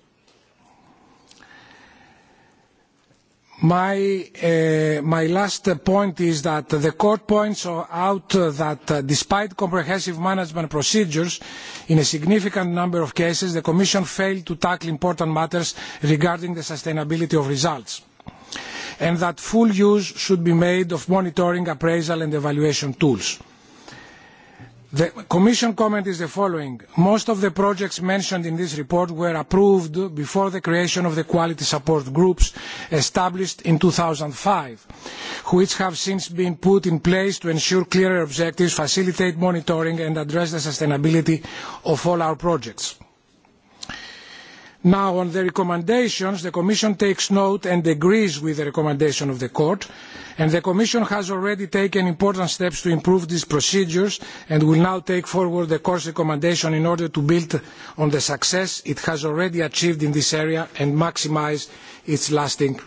Speaker 15: My, uh, my last point is that the court points out that despite comprehensive management procedures in a significant number of cases the commission failed to tackle important matters regarding the sustainability of results and that full use should be made of monitoring appraisal and evaluation tools The Commission comment is the following. Most of the projects mentioned in this report were approved before the creation of the quality support groups established in two thousand and five which have since been put in place to ensure clearer objectives, facilitate monitoring and address the sustainability of all our projects now on the recommendations the commission takes note and agrees with the recommendation of the court and the commission has already taken important steps to improve these procedures and will now take forward the court's recommendation in order to build on the success it has already achieved in this area and maximise its lasting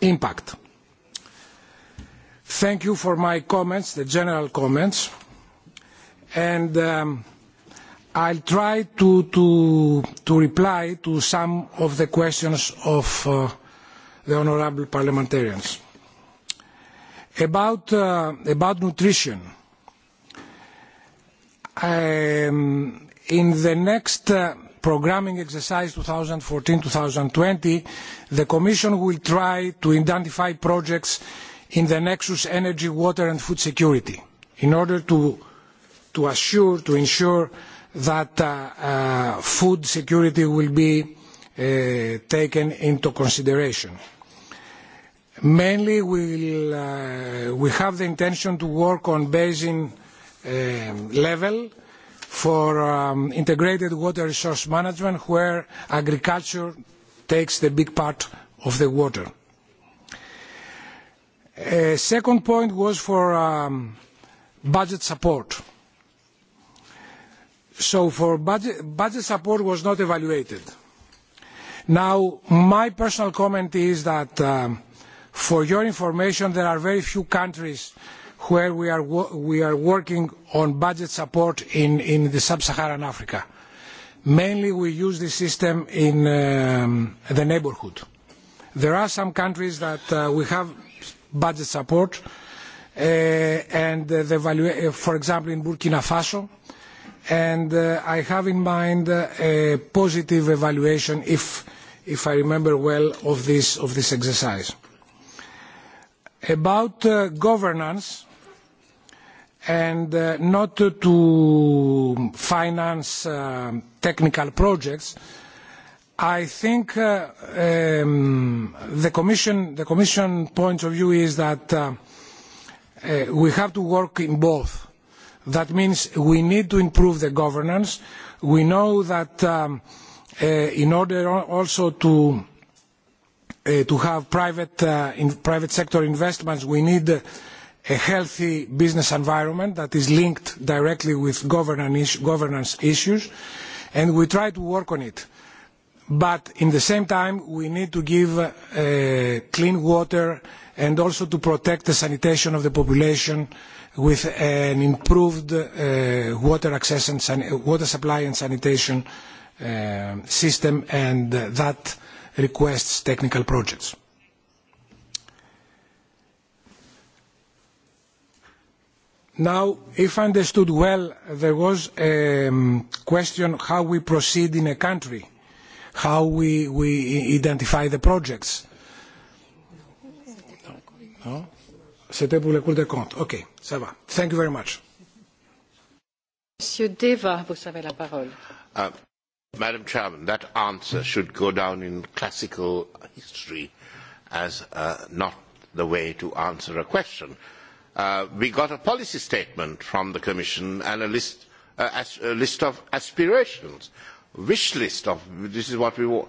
Speaker 15: impact. thank you for my comments the general comments and um, I'll try to, to, to reply to some of the questions of uh, the honourable parliamentarians. About, uh, about nutrition, um, in the next uh, programming exercise 2014-2020, the Commission will try to identify projects in the nexus energy, water and food security in order to, to assure, to ensure that uh, uh, food security will be uh, taken into consideration. Mainly, we'll, uh, we have the intention to work on basin um, level for um, integrated water resource management, where agriculture takes the big part of the water. A second point was for um, budget support. So for budget, budget support was not evaluated. Now, my personal comment is that, um, for your information, there are very few countries where we are, we are working on budget support in, in the sub-Saharan Africa. Mainly, we use this system in um, the neighborhood. There are some countries that uh, we have budget support, uh, and the value, uh, for example, in Burkina Faso, and uh, I have in mind uh, a positive evaluation, if, if I remember well, of this, of this exercise. About uh, governance, and uh, not to finance um, technical projects, I think uh, um, the, commission, the Commission point of view is that uh, we have to work in both That means we need to improve the governance. We know that um, uh, in order also to, uh, have uh, private, sector investments, we need a healthy business environment that is linked directly with governance issues, and we try to work on it but at the same time we need to give clean water and also to protect the sanitation of the population with an improved uh, water access and san water supply and sanitation uh, system, and uh, that requests technical projects. Now, if I understood well, there was a um, question how we proceed in a country, how we, we identify the projects. No? C'était pour la Cour des comptes. OK, ça va. Thank you very much.
Speaker 1: Monsieur Deva, vous avez la parole.
Speaker 16: Uh, Madam Chairman, that answer should go down in classical history as uh, not the way to answer a question. Uh, we got a policy statement from the Commission and a list, uh, as, a list of aspirations, wish list of this is what we want.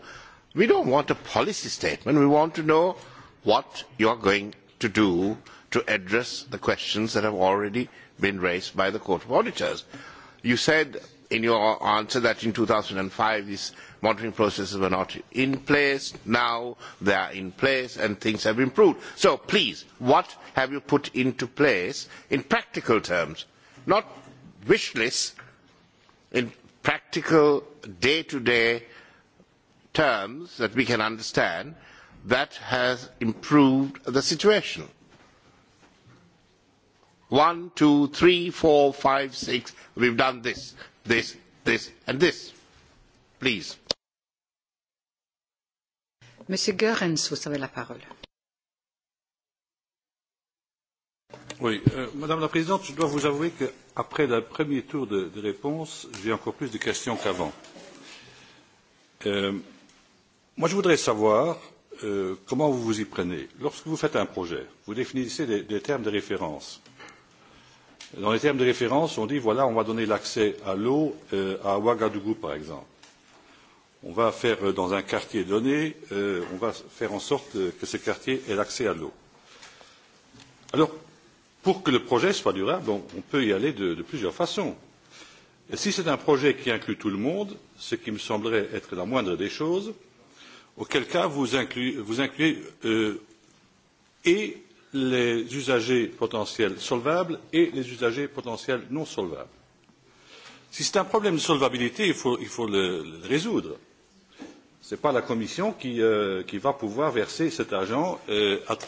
Speaker 16: We don't want a policy statement. We want to know what you're going to do to address the questions that have already been raised by the Court of Auditors. You said in your answer that in 2005 these monitoring processes were not in place. Now they are in place and things have improved. So please, what have you put into place in practical terms? Not wish lists, in practical day-to-day -day terms that we can understand that has improved the situation one two three four five six we have done this this this and this. please.
Speaker 1: Monsieur Goerens, vous avez la parole.
Speaker 14: Oui, euh, Madame la Présidente, je dois vous avouer qu'après le premier tour de, de réponse, j'ai encore plus de questions qu'avant. Euh, moi, je voudrais savoir euh, comment vous vous y prenez. Lorsque vous faites un projet, vous définissez des, des termes de référence dans les termes de référence on dit voilà on va donner l'accès à l'eau euh, à ouagadougou par exemple on va faire euh, dans un quartier donné euh, on va faire en sorte que ce quartier ait l'accès à l'eau. alors pour que le projet soit durable on, on peut y aller de, de plusieurs façons. Et si c'est un projet qui inclut tout le monde ce qui me semblerait être la moindre des choses auquel cas vous incluez, vous incluez euh, et les usagers potentiels solvables et les usagers potentiels non solvables. Si c'est un problème de solvabilité, il faut, il faut le, le résoudre. Ce n'est pas la Commission qui, euh, qui va pouvoir verser cet argent euh, ad,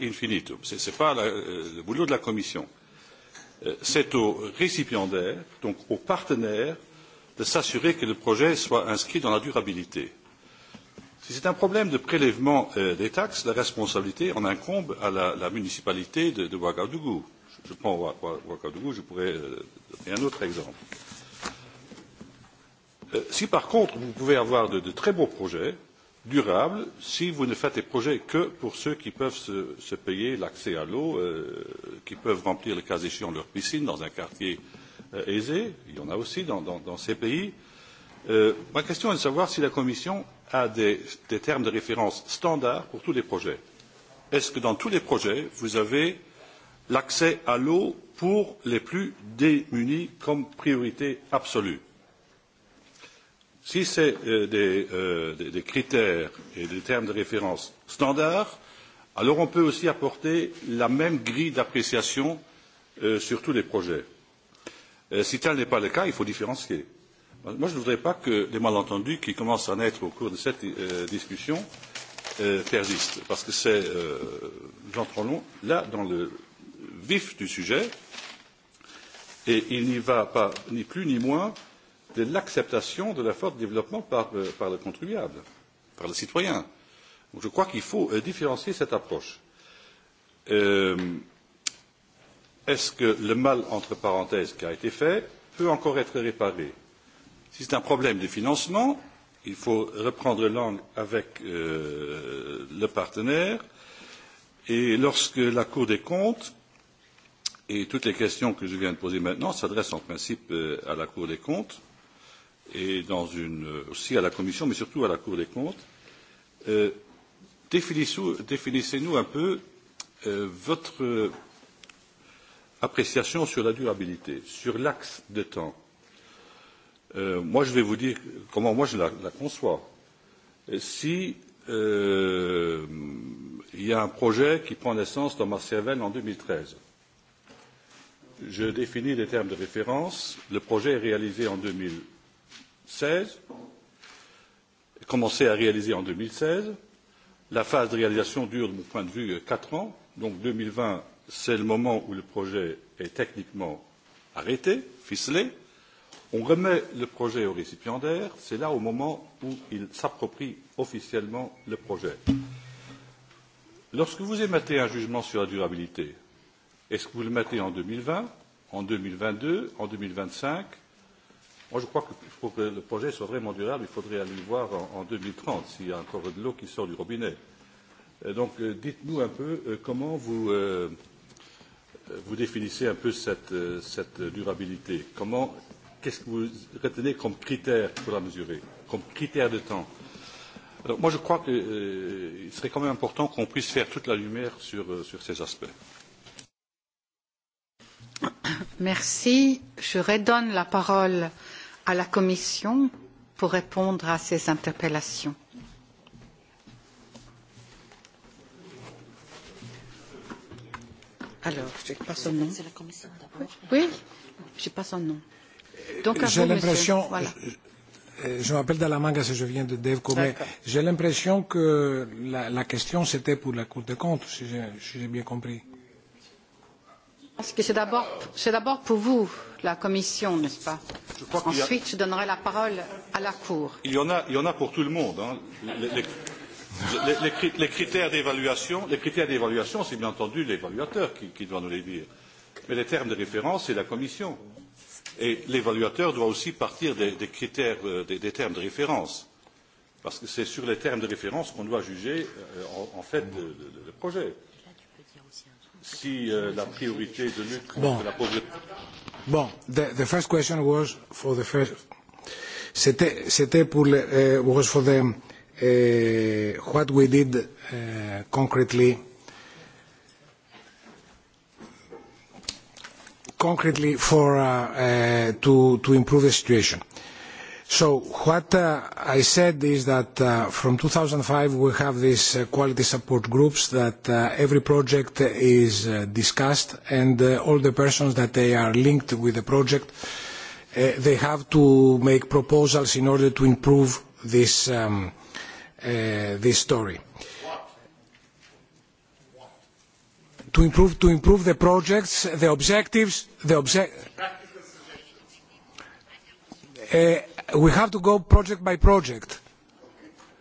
Speaker 14: infinitum. Ce n'est pas la, euh, le boulot de la Commission. Euh, c'est aux récipiendaires, donc aux partenaires, de s'assurer que le projet soit inscrit dans la durabilité. Si c'est un problème de prélèvement euh, des taxes, la responsabilité en incombe à la, la municipalité de, de Ouagadougou. Je, je prends Ouagadougou, je pourrais euh, donner un autre exemple. Euh, si par contre vous pouvez avoir de, de très beaux projets, durables, si vous ne faites des projets que pour ceux qui peuvent se, se payer l'accès à l'eau, euh, qui peuvent remplir le cas échéant leur piscine dans un quartier euh, aisé. Il y en a aussi dans, dans, dans ces pays. Euh, ma question est de savoir si la Commission à des, termes de référence standards pour tous les projets. Est-ce que dans tous les projets, vous avez l'accès à l'eau pour les plus démunis comme priorité absolue Si c'est euh, des, euh, des, des critères et des termes de référence standards, alors on peut aussi apporter la même grille d'appréciation euh, sur tous les projets. Euh, si tel n'est pas le cas, il faut différencier. Moi, je ne voudrais pas que les malentendus qui commencent à naître au cours de cette euh, discussion euh, persistent, parce que c'est, euh, nous entrons là dans le vif du sujet, et il n'y va pas ni plus ni moins de l'acceptation de l'effort de développement par, euh, par le contribuable, par le citoyen. Donc, je crois qu'il faut euh, différencier cette approche. Euh, Est-ce que le mal, entre parenthèses, qui a été fait peut encore être réparé Si c'est un problème de financement, il faut reprendre langue avec euh, le partenaire. Et lorsque la Cour des comptes et toutes les questions que je viens de poser maintenant s'adressent en principe euh, à la Cour des comptes et dans une, euh, aussi à la Commission, mais surtout à la Cour des comptes, euh, définissez-nous un peu euh, votre appréciation sur la durabilité, sur l'axe de temps Euh, moi, je vais vous dire comment moi je la, la conçois. si euh, il y a un projet qui prend naissance dans ma cervelle en 2013, je définis les termes de référence. Le projet est réalisé en 2016, commencé à réaliser en 2016. La phase de réalisation dure, de mon point de vue, quatre ans. Donc 2020, c'est le moment où le projet est techniquement arrêté, ficelé. On remet le projet au récipiendaire, c'est là au moment où il s'approprie officiellement le projet. Lorsque vous émettez un jugement sur la durabilité, est-ce que vous le mettez en 2020, en 2022, en 2025 Moi, je crois que pour que le projet soit vraiment durable, il faudrait aller le voir en, en 2030, s'il y a encore de l'eau qui sort du robinet. Et euh, donc, euh, dites-nous un peu euh, comment vous, euh, vous définissez un peu cette, cette durabilité. Comment qu'est-ce que vous retenez comme critère pour la mesurer, comme critère de temps Alors, moi, je crois qu'il euh, serait quand même important qu'on puisse faire toute la lumière sur, euh, sur ces aspects.
Speaker 1: Merci. Je redonne la parole à la Commission pour répondre à ces interpellations. Alors, je n'ai pas son nom. Oui, je n'ai pas son nom. J'ai l'impression, voilà.
Speaker 15: je, je m'appelle Dalamanga, si je viens de DEVCO, mais j'ai l'impression que la, la question c'était pour la Cour des comptes, si j'ai si bien compris.
Speaker 1: Parce que c'est d'abord pour vous, la Commission, n'est-ce pas je crois Ensuite, a... je donnerai la parole à la Cour.
Speaker 14: Il y en a, il y en a pour tout le monde. Hein. Les, les... les, les, les critères d'évaluation, les critères d'évaluation, c'est bien entendu l'évaluateur qui, qui doit nous les dire. Mais les termes de référence, c'est la Commission. Et l'évaluateur doit aussi partir des, des critères, euh, des, des termes de référence, parce que c'est sur les termes de référence qu'on doit juger euh, en, en fait le, le, le projet. Si euh, la priorité de lutte contre bon. la pauvreté.
Speaker 15: Bon, the, the first question was for the first. C'était, c'était pour le, uh, was for the uh, what we did uh, concretely concretely for, uh, uh, to, to improve the situation. So what uh, I said is that uh, from 2005 we have these uh, quality support groups that uh, every project is uh, discussed and uh, all the persons that they are linked with the project Uh, they have to make proposals in order to improve this, um, uh, this story. Uh, to improve, to improve the projects, the objectives, the obje uh, we have to go project by project.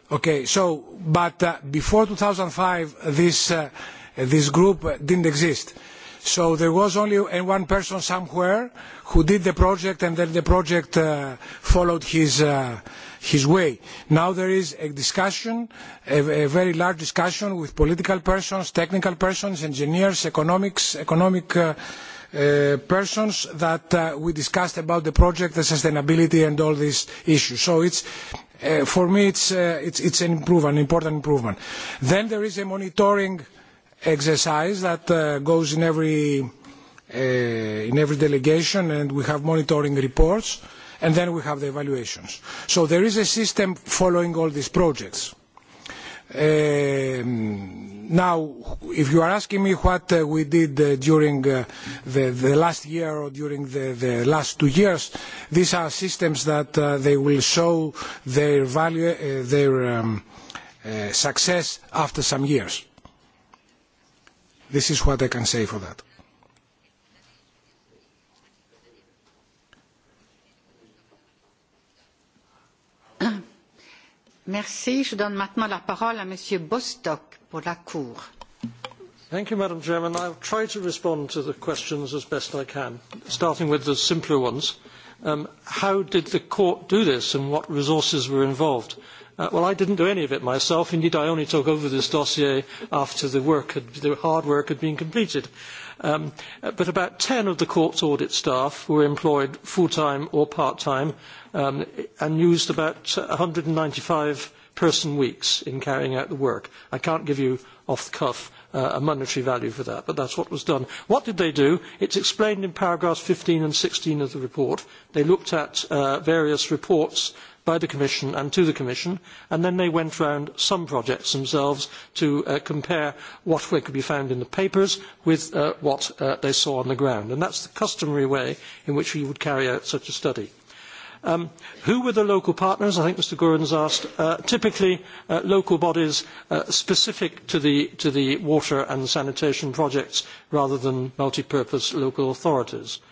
Speaker 15: Okay, so, but uh, before 2005, this, uh, this group didn't exist. So there was only one person somewhere who did the project and then the project uh, followed his, uh, his way. Now there is a discussion, a, a very large discussion with political persons, technical persons, engineers, economics, economic uh, Uh, persons that uh, we discussed about the project, the sustainability and all these issues. So it's, uh, for me, it's, uh, it's, it's an improvement, an important improvement. Then there is a monitoring exercise that uh, goes in every, uh, in every delegation and we have monitoring reports. Uh, and then we have the evaluations. So there is a system following all these projects. Um, now, if you are asking me what uh, we did uh, during uh, the, the last year or during the, the last two years, these are systems that uh, they will show their value, uh, their um, uh, success after some years. This is what I can say for that.
Speaker 1: madam president
Speaker 11: i will try to respond to the questions as best I can, starting with the simpler ones. Um, how did the court do this and what resources were involved? Uh, well, I did not do any of it myself. Indeed, I only took over this dossier after the hard work had been completed. Um, but about 10 of the court's audit staff were employed full-time or part-time um, and used about 195 person weeks in carrying out the work. I can't give you off the cuff uh, a monetary value for that, but that's what was done. What did they do? It's explained in paragraphs 15 and 16 of the report. They looked at uh, various reports by the Commission and to the Commission, and then they went round some projects themselves to uh, compare what could be found in the papers with uh, what uh, they saw on the ground. And that's the customary way in which we would carry out such a study. Um, who were the local partners? I think Mr. Gurens asked. Uh, typically, uh, local bodies uh, specific to the, to the water and sanitation projects rather than multi-purpose local authorities. Uh,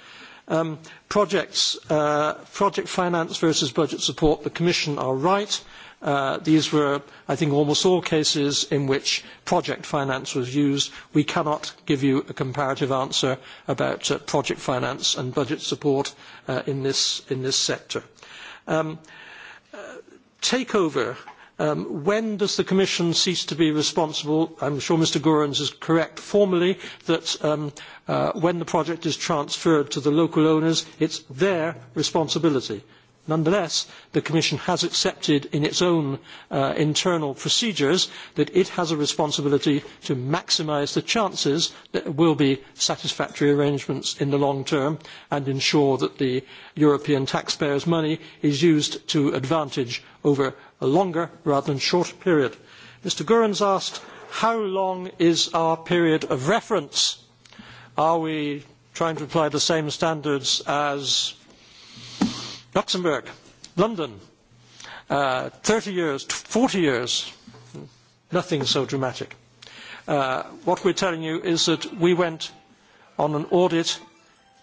Speaker 11: Um, projects, uh, project finance versus budget support, the Commission are right. Uh, these were, I think, almost all cases in which project finance was used. We cannot give you a comparative answer about uh, project finance and budget support uh, in this, in, this, sector. Um, uh, takeover Um, when does the Commission cease to be responsible? I'm sure Mr. Goerens is correct formally that um, uh, when the project is transferred to the local owners, it's their responsibility. Nonetheless, the Commission has accepted in its own uh, internal procedures that it has a responsibility to maximise the chances that there will be satisfactory arrangements in the long term and ensure that the European taxpayers' money is used to advantage over a longer rather than shorter period. Mr Gurens asked, how long is our period of reference? Are we trying to apply the same standards as Luxembourg, London, uh, 30 years, 40 years? Nothing so dramatic. Uh, what we're telling you is that we went on an audit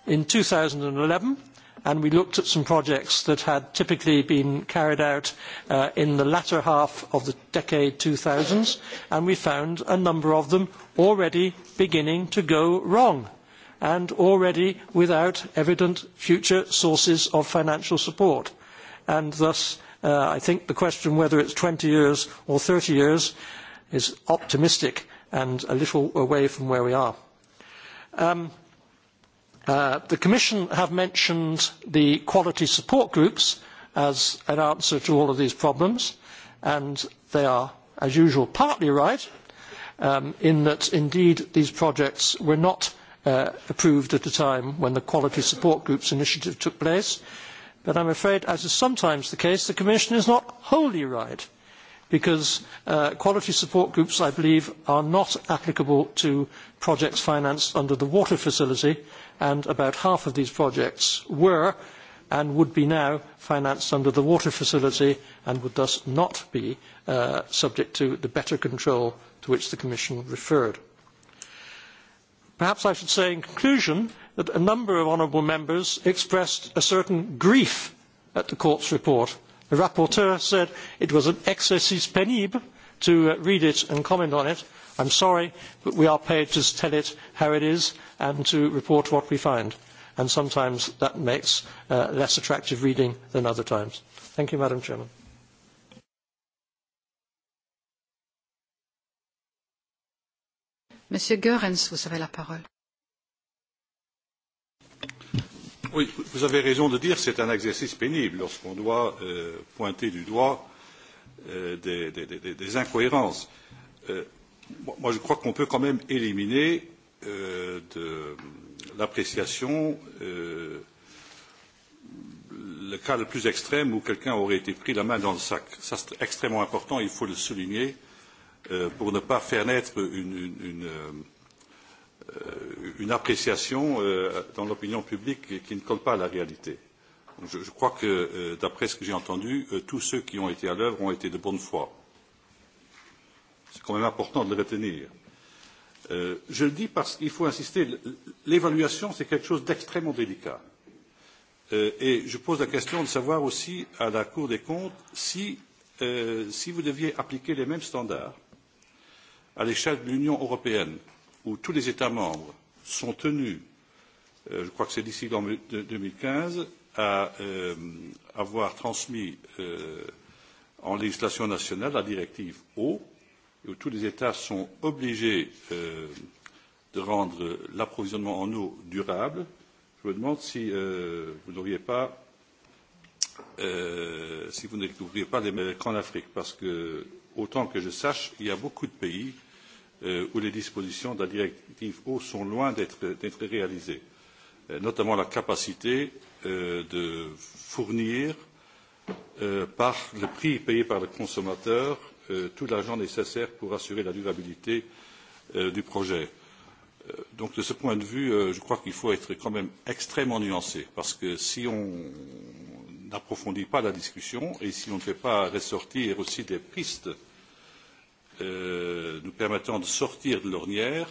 Speaker 11: in 2011 and we looked at some projects that had typically been carried out uh, in the latter half of the decade 2000s, and we found a number of them already beginning to go wrong and already without evident future sources of financial support. And thus, uh, I think the question whether it's 20 years or 30 years is optimistic and a little away from where we are. Um, Uh, the Commission have mentioned the quality support groups as an answer to all of these problems, and they are, as usual, partly right, um, in that indeed these projects were not uh, approved at a time when the Quality Support Groups initiative took place. But I'm afraid, as is sometimes the case, the Commission is not wholly right. Uh, because uh, quality support groups, I believe, are not applicable to projects financed under the water facility, and about half of these projects were and would be now financed under the water facility and would thus not be uh, subject to the better control to which the Commission referred. Perhaps I should say in conclusion that a number of honourable members expressed a certain grief at the Court's report The rapporteur said it was an exercice penible to uh, read it and comment on it. I'm sorry, but we are paid to tell it how it is and to report what we find. And sometimes that makes uh, less attractive reading than other times. Thank you, Madam Chairman.
Speaker 1: Monsieur Goerens, vous avez la parole.
Speaker 14: Oui, vous avez raison de dire que c'est un exercice pénible lorsqu'on doit euh, pointer du doigt euh, des, des, des, des incohérences. Euh, moi, je crois qu'on peut quand même éliminer euh, de l'appréciation euh, le cas le plus extrême où quelqu'un aurait été pris la main dans le sac. Ça, c'est extrêmement important, il faut le souligner euh, pour ne pas faire naître une, une, une, euh, Euh, une appréciation euh, dans l'opinion publique qui ne colle pas à la réalité. Je, crois que, euh, d'après ce que j'ai entendu, tous ceux qui ont été à l'œuvre ont été de bonne foi. C'est quand même important de le retenir. je le dis parce qu'il faut insister, l'évaluation c'est quelque chose d'extrêmement délicat. et je pose la question de savoir aussi à la Cour des comptes si, si vous deviez appliquer les mêmes standards à l'échelle de l'Union européenne, où tous les États membres sont tenus, euh, je crois que c'est d'ici 2015, à euh, avoir transmis euh, en législation nationale la directive eau, et où tous les États sont obligés euh, de rendre l'approvisionnement en eau durable. Je me demande si euh, vous n'auriez pas euh, si vous ne découvriez pas les mécaniques en Afrique, parce que, autant que je sache, il y a beaucoup de pays euh, Euh, où les dispositions de la directive eau sont loin d'être réalisées euh, notamment la capacité euh, de fournir par le prix payé par le consommateur tout l'argent nécessaire pour assurer la durabilité du projet. Donc, de ce point de vue, je crois qu'il faut être quand même extrêmement nuancé, parce que si on n'approfondit pas la discussion et si on ne fait pas ressortir aussi des pistes Euh, nous permettant de sortir de l'ornière,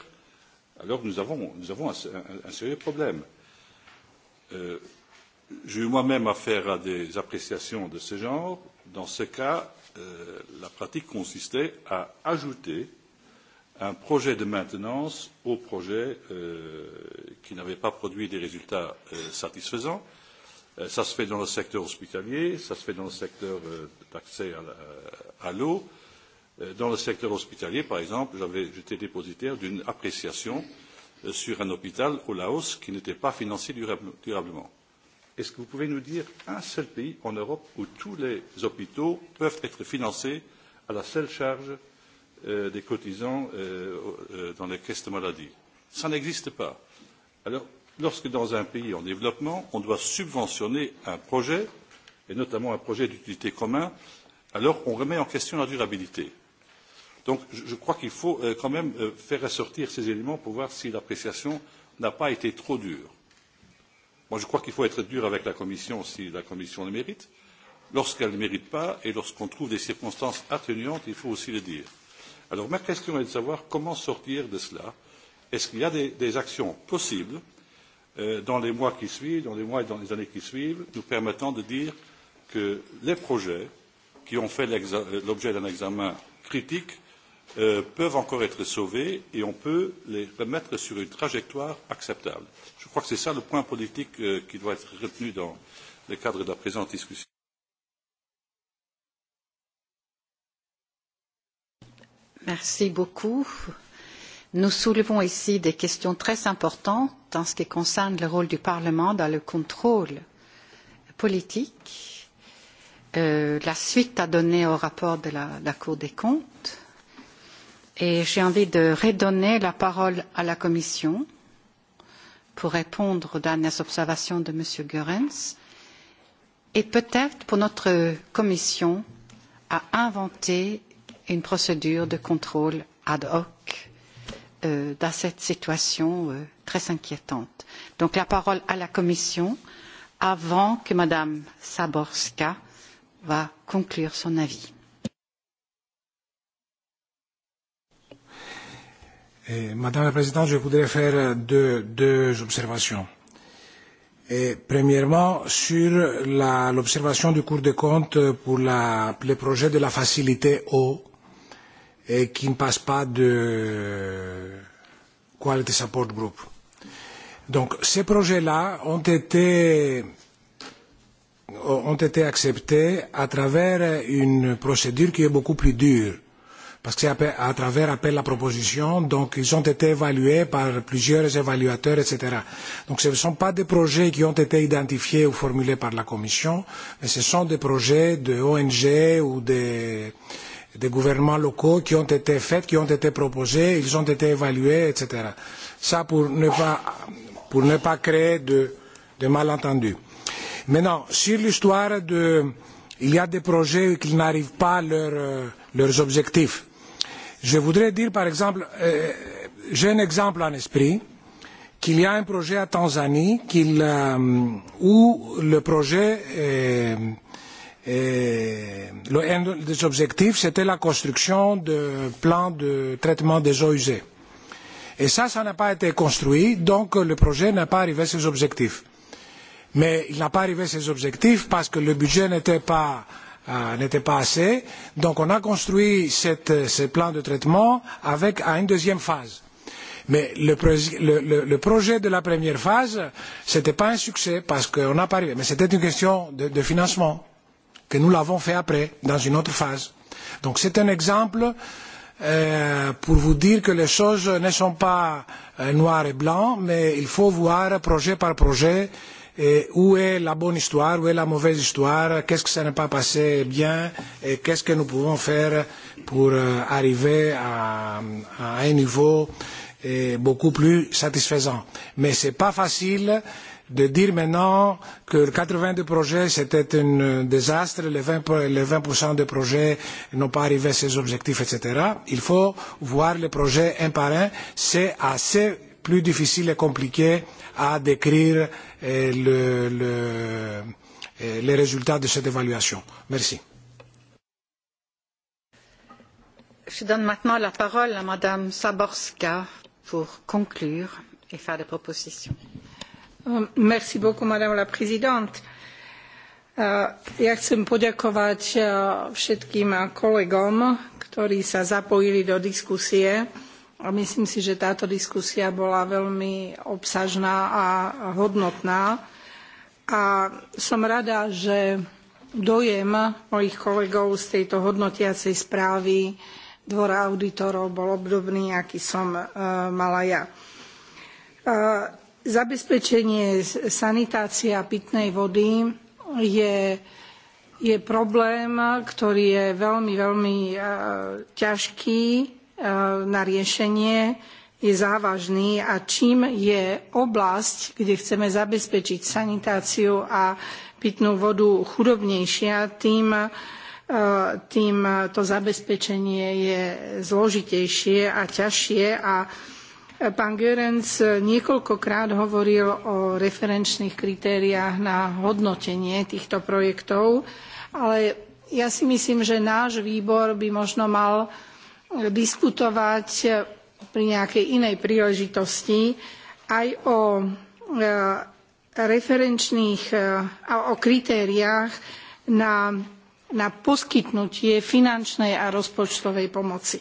Speaker 14: alors nous avons, nous avons un, un, un sérieux problème. Euh, J'ai eu moi-même affaire à des appréciations de ce genre. Dans ce cas, euh, la pratique consistait à ajouter un projet de maintenance au projet euh, qui n'avait pas produit des résultats euh, satisfaisants. Euh, ça se fait dans le secteur hospitalier, ça se fait dans le secteur euh, d'accès à l'eau. Euh, Euh, dans le secteur hospitalier par exemple j'avais, j'étais dépositaire d'une appréciation euh, sur un hôpital au laos qui n'était pas financé durablement. est ce que vous pouvez nous dire un seul pays en europe où tous les hôpitaux peuvent être financés à la seule charge euh, des cotisants dans les caisses de maladie? ça n'existe pas. alors lorsque dans un pays en développement on doit subventionner un projet et notamment un projet d'utilité commune, alors on remet en question la durabilité Donc je crois qu'il faut euh, quand même euh, faire ressortir ces éléments pour voir si l'appréciation n'a pas été trop dure. Moi, je crois qu'il faut être dur avec la Commission si la Commission le mérite. Lorsqu'elle ne mérite pas et lorsqu'on trouve des circonstances atténuantes, il faut aussi le dire. Alors ma question est de savoir comment sortir de cela. Est-ce qu'il y a des, des actions possibles euh, dans les mois qui suivent, dans les mois et dans les années qui suivent, nous permettant de dire que les projets qui ont fait euh, l'objet d'un examen critique Euh, peuvent encore être sauvés et on peut les remettre sur une trajectoire acceptable. Je crois que c'est ça le point politique euh, qui doit être retenu dans le cadre de la présente discussion.
Speaker 1: Merci beaucoup. Nous soulevons ici des questions très importantes en ce qui concerne le rôle du Parlement dans le contrôle politique, euh, la suite à donner au rapport de la, la Cour des comptes Et j'ai envie de redonner la parole à la Commission pour répondre aux dernières observations de M. Goerens et peut-être pour notre Commission à inventer une procédure de contrôle ad hoc euh, dans cette situation euh, très inquiétante. Donc la parole à la Commission avant que Mme Saborska va conclure son avis.
Speaker 15: Et, eh, Madame la Présidente, je voudrais faire deux, deux observations. Et eh, premièrement, sur l'observation du cours des comptes pour la, le projet de la facilité eau et eh, qui ne passe pas de Quality Support Group. Donc ces projets-là ont été, ont été acceptés à travers une procédure qui est beaucoup plus dure parce que c'est à travers appel à proposition, donc ils ont été évalués par plusieurs évaluateurs, etc. Donc ce ne sont pas des projets qui ont été identifiés ou formulés par la Commission, mais ce sont des projets de ONG ou des, des gouvernements locaux qui ont été faits, qui ont été proposés, ils ont été évalués, etc. Ça pour ne pas, pour ne pas créer de, de malentendus. Maintenant, sur l'histoire de... Il y a des projets qui n'arrivent pas à leur, euh, leurs objectifs. Je voudrais dire par exemple, euh, j'ai un exemple en esprit, qu'il y a un projet à Tanzanie qu'il, euh, où le projet, euh, euh, le, un des objectifs, c'était la construction de plans de traitement des eaux usées. Et ça, ça n'a pas été construit, donc le projet n'a pas arrivé à ses objectifs. Mais il n'a pas arrivé à ses objectifs parce que le budget n'était pas Euh, n'était pas assez. Donc on a construit cette, ce plan de traitement avec à une deuxième phase. Mais le, le, le, le projet de la première phase, ce n'était pas un succès parce qu'on n'a pas arrivé. Mais c'était une question de, de financement que nous l'avons fait après, dans une autre phase. Donc c'est un exemple euh, pour vous dire que les choses ne sont pas euh, noires et blancs, mais il faut voir projet par projet euh, Et où est la bonne histoire, où est la mauvaise histoire, qu'est-ce que ça n'est pas passé bien et qu'est-ce que nous pouvons faire pour arriver à, à un niveau et beaucoup plus satisfaisant. Mais ce n'est pas facile de dire maintenant que 82 projets c'était un euh, désastre, les 20%, les 20 des projets n'ont pas arrivé à ses objectifs, etc. Il faut voir les projets un par un. C'est assez plus difficile et compliqué à décrire le, le, les résultats de cette évaluation. Merci.
Speaker 1: Je donne maintenant la parole à Madame Saborska pour conclure et faire des propositions.
Speaker 12: Euh, merci beaucoup, Madame la Présidente. Euh, ja chcem poďakovať euh, všetkým kolegom, ktorí sa zapojili do diskusie a myslím si, že táto diskusia bola veľmi obsažná a hodnotná. A som rada, že dojem mojich kolegov z tejto hodnotiacej správy Dvora auditorov bol obdobný, aký som e, mala ja. E, zabezpečenie sanitácia pitnej vody je je problém, ktorý je veľmi, veľmi e, ťažký E, na riešenie je závažný a čím je oblasť, kde chceme zabezpečiť sanitáciu a pitnú vodu chudobnejšia, tým, e, tým to zabezpečenie je zložitejšie a ťažšie a pán goerens niekoľkokrát hovoril o referenčných kritériách na hodnotenie týchto projektov ale ja si myslím že náš výbor by možno mal diskutovať eh, pri nejakej inej príležitosti aj o eh, referenčných eh, a o kritériách na, na poskytnutie finančnej a rozpočtovej pomoci.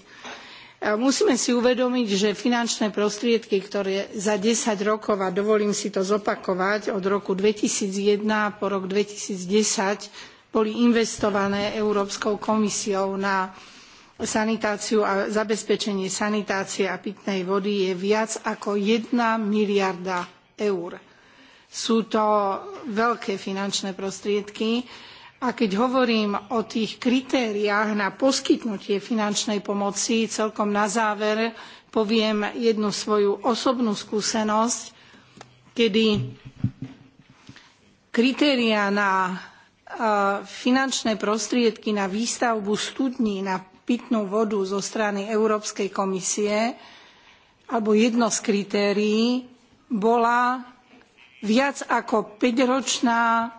Speaker 12: Musíme si uvedomiť, že finančné prostriedky, ktoré za 10 rokov, a dovolím si to zopakovať, od roku 2001 po rok 2010 boli investované Európskou komisiou na sanitáciu a zabezpečenie sanitácie a pitnej vody je viac ako jedna miliarda eur. Sú to veľké finančné prostriedky a keď hovorím o tých kritériách na poskytnutie finančnej pomoci, celkom na záver poviem jednu svoju osobnú skúsenosť, kedy kritériá na eh, finančné prostriedky na výstavbu studní, na pitnú vodu zo strany Európskej komisie, alebo jedno z kritérií, bola viac ako 5-ročná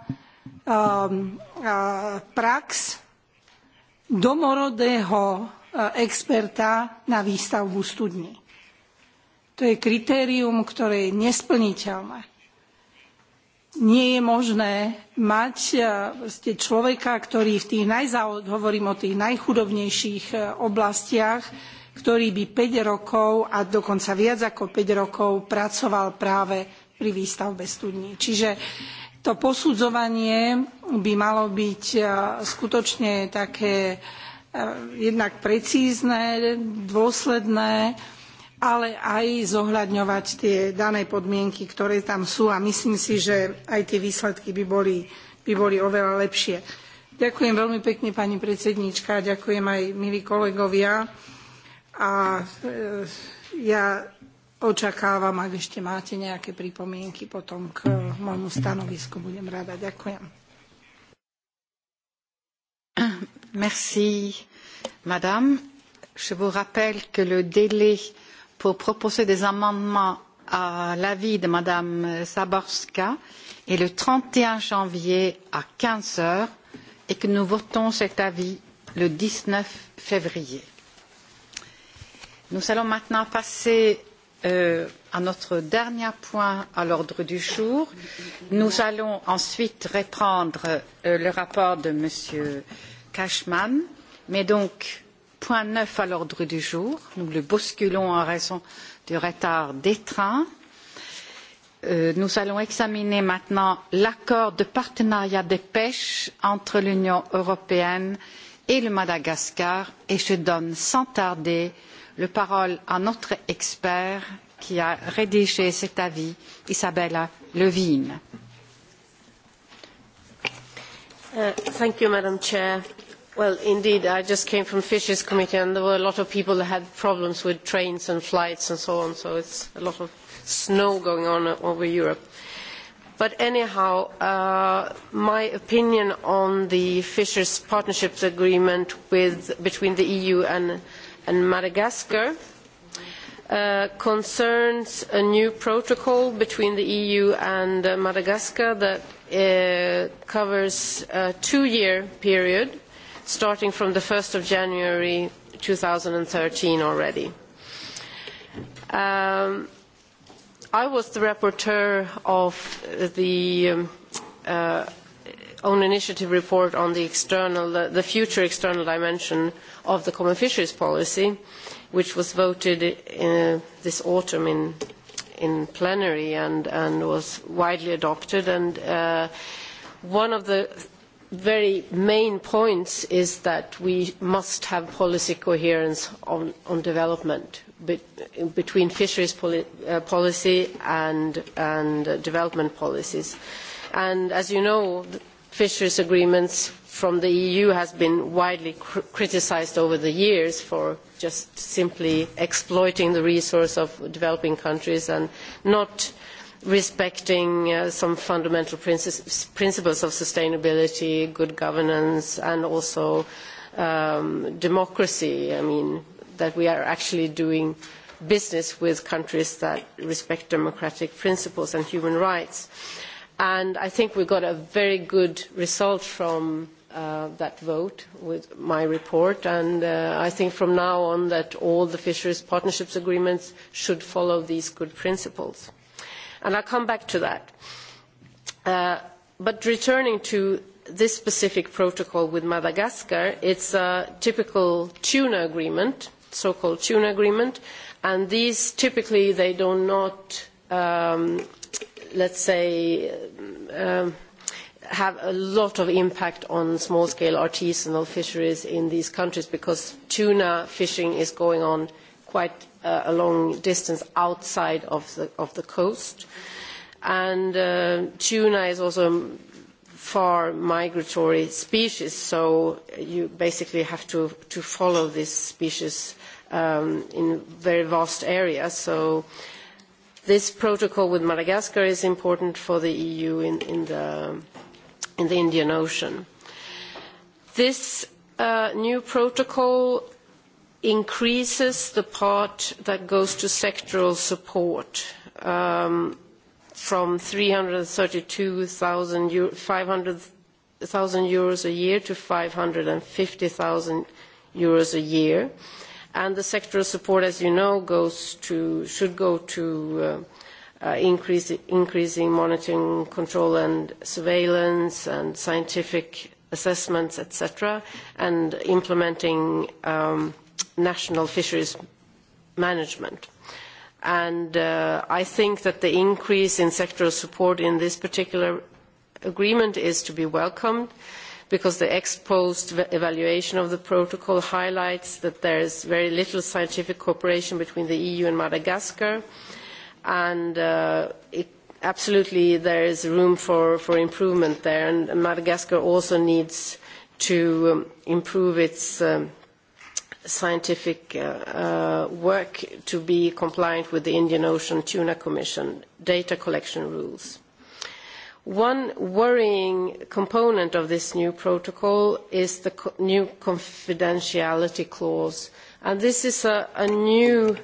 Speaker 12: um, prax domorodého experta na výstavbu studní. To je kritérium, ktoré je nesplniteľné nie je možné mať e, proste človeka, ktorý v tých hovorím o tých najchudobnejších e, oblastiach, ktorý by 5 rokov a dokonca viac ako 5 rokov pracoval práve pri výstavbe studní. Čiže to posudzovanie by malo byť e, skutočne také jednak precízne, dôsledné, ale aj zohľadňovať tie dané podmienky, ktoré tam sú a myslím si, že aj tie výsledky by boli, oveľa lepšie. Ďakujem veľmi pekne pani predsedníčka, ďakujem aj milí kolegovia a e, ja očakávam, ak ešte máte nejaké pripomienky potom k e, môjmu stanovisku, budem rada. Ďakujem
Speaker 1: pour proposer des amendements à l'avis de Madame Saborska est le 31 janvier à 15 heures et que nous votons cet avis le 19 février. Nous allons maintenant passer euh, à notre dernier point à l'ordre du jour. Nous allons ensuite reprendre euh, le rapport de Monsieur Cashman, mais donc point neuf à l'ordre du jour nous le bousculons en raison du retard des trains. Euh, nous allons examiner maintenant l'accord de partenariat de pêche entre l'union européenne et le madagascar et je donne sans tarder la parole à notre expert qui a rédigé cet avis isabella lövin.
Speaker 17: Uh, thank you, madam president Well, indeed, I just came from Fisheries Committee and there were a lot of people that had problems with trains and flights and so on, so it's a lot of snow going on over Europe. But anyhow, uh, my opinion on the Fisheries Partnerships Agreement with, between the EU and, and Madagascar uh, concerns a new protocol between the EU and uh, Madagascar that uh, covers a two-year period starting from the 1st of January 2013 already. Um, I was the rapporteur of the um, uh, own initiative report on the, external, the future external dimension of the common fisheries policy, which was voted in, uh, this autumn in, in plenary and, and was widely adopted. And uh, one of the very main points is that we must have policy coherence on, on development be, between fisheries poli uh, policy and, and uh, development policies. And as you know, fisheries agreements from the EU has been widely cr criticised over the years for just simply exploiting the resource of developing countries and not respecting uh, some fundamental principles of sustainability, good governance, and also um, democracy. I mean, that we are actually doing business with countries that respect democratic principles and human rights. And I think we got a very good result from uh, that vote with my report. And uh, I think from now on that all the fisheries partnerships agreements should follow these good principles and i will come back to that. Uh, but returning to this specific protocol with Madagascar, it is a typical tuna agreement, so-called tuna agreement, and these typically they do not, um, let's say, um, have a lot of impact on small-scale artisanal fisheries in these countries because tuna fishing is going on quite uh, a long distance outside of the, of the coast. And uh, tuna is also a far migratory species, so you basically have to, to follow this species um, in very vast areas. So this protocol with Madagascar is important for the EU in, in, the, in the Indian Ocean. This uh, new protocol increases the part that goes to sectoral support um, from 332,000 500,000 euros a year to 550,000 euros a year. And the sectoral support, as you know, goes to, should go to uh, uh, increase, increasing monitoring, control and surveillance and scientific assessments, etc., and implementing um, national fisheries management. And uh, I think that the increase in sectoral support in this particular agreement is to be welcomed because the ex post evaluation of the protocol highlights that there is very little scientific cooperation between the EU and Madagascar and uh, it, absolutely there is room for, for improvement there and Madagascar also needs to um, improve its um, scientific uh, uh, work to be compliant with the Indian Ocean Tuna Commission data collection rules. One worrying component of this new protocol is the co new confidentiality clause. And this is a, a, new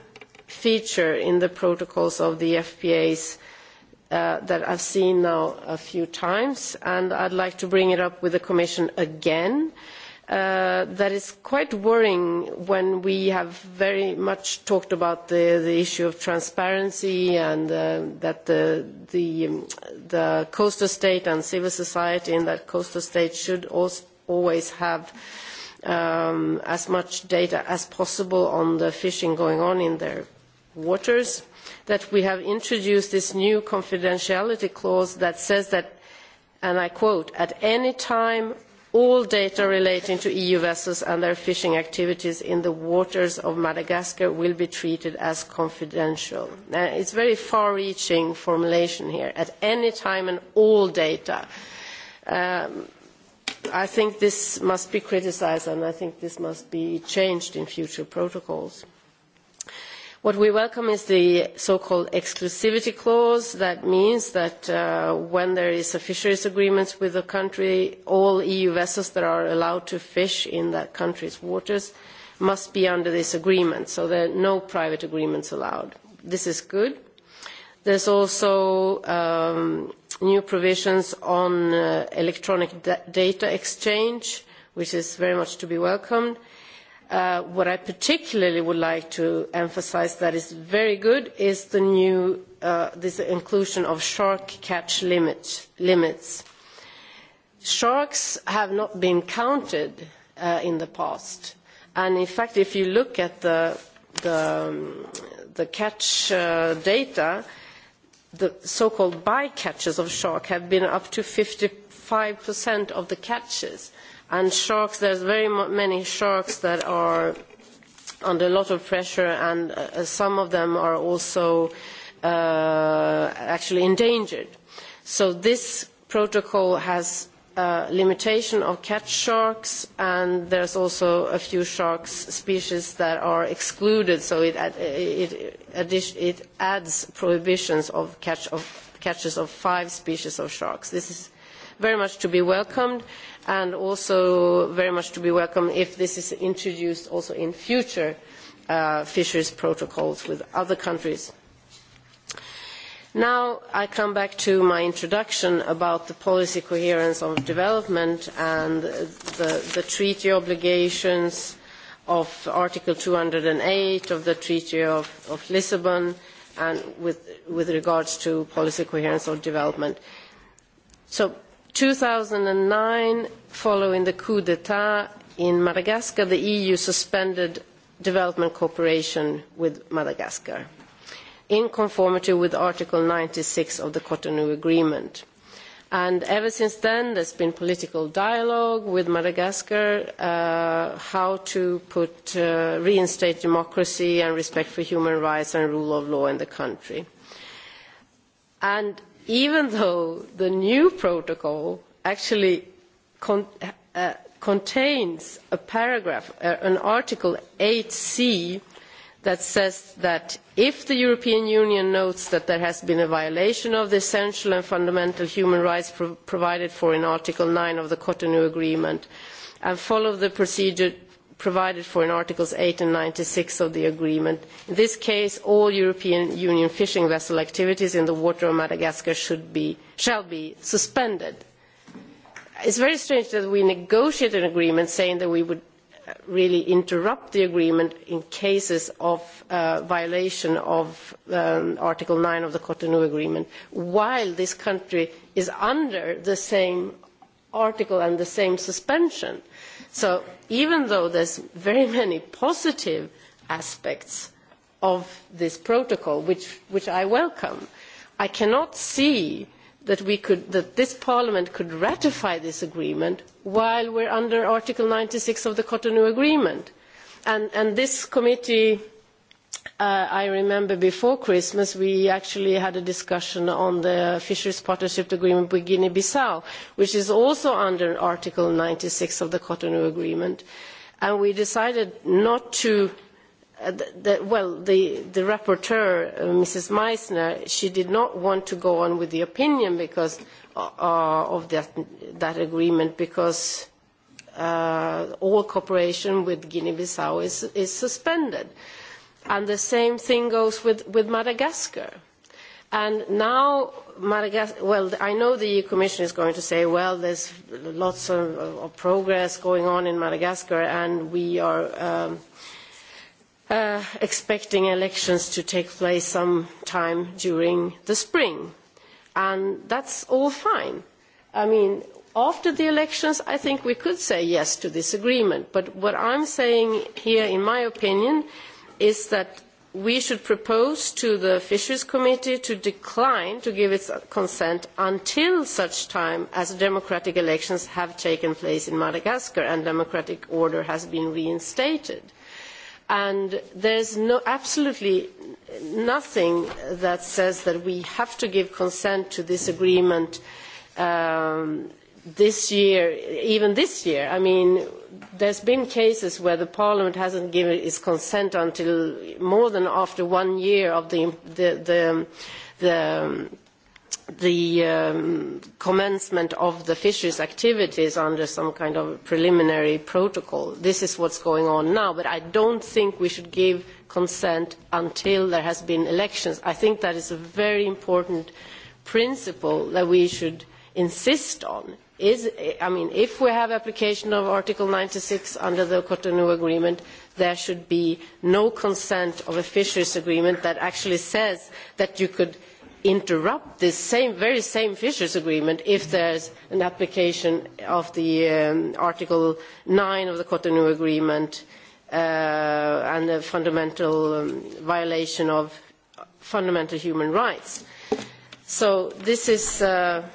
Speaker 17: feature in the protocols of the FPAs uh, that I've seen now a few times, and I'd like to bring it up with the Commission again uh, Uh, that is quite worrying when we have very much talked about the, the issue of transparency and uh, that the, the, um, the, coastal state and civil society in that coastal state should also, always have um, as much data as possible on the fishing going on in their waters, that we have introduced this new confidentiality clause that says that, and I quote, at any time all data relating to eu vessels and their fishing activities in the waters of madagascar will be treated as confidential. it is a very far reaching formulation here at any time and all data'. Um, i think this must be criticised and i think this must be changed in future protocols. What we welcome is the so-called exclusivity clause. That means that uh, when there is a fisheries agreement with a country, all EU vessels that are allowed to fish in that country's waters must be under this agreement. So there are no private agreements allowed. This is good. There's also um, new provisions on uh, electronic da data exchange, which is very much to be welcomed. Uh, what I particularly would like to emphasise that is very good is the new uh, this inclusion of shark catch limit, limits. Sharks have not been counted uh, in the past, and in fact, if you look at the the, um, the catch uh, data, the so-called bycatches of shark have been up to 55% of the catches And sharks, there's very many sharks that are under a lot of pressure, and uh, uh, some of them are also uh, actually endangered. So this protocol has Uh, limitation of catch sharks and there's also a few sharks species that are excluded so it, it, it, it adds prohibitions of, catch of catches of five species of sharks. This is very much to be welcomed and also very much to be welcome if this is introduced also in future uh, fisheries protocols with other countries. Now I come back to my introduction about the policy coherence of development and the, the treaty obligations of Article 208 of the Treaty of, of Lisbon and with, with regards to policy coherence of development. So 2009, following the coup d'etat in Madagascar, the EU suspended development cooperation with Madagascar in conformity with Article 96 of the Cotonou Agreement. And ever since then, there's been political dialogue with Madagascar, uh, how to put, uh, reinstate democracy and respect for human rights and rule of law in the country. And even though the new protocol actually con uh, contains a paragraph, uh, an article 8c, that says that if the European Union notes that there has been a violation of the essential and fundamental human rights pro provided for in Article 9 of the Cotonou Agreement, and follow the procedure provided for in Articles 8 and 96 of the agreement. In this case, all European Union fishing vessel activities in the water of Madagascar should be, shall be suspended. It's very strange that we negotiate an agreement saying that we would really interrupt the agreement in cases of uh, violation of um, Article 9 of the Cotonou Agreement, while this country is under the same article and the same suspension. Uh, So even though there's very many positive aspects of this protocol, which, which I welcome, I cannot see that, we could, that this Parliament could ratify this agreement while we're under Article 96 of the Cotonou Agreement. And, and this committee Uh, i remember before christmas we actually had a discussion on the fisheries partnership agreement with guinea bissau which is also under article ninety six of the cotonou agreement and we decided not to uh, well the, rapporteur uh, mrs meissner she did not want to go on with the opinion because of that, agreement because all cooperation with guinea bissau is, suspended and the same thing goes with, with Madagascar. And now, Madagascar, well, I know the EU Commission is going to say, well, there's lots of, of progress going on in Madagascar, and we are um, uh, expecting elections to take place sometime during the spring. And that's all fine. I mean, after the elections, I think we could say yes to this agreement. But what I'm saying here, in my opinion, is is that we should propose to the Fisheries Committee to decline to give its consent until such time as democratic elections have taken place in Madagascar and democratic order has been reinstated. And there's no, absolutely nothing that says that we have to give consent to this agreement um, this year, even this year. I mean, there have been cases where parliament has not given its consent until more than after one year of the the the, the um, commencement of the fisheries activities under some kind of preliminary protocol. This is what is going on now, but I do not think we should give consent until there has been elections. I think that is a very important principle that we should insist on if we have application of Article ninety six under the Cotonou Agreement, there should be no consent of a fisheries agreement that actually says that you could interrupt this same, very same fisheries agreement if there is an application of the um, Article 9 of the Cotonou Agreement uh, and a fundamental um, violation of fundamental human rights. So this is... Uh,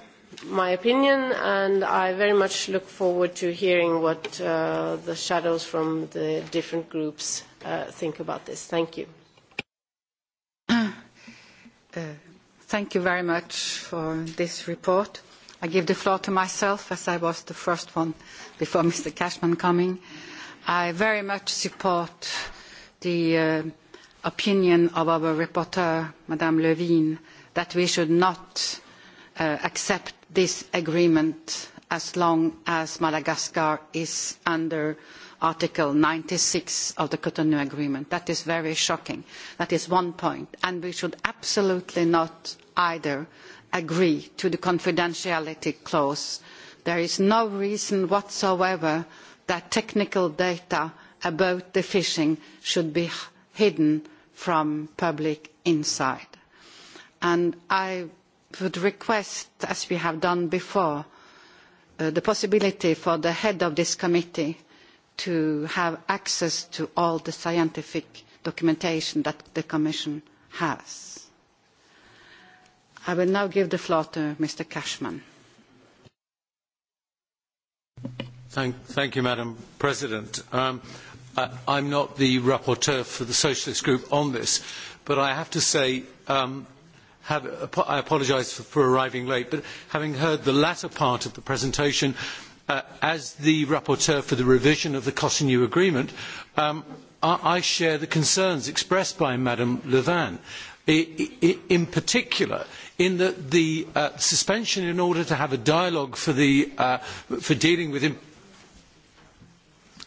Speaker 17: my opinion, and I very much look forward to hearing what uh, the shadows from the different groups uh, think about this. Thank you. Uh, thank you very much for this report.
Speaker 1: I give the floor to myself, as I was the first one before Mr. Cashman coming. I very much support the uh, opinion of our rapporteur, Madame Levine, that we should not Uh, accept this agreement as long as Madagascar is under Article ninety six of the Cotonou Agreement. That is very shocking. That is one point. And we should absolutely not either agree to the confidentiality clause. There is no reason whatsoever that technical data about the fishing should be hidden from public insight. And would request, as we have done before, uh, the possibility for the head of this committee to have access to all the scientific documentation that the Commission has. I will now give the floor to Mr. Cashman.
Speaker 18: Thank, thank you, Madam President. Um, I, I'm not the rapporteur for the Socialist Group on this, but I have to say um, I apologise for, for arriving late, but having heard the latter part of the presentation, uh, as the rapporteur for the revision of the Cotonou Agreement, um, I, I share the concerns expressed by Madame Levan. in particular, in that the uh, suspension in order to have a dialogue for, the, uh, for dealing with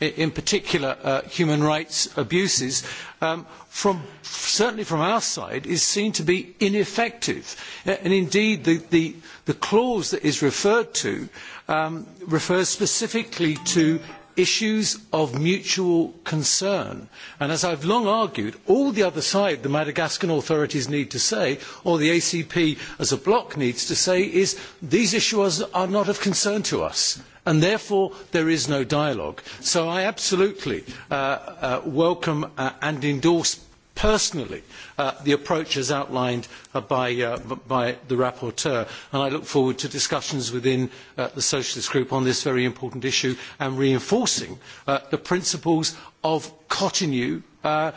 Speaker 18: in particular uh, human rights abuses, um, from, certainly from our side, is seen to be ineffective. Uh, and indeed, the, the, the clause that is referred to um, refers specifically to issues of mutual concern. And as I've long argued, all the other side the Madagascan authorities need to say, or the ACP as a bloc needs to say, is these issues are not of concern to us. And therefore, there is no dialogue. So I absolutely uh, uh, welcome uh, and endorse personally uh, the approach as outlined uh, by, uh, by, the rapporteur. And I look forward to discussions within uh, the Socialist Group on this very important issue and reinforcing uh, the principles of Cotonou uh,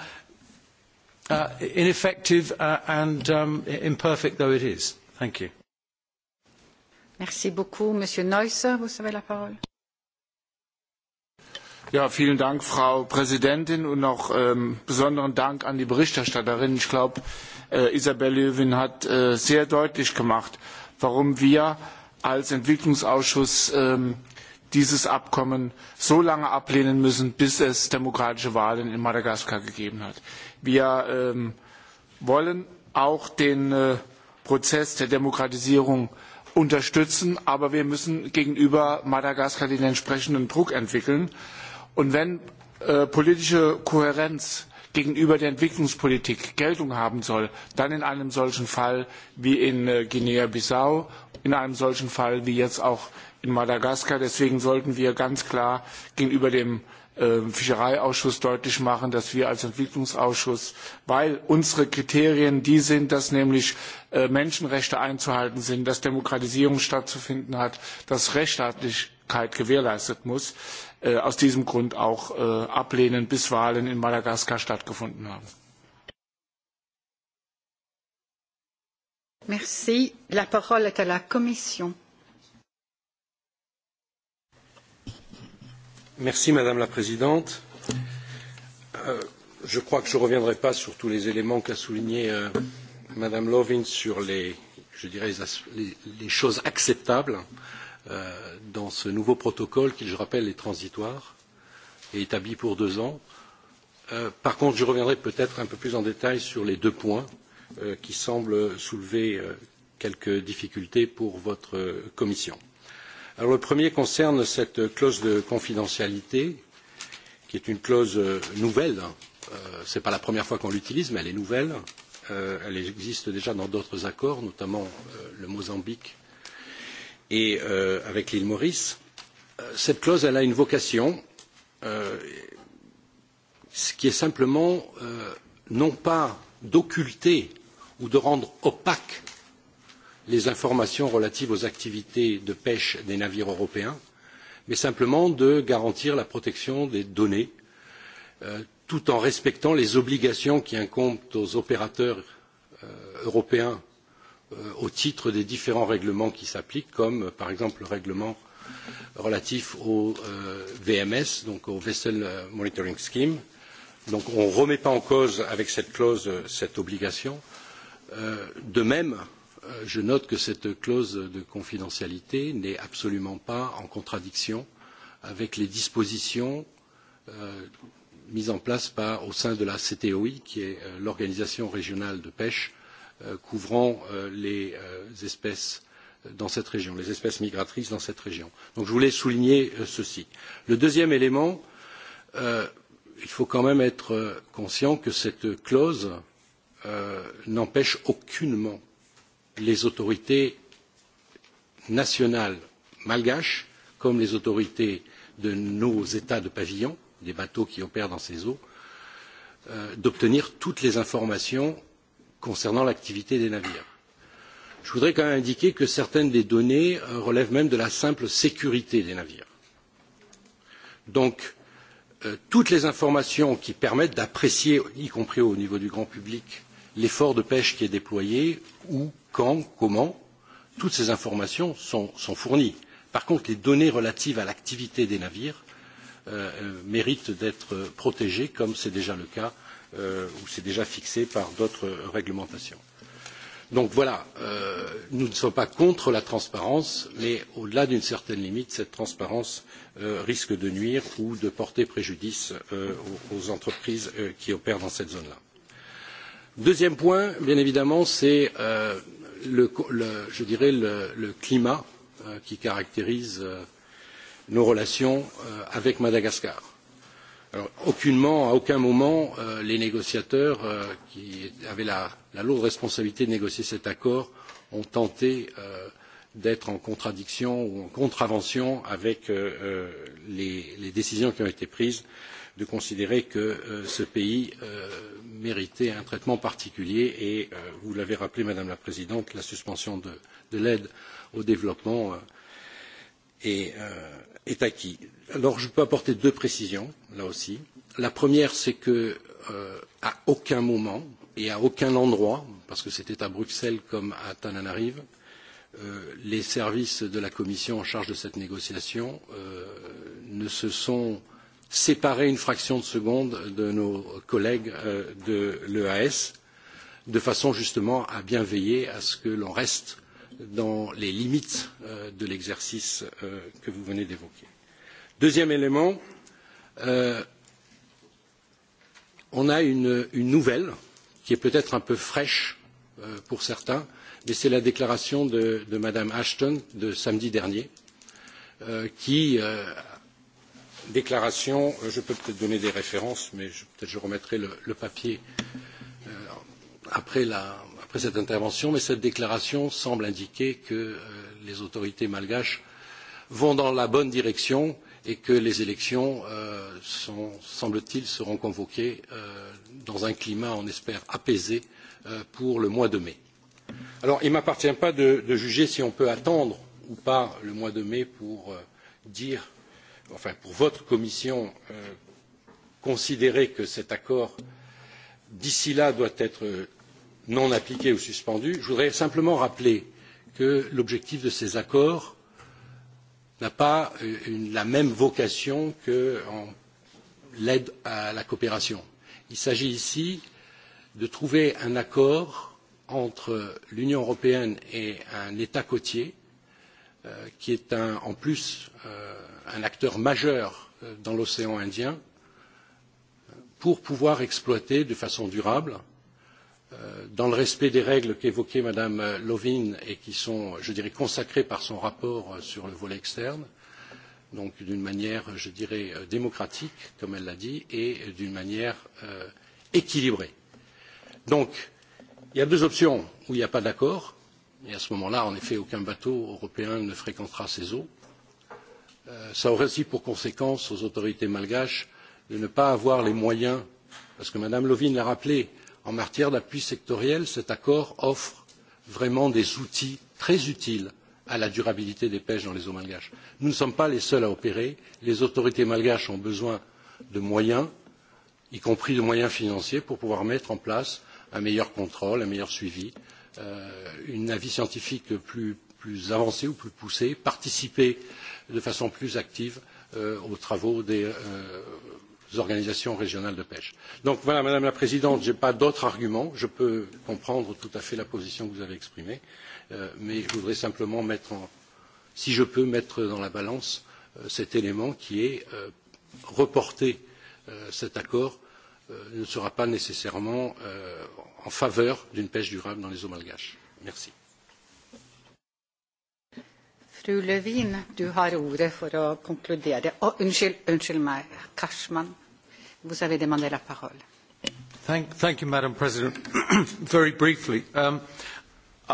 Speaker 18: ineffective and um, imperfect though it is. Thank you.
Speaker 1: Merci beaucoup. Monsieur vous avez la parole.
Speaker 10: Ja, vielen Dank, Frau Präsidentin, und auch ähm, besonderen Dank an die Berichterstatterin. Ich glaube, äh, Isabel Löwin hat äh, sehr deutlich gemacht, warum wir als Entwicklungsausschuss ähm, dieses Abkommen so lange ablehnen müssen, bis es demokratische Wahlen in Madagaskar gegeben hat. Wir ähm, wollen auch den äh, Prozess der Demokratisierung unterstützen, aber wir müssen gegenüber Madagaskar den entsprechenden Druck entwickeln Und wenn äh, politische Kohärenz gegenüber der Entwicklungspolitik Geltung haben soll, dann in einem solchen Fall wie in äh, Guinea-Bissau, in einem solchen Fall wie jetzt auch in Madagaskar. Deswegen sollten wir ganz klar gegenüber dem äh, Fischereiausschuss deutlich machen, dass wir als Entwicklungsausschuss, weil unsere Kriterien die sind, dass nämlich äh, Menschenrechte einzuhalten sind, dass Demokratisierung stattzufinden hat, dass Rechtsstaatlichkeit gewährleistet muss, äh, Äh, aus diesem Grund auch äh, ablehnen, bis Wahlen in Madagaskar stattgefunden haben.
Speaker 1: Merci. La parole est à la Commission.
Speaker 19: Merci, Madame la Présidente. Euh, je crois que je ne reviendrai pas sur tous les éléments qu'a souligné euh, Madame Lovin sur les, je dirais, les, les choses acceptables. Euh, Euh, dans ce nouveau protocole qui, je rappelle, est transitoire et établi pour deux ans. Euh, par contre, je reviendrai peut-être un peu plus en détail sur les deux points euh, qui semblent soulever euh, quelques difficultés pour votre euh, commission. Alors, le premier concerne cette clause de confidentialité, qui est une clause euh, nouvelle. Ce n'est pas la première fois qu'on l'utilise, mais elle est nouvelle. Elle existe déjà dans d'autres accords, notamment le Mozambique et euh, avec l'île Maurice, euh, cette clause elle a une vocation euh, qui est simplement euh, non pas d'occulter ou de rendre opaques les informations relatives aux activités de pêche des navires européens, mais simplement de garantir la protection des données euh, tout en respectant les obligations qui incombent aux opérateurs euh, européens Euh, au titre des différents règlements qui s'appliquent, comme euh, par exemple le règlement relatif au euh, VMS, donc au Vessel Monitoring Scheme. Donc on ne remet pas en cause avec cette clause cette obligation. De même, je note que cette clause de confidentialité n'est absolument pas en contradiction avec les dispositions mises en place par, au sein de la CTOI, qui est l'organisation régionale de pêche, Euh, couvrant euh, les euh, espèces dans cette région, les espèces migratrices dans cette région. Donc je voulais souligner ceci. Le deuxième élément, euh, il faut quand même être conscient que cette clause euh, n'empêche aucunement les autorités nationales malgaches comme les autorités de nos États de pavillon, des bateaux qui opèrent dans ces eaux, euh, d'obtenir toutes les informations concernant l'activité des navires. Je voudrais quand même indiquer que certaines des données euh, relèvent même de la simple sécurité des navires. Donc, euh, toutes les informations qui permettent d'apprécier, y compris au niveau du grand public, l'effort de pêche qui est déployé, où, quand, comment, toutes ces informations sont, sont fournies. Par contre, les données relatives à l'activité des navires euh, euh méritent d'être protégées, comme c'est déjà le cas euh, ou c'est déjà fixé par d'autres réglementations. Donc voilà, euh, nous ne sommes pas contre la transparence, mais au-delà d'une certaine limite, cette transparence euh, risque de nuire ou de porter préjudice euh, aux, aux entreprises euh, qui opèrent dans cette zone-là. Deuxième point, bien évidemment, c'est euh, le, le, je dirais le, le climat euh, qui caractérise euh, nos relations euh, avec Madagascar Alors, euh, aucunement, à aucun moment, euh, les négociateurs euh, qui avaient la, la lourde responsabilité de négocier cet accord ont tenté euh, d'être en contradiction ou en contravention avec euh, euh, les, les décisions qui ont été prises de considérer que euh, ce pays euh, méritait un traitement particulier et euh, vous l'avez rappelé Madame la Présidente, la suspension de, de l'aide au développement euh, est, euh, est acquis. Alors je peux apporter deux précisions là aussi. La première, c'est que euh, à aucun moment et à aucun endroit, parce que c'était à Bruxelles comme à Tananarive, euh, les services de la Commission en charge de cette négociation euh, ne se sont séparés une fraction de seconde de nos collègues euh, de l'EAS, de façon justement à bien veiller à ce que l'on reste euh, dans les limites euh, de l'exercice euh, que vous venez d'évoquer. Deuxième élément, euh, on a une, nouvelle qui est peut-être un peu fraîche pour certains, mais c'est la déclaration de, Mme Ashton de samedi dernier, qui, déclaration, je peux peut-être donner des références, mais peut-être je remettrai le, papier après après cette intervention, mais cette déclaration semble indiquer que euh, les autorités malgaches vont dans la bonne direction et que les élections, euh, sont, semble-t-il, seront convoquées euh, dans un climat, on espère, apaisé pour le mois de mai. Alors, il ne m'appartient pas de, de juger si on peut attendre ou pas le mois de mai pour dire, enfin, pour votre commission, euh, considérer que cet accord, d'ici là, doit être non appliquées ou suspendues. Je voudrais simplement rappeler que l'objectif de ces accords n'a pas euh, une, la même vocation que l'aide à la coopération. Il s'agit ici de trouver un accord entre l'Union européenne et un État côtier euh, qui est un, en plus euh, un acteur majeur euh, dans l'océan Indien pour pouvoir exploiter de façon durable Euh, dans le respect des règles qu'évoquait Mme Lovin et qui sont, je dirais, consacrées par son rapport euh, sur le volet externe, donc d'une manière, je dirais, euh, démocratique, comme elle l'a dit, et d'une manière euh, équilibrée. Donc, il y a deux options où il n'y a pas d'accord, et à ce moment-là, en effet, aucun bateau européen ne fréquentera ces eaux. Euh, ça aurait aussi pour conséquence aux autorités malgaches de ne pas avoir les moyens, parce que Mme Lovin l'a rappelé, En matière d'appui sectoriel, cet accord offre vraiment des outils très utiles à la durabilité des pêches dans les eaux malgaches. Nous ne sommes pas les seuls à opérer. Les autorités malgaches ont besoin de moyens, y compris de moyens financiers, pour pouvoir mettre en place un meilleur contrôle, un meilleur suivi, euh, une avis scientifique plus, plus avancé ou plus poussé, participer de façon plus active euh, aux travaux des, euh, organisations régionales de pêche. Donc voilà, Madame la Présidente, je n'ai pas d'autres arguments. Je peux comprendre tout à fait la position que vous avez exprimée, euh, mais je voudrais simplement mettre en, si je peux mettre dans la balance euh, cet élément qui est euh, reporter euh, cet accord euh, ne sera pas nécessairement euh, en faveur d'une pêche durable dans les eaux malgaches. Merci.
Speaker 1: Fru Lövin, du har ordet för att konkludera. Oh, unnskyld, unnskyld mig, Cashman. Vous avez demandé la parole.
Speaker 18: Thank, thank you, Madam President. Very briefly, um,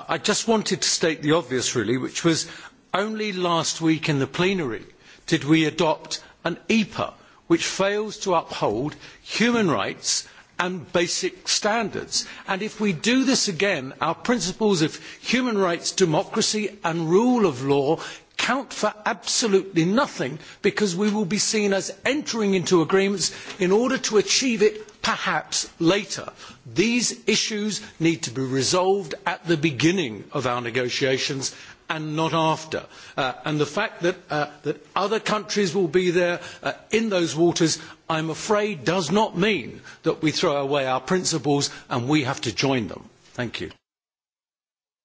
Speaker 18: I just wanted to state the obvious, really, which was only last week in the plenary did we adopt an EPA, which fails to uphold human rights and basic standards. And if we do this again, our principles of human rights, democracy and rule of law count for absolutely nothing because we will be seen as entering into agreements in order to achieve it perhaps later. These issues need to be resolved at the beginning of our negotiations and not after. Uh, and the fact that, uh, that other countries will be there uh, in those waters, I am afraid does not mean that we throw away our principles and we have to join them. Thank you.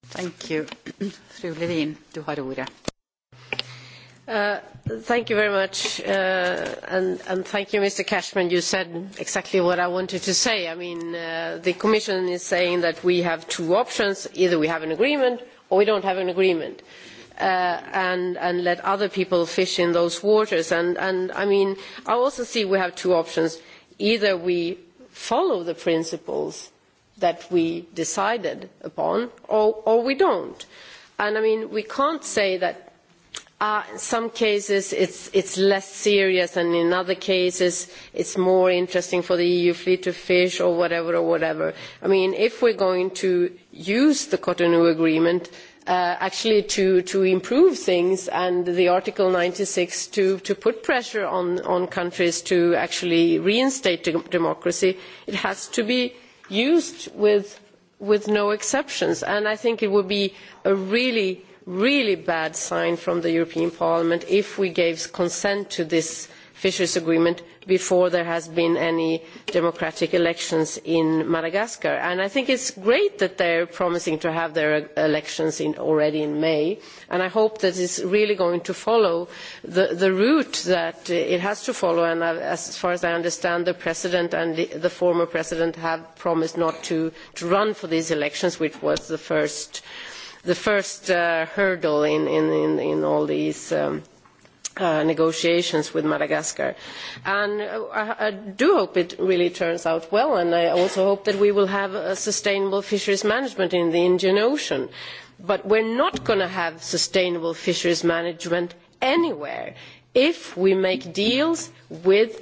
Speaker 1: Thank you. Fru Levin, du har ordet.
Speaker 17: Uh, thank you very much uh, and, and thank you mr cashman you said exactly what i wanted to say. i mean uh, the commission is saying that we have two options either we have an agreement or we do not have an agreement. Uh, and, and let other people fish in those waters. And, and I mean, I also see we have two options. Either we follow the principles that we decided upon, or, or we don't. And I mean, we can't say that uh, in some cases it's, it's less serious and in other cases it's more interesting for the EU fleet to fish or whatever or whatever. I mean, if we're going to use the Cotonou Agreement, uh, Uh, actually to, to improve things and the article ninety six to, to put pressure on, on countries to actually reinstate de democracy it has to be used with, with no exceptions and i think it would be a really really bad sign from the european parliament if we gave consent to this fisheries agreement before there has been any democratic elections in Madagascar. And I think it's great that they're promising to have their uh, elections in, already in May. And I hope that it's really going to follow the, the route that it has to follow. And as far as I understand, the president and the, the former president have promised not to, to run for these elections, which was the first, the first uh, hurdle in, in, in, in all these um, Uh, negotiations with Madagascar. And uh, I, I, do hope it really turns out well, and I also hope that we will have a uh, sustainable fisheries management in the Indian Ocean. But we're not going to have sustainable fisheries management anywhere if we make deals with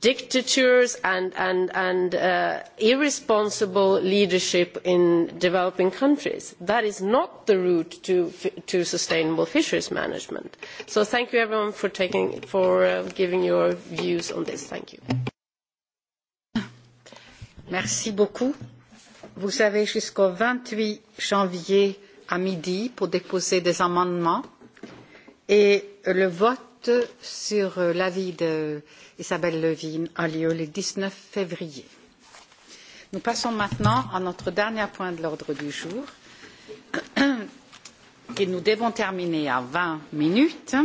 Speaker 17: dictators and, and, and uh, irresponsible leadership in developing countries. That is not the route to, to sustainable fisheries management. So thank you everyone for, taking, for uh, giving your views on this. Thank you. Merci beaucoup. Vous avez jusqu'au
Speaker 1: 28 janvier à midi pour déposer des amendements et le vote vote sur euh, l'avis d'Isabelle Levine a lieu le 19 février. Nous passons maintenant à notre dernier point de l'ordre du jour que nous devons terminer à 20 minutes.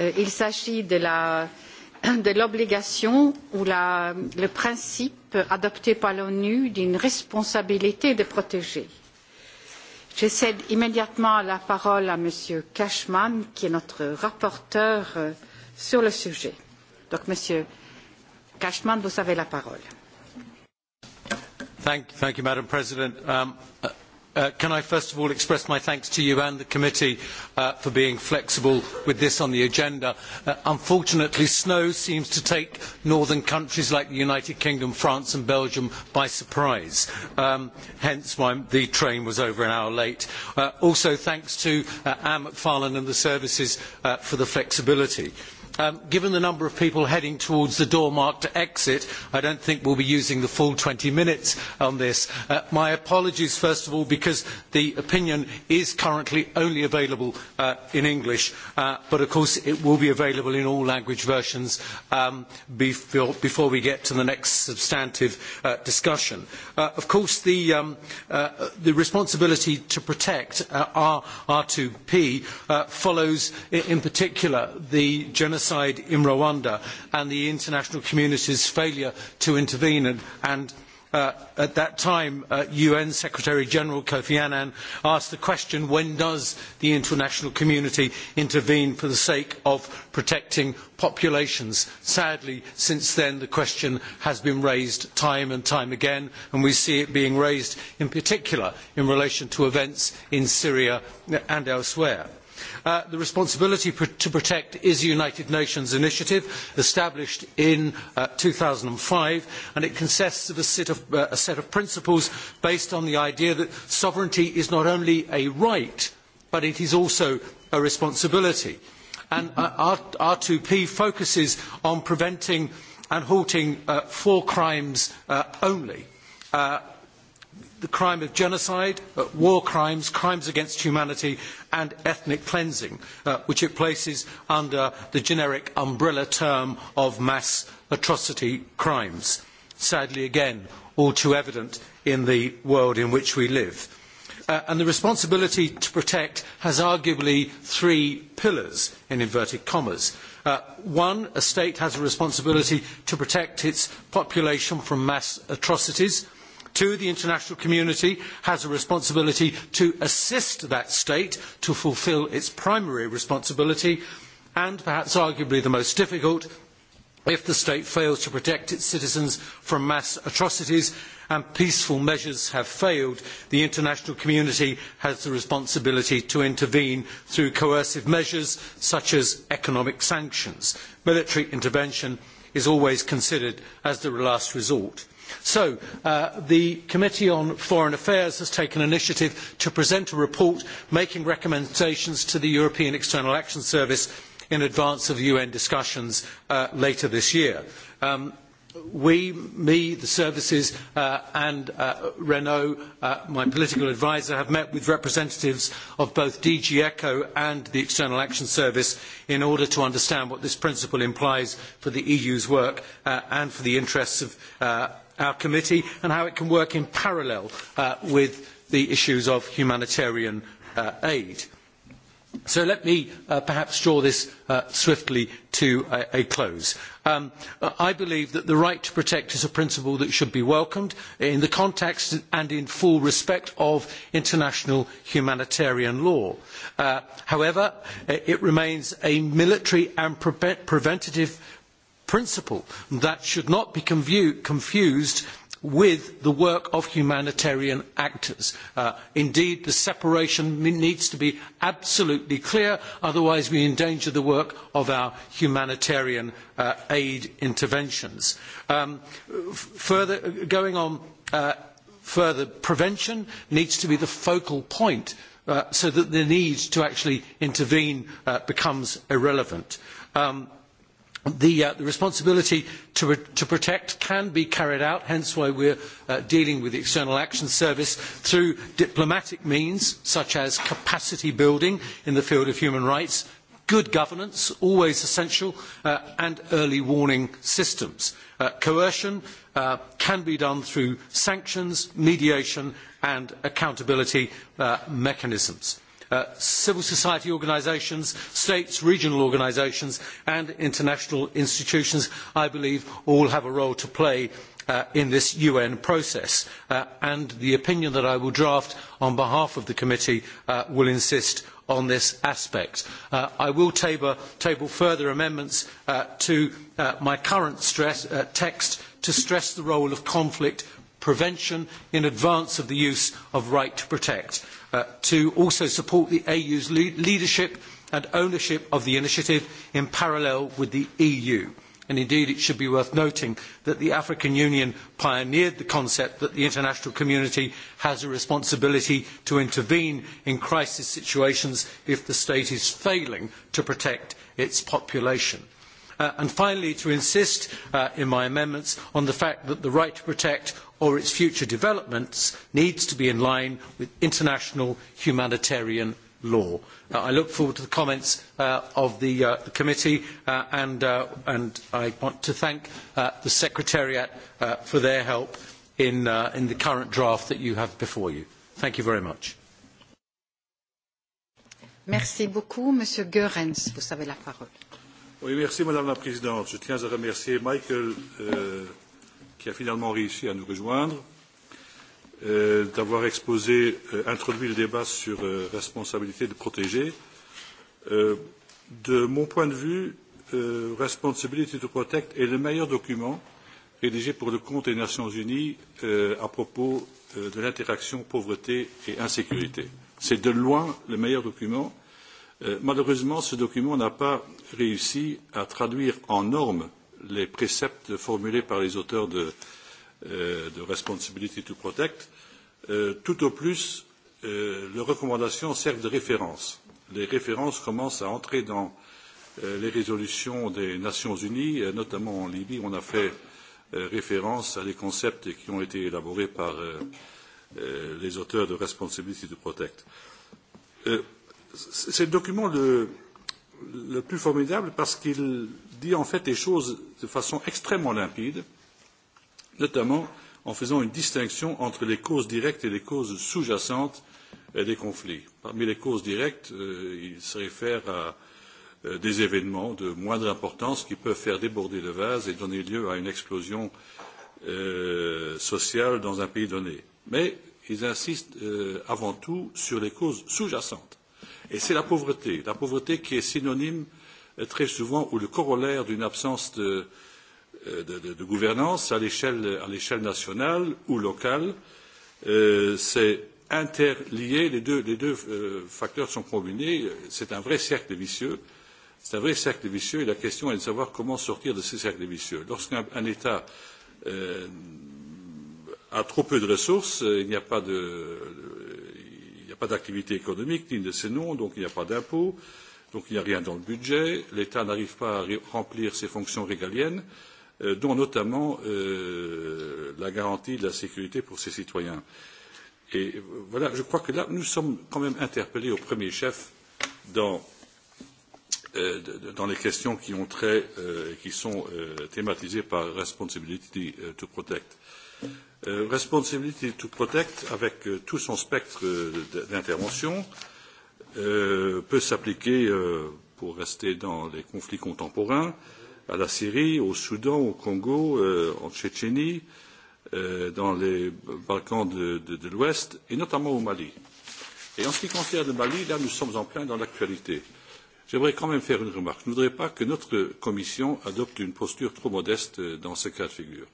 Speaker 1: Euh, il s'agit de la de l'obligation ou la, le principe adopté par l'ONU d'une responsabilité de protéger. Euh, Je cède immédiatement la parole à Monsieur Cashman, qui est notre rapporteur euh, sur le sujet. Donc, Monsieur Cashman, vous avez la parole.
Speaker 18: Thank, thank you, Madam President. Um, Uh, can I first of all express my thanks to you and the committee uh, for being flexible with this on the agenda. Uh, unfortunately, snow seems to take northern countries like the United Kingdom, France and Belgium by surprise. Um, hence why the train was over an hour late. Uh, also, thanks to uh, Anne McFarlane and the services for the flexibility. Uh, Um, given the number of people heading towards the door marked to exit, I don't think we'll be using the full 20 minutes on this. Uh, my apologies, first of all, because the opinion is currently only available uh, in English, uh, but of course it will be available in all language versions um, before, before, we get to the next substantive uh, discussion. Uh, of course, the, um, uh, the, responsibility to protect R2P follows in particular the genocide genocide in Rwanda and the international community's failure to intervene and, and Uh, at that time uh, UN Secretary General Kofi Annan asked the question when does the international community intervene for the sake of protecting populations sadly since then the question has been raised time and time again and we see it being raised in particular in relation to events in Syria and elsewhere Uh, the responsibility to protect is a United Nations initiative established in uh, 2005 and it consists of, a, sit of uh, a set of principles based on the idea that sovereignty is not only a right but it is also a responsibility. And uh, R2P focuses on preventing and halting uh, four crimes uh, only. Uh, the crime of genocide, uh, war crimes, crimes against humanity and ethnic cleansing, uh, which it places under the generic umbrella term of mass atrocity crimes. Sadly again, all too evident in the world in which we live. Uh, and the responsibility to protect has arguably three pillars, in inverted commas. Uh, one, a state has a responsibility to protect its population from mass atrocities. Two, the international community has a responsibility to assist that state to fulfil its primary responsibility and perhaps arguably the most difficult if the state fails to protect its citizens from mass atrocities and peaceful measures have failed, the international community has the responsibility to intervene through coercive measures such as economic sanctions. Military intervention is always considered as the last resort. So, uh, the Committee on Foreign Affairs has taken initiative to present a report making recommendations to the European External Action Service in advance of UN discussions uh, later this year. Um, we, me, the services, uh, and uh, Renault, uh, my political adviser, have met with representatives of both DG ECHO and the External Action Service in order to understand what this principle implies for the EU's work uh, and for the interests of uh, our committee and how it can work in parallel uh, with the issues of humanitarian uh, aid. So let me uh, perhaps draw this uh, swiftly to a, a close. Um, I believe that the right to protect is a principle that should be welcomed in the context and in full respect of international humanitarian law. Uh, however, it remains a military and pre preventative principle that should not be confused with the work of humanitarian actors. Uh, indeed, the separation needs to be absolutely clear, otherwise we endanger the work of our humanitarian uh, aid interventions. Um, further, going on uh, further, prevention needs to be the focal point uh, so that the need to actually intervene uh, becomes irrelevant. Um, Uh, the, responsibility to, protect can be carried out, hence why we're uh, dealing with the External Action Service through diplomatic means, such as capacity building in the field of human rights, good governance, always essential, uh, and early warning systems. Uh, coercion uh, can be done through sanctions, mediation, and accountability uh, mechanisms. Uh, civil society organisations, states, regional organisations and international institutions, I believe all have a role to play uh, in this UN process. Uh, and the opinion that I will draft on behalf of the committee uh, will insist on this aspect. Uh, I will table, table further amendments uh, to uh, my current stress, uh, text to stress the role of conflict prevention in advance of the use of right to protect. Uh, to also support the AU's le leadership and ownership of the initiative in parallel with the EU. And indeed, it should be worth noting that the African Union pioneered the concept that the international community has a responsibility to intervene in crisis situations if the state is failing to protect its population. Uh, and finally, to insist uh, in my amendments on the fact that the right to protect or its future developments needs to be in line with international humanitarian law. Uh, I look forward to the comments uh, of the, uh, the committee uh, and, uh, and, I want to thank uh, the Secretariat for their help in, in, the current draft that you have before
Speaker 14: you. Thank you very much.
Speaker 1: Merci beaucoup. Monsieur Goerens, vous avez la parole.
Speaker 14: Oui, merci Madame la Présidente. Je tiens à remercier Michael euh, qui a finalement réussi à nous rejoindre, euh, d'avoir exposé, euh, introduit le débat sur euh, responsabilité de protéger. Euh, de mon point de vue, euh, Responsibility to Protect est le meilleur document rédigé pour le compte des Nations Unies euh, à propos euh, de l'interaction pauvreté et insécurité. C'est de loin le meilleur document. Euh, malheureusement, ce document n'a pas réussi à traduire en normes euh, les préceptes formulés par les auteurs de, euh, de Responsibility to Protect. Euh, tout au plus, euh, leurs recommandations servent de référence. Les références commencent à entrer dans euh, les résolutions des Nations Unies, euh, notamment en Libye. On a fait euh, référence à des concepts qui ont été élaborés par euh, euh, les auteurs de Responsibility to Protect. Euh, c'est le document le, le plus formidable parce qu'il dit en fait les choses de façon extrêmement limpide, notamment en faisant une distinction entre les causes directes et les causes sous-jacentes euh, des conflits. Parmi les causes directes, euh, il se réfère à euh, des événements de moindre importance qui peuvent faire déborder le vase et donner lieu à une explosion euh, sociale dans un pays donné. Mais ils insistent euh, avant tout sur les causes sous-jacentes. Et c'est la pauvreté, la pauvreté qui est synonyme euh, Euh, très souvent ou le corollaire d'une absence de, euh, de, de, de gouvernance à l'échelle nationale ou locale. Euh, c'est interlié, les deux, les deux euh, facteurs sont combinés, c'est un vrai cercle vicieux. C'est un vrai cercle vicieux et la question est de savoir comment sortir de ce cercle vicieux. Lorsqu'un État euh, a trop peu de ressources, euh, il n'y a pas d'activité économique digne de ce nom, donc il n'y a pas d'impôts. Euh, Donc il n'y a rien dans le budget, l'État n'arrive pas à remplir ses fonctions régaliennes, euh, dont notamment euh, la garantie de la sécurité pour ses citoyens. Et voilà, je crois que là, nous sommes quand même interpellés au premier chef dans, euh, dans les questions qui ont trait euh, et qui sont euh, thématisées par Responsibility euh, to Protect. Euh, Responsibility to Protect, avec euh, tout son spectre euh, d'intervention, euh, Euh, peut s'appliquer, euh, pour rester dans les conflits contemporains, à la Syrie, au Soudan, au Congo, euh, en Tchétchénie, euh, dans les Balkans de, de, de l'Ouest et notamment au Mali. Et en ce qui concerne le Mali, là, nous sommes en plein dans l'actualité. J'aimerais quand même faire une remarque. Je ne voudrais pas que notre commission adopte une posture trop modeste euh, dans ce cas de figure.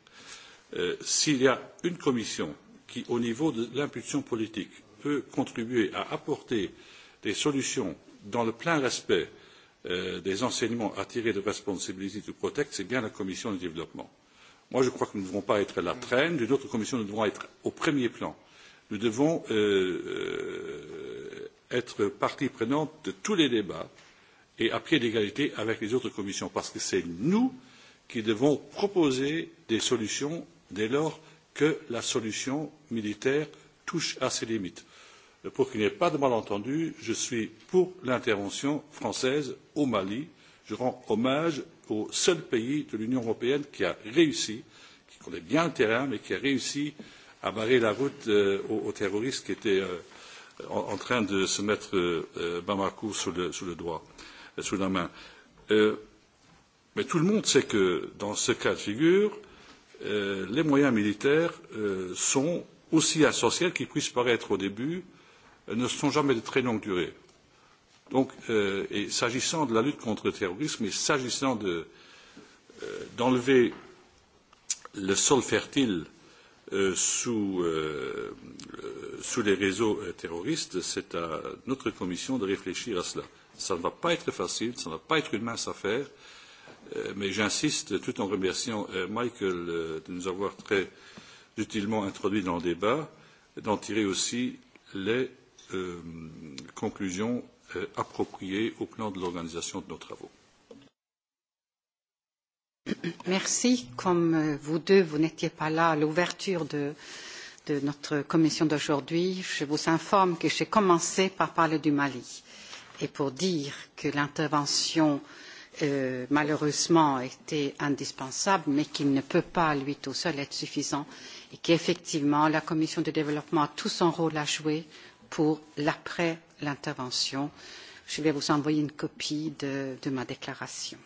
Speaker 14: Euh, S'il y a une commission qui, au niveau de l'impulsion politique, peut contribuer à apporter euh, des solutions dans le plein respect euh, des enseignements à tirer de Responsibility to Protect, c'est bien la commission du développement. Moi, je crois que nous ne devons pas être à la traîne d'une autre commission, nous devons être au premier plan. Nous devons euh, euh, être partie prenante de tous les débats et à pied d'égalité avec les autres commissions, parce que c'est nous qui devons proposer des solutions dès lors que la solution militaire touche à ses limites pour qu'il n'y ait pas de malentendu je suis pour l'intervention française au mali. je rends hommage au seul pays de l'union européenne qui a réussi qui connaît bien le terrain mais qui a réussi à barrer la route euh, aux, terroristes qui étaient euh, en, train de se mettre euh, Bamako sous le, sous le doigt, sous la main. mais tout le monde sait que dans ce cas de figure, les moyens militaires sont aussi essentiels qu'ils puissent paraître au début ne sont jamais de très longue durée. Donc, euh, et s'agissant de la lutte contre le terrorisme et s'agissant de, euh, d'enlever le sol fertile euh, sous, euh, euh sous les réseaux euh, terroristes, c'est à notre commission de réfléchir à cela. Ça ne va pas être facile, ça ne va pas être une mince affaire, euh, mais j'insiste tout en remerciant euh, Michael euh, de nous avoir très utilement introduit dans le débat, d'en tirer aussi les Euh, conclusions euh, appropriées au plan de l'organisation de nos travaux.
Speaker 1: Merci. Comme euh, vous deux, vous n'étiez pas là à l'ouverture de, de notre commission d'aujourd'hui, je vous informe que j'ai commencé par parler du Mali et pour dire que l'intervention euh, malheureusement était indispensable, mais qu'il ne peut pas lui tout seul être suffisant et qu'effectivement la commission de développement a tout son rôle à jouer pour l'après l'intervention. Je vais vous envoyer une copie de, de ma déclaration.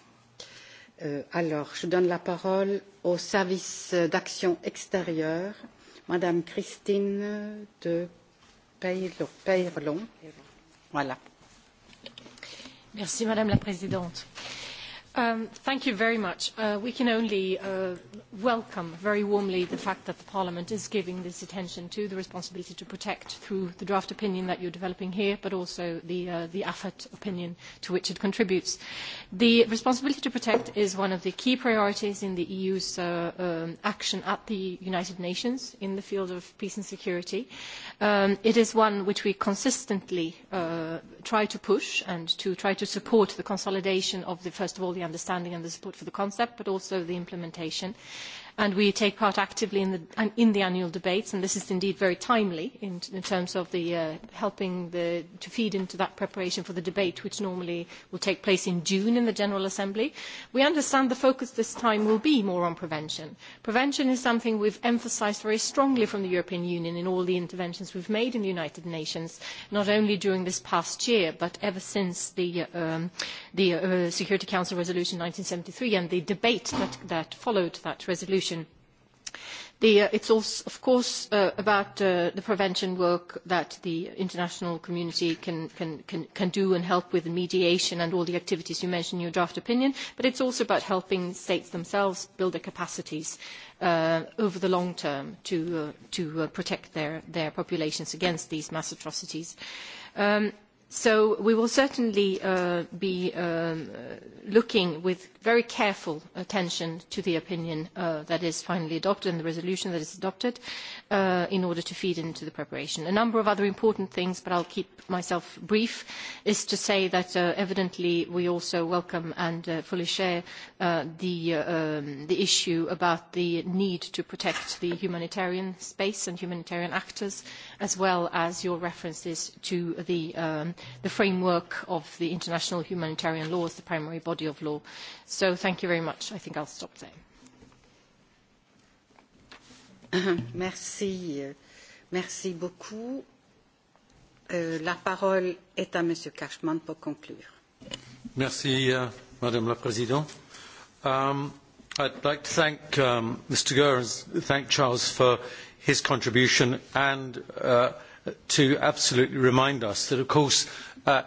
Speaker 1: Euh, alors, je donne la parole au service d'action extérieure, Madame Christine de Peyrelon. Voilà. Merci
Speaker 20: Madame la Présidente. Euh, Um, thank you very much. Uh, we can only uh, welcome very warmly the fact that the Parliament is giving this attention to the responsibility to protect through the draft opinion that you're developing here, but also the, uh, the AFET opinion to which it contributes. The responsibility to protect is one of the key priorities in the EU's uh, um, action at the United Nations in the field of peace and security. Um, it is one which we consistently uh, try to push and to try to support the consolidation of the, first of all, the understanding and the support for the concept, but also the implementation and we take part actively in the, in the annual debates, and this is indeed very timely in, in terms of the, uh, helping the, to feed into that preparation for the debate, which normally will take place in June in the General Assembly. We understand the focus this time will be more on prevention. Prevention is something we've emphasized very strongly from the European Union in all the interventions we've made in the United Nations, not only during this past year, but ever since the, uh, um, the uh, Security Council Resolution 1973 and the debate that, that followed that resolution institution. The, uh, it's also, of course uh, about uh, the prevention work that the international community can, can, can, can do and help with mediation and all the activities you mentioned in your draft opinion, but it's also about helping states themselves build their capacities uh, over the long term to, uh, to uh, protect their, their populations against these mass atrocities. Um, So we will certainly uh, be um, uh, looking with very careful attention to the opinion uh, that is finally adopted and the resolution that is adopted uh, in order to feed into the preparation. A number of other important things, but I'll keep myself brief, is to say that uh, evidently we also welcome and uh, fully share uh, the, uh, um, the issue about the need to protect the humanitarian space and humanitarian actors, as well as your references to the um, the framework of the international humanitarian law as the primary body of law. So thank you very much. I think I'll stop
Speaker 1: there. Merci. Merci beaucoup. Euh, la parole est à Monsieur Cashman pour conclure.
Speaker 18: Merci, uh, Madame la Présidente. Um, I'd like to thank um, Mr. Goerens, thank Charles for his contribution and uh, to absolutely remind us that, of course, uh,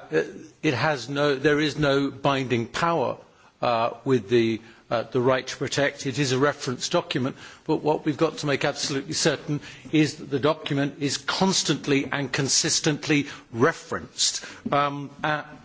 Speaker 18: it has no, there is no binding power uh, with the, uh, the right to protect. It is a reference document, but what we've got to make absolutely certain is that the document is constantly and consistently referenced um,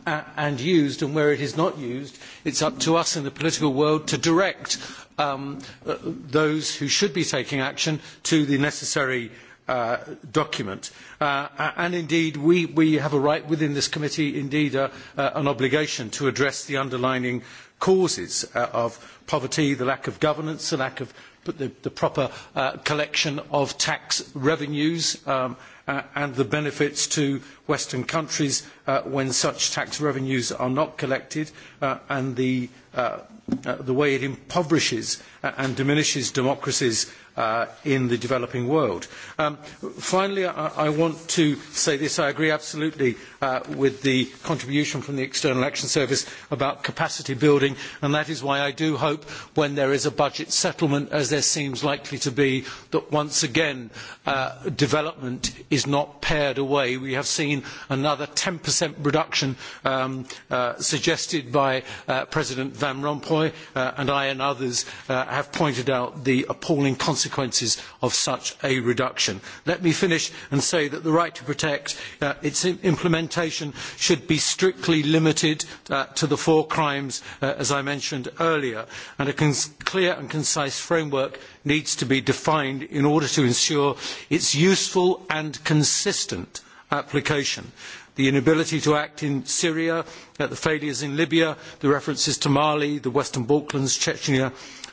Speaker 18: and used, and where it is not used, it's up to us in the political world to direct um, uh, those who should be taking action to the necessary uh, uh, document. Uh, and indeed, we, we have a right within this committee, indeed uh, uh, an obligation to address the underlining causes uh, of poverty, the lack of governance, the lack of the, the proper uh, collection of tax revenues um, uh, and the benefits to Western countries uh, when such tax revenues are not collected uh, and the, uh, uh, the way it impoverishes and diminishes democracies uh, in the developing world. Um, finally, I, I, want to say this. I agree absolutely uh, with the contribution from the External Action Service about capacity building, and that is why I do hope when there is a budget settlement, as there seems likely to be, that once again uh, development is not pared away. We have seen another 10% reduction um, uh, suggested by uh, President Van Rompuy uh, and I and others have pointed out the appalling consequences of such a reduction. Let me finish and say that the right to protect, uh, its implementation should be strictly limited uh, to the four crimes, uh, as I mentioned earlier, and a clear and concise framework needs to be defined in order to ensure its useful and consistent application the inability to act in syria uh, the failures in libya the references to mali the western balkans chechnya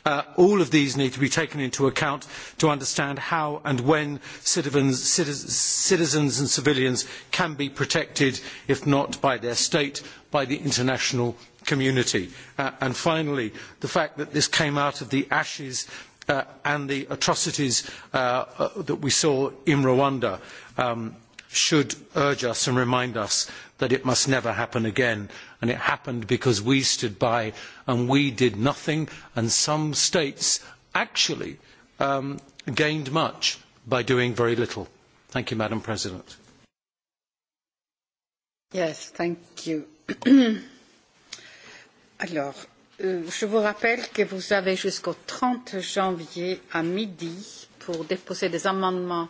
Speaker 18: Uh, all of these need to be taken into account to understand how and when citizens, citizens and civilians can be protected, if not by their state, by the international community. Uh, and finally, the fact that this came out of the ashes uh, and the atrocities uh, uh, that we saw in Rwanda um, should urge us and remind us that it must never happen again and it happened because we stood by and we did nothing and some states actually um, gained much by doing very little. Thank you, Madam President.
Speaker 1: Yes, thank you. Alors, euh, je vous rappelle que vous avez jusqu'au 30 janvier à midi pour déposer des amendements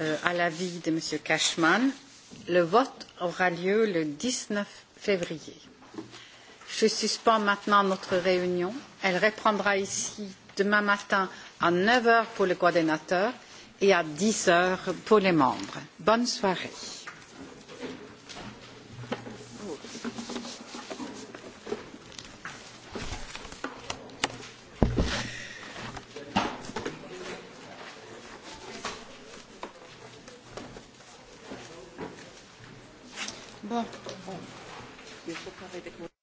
Speaker 1: euh, à l'avis de M. Cashman. Le vote aura lieu le 19 février. Je suspends maintenant notre réunion. Elle reprendra ici demain matin à 9 heures pour les coordinateurs et à 10 heures pour les membres. Bonne soirée.
Speaker 17: Bon hafed y gwrs.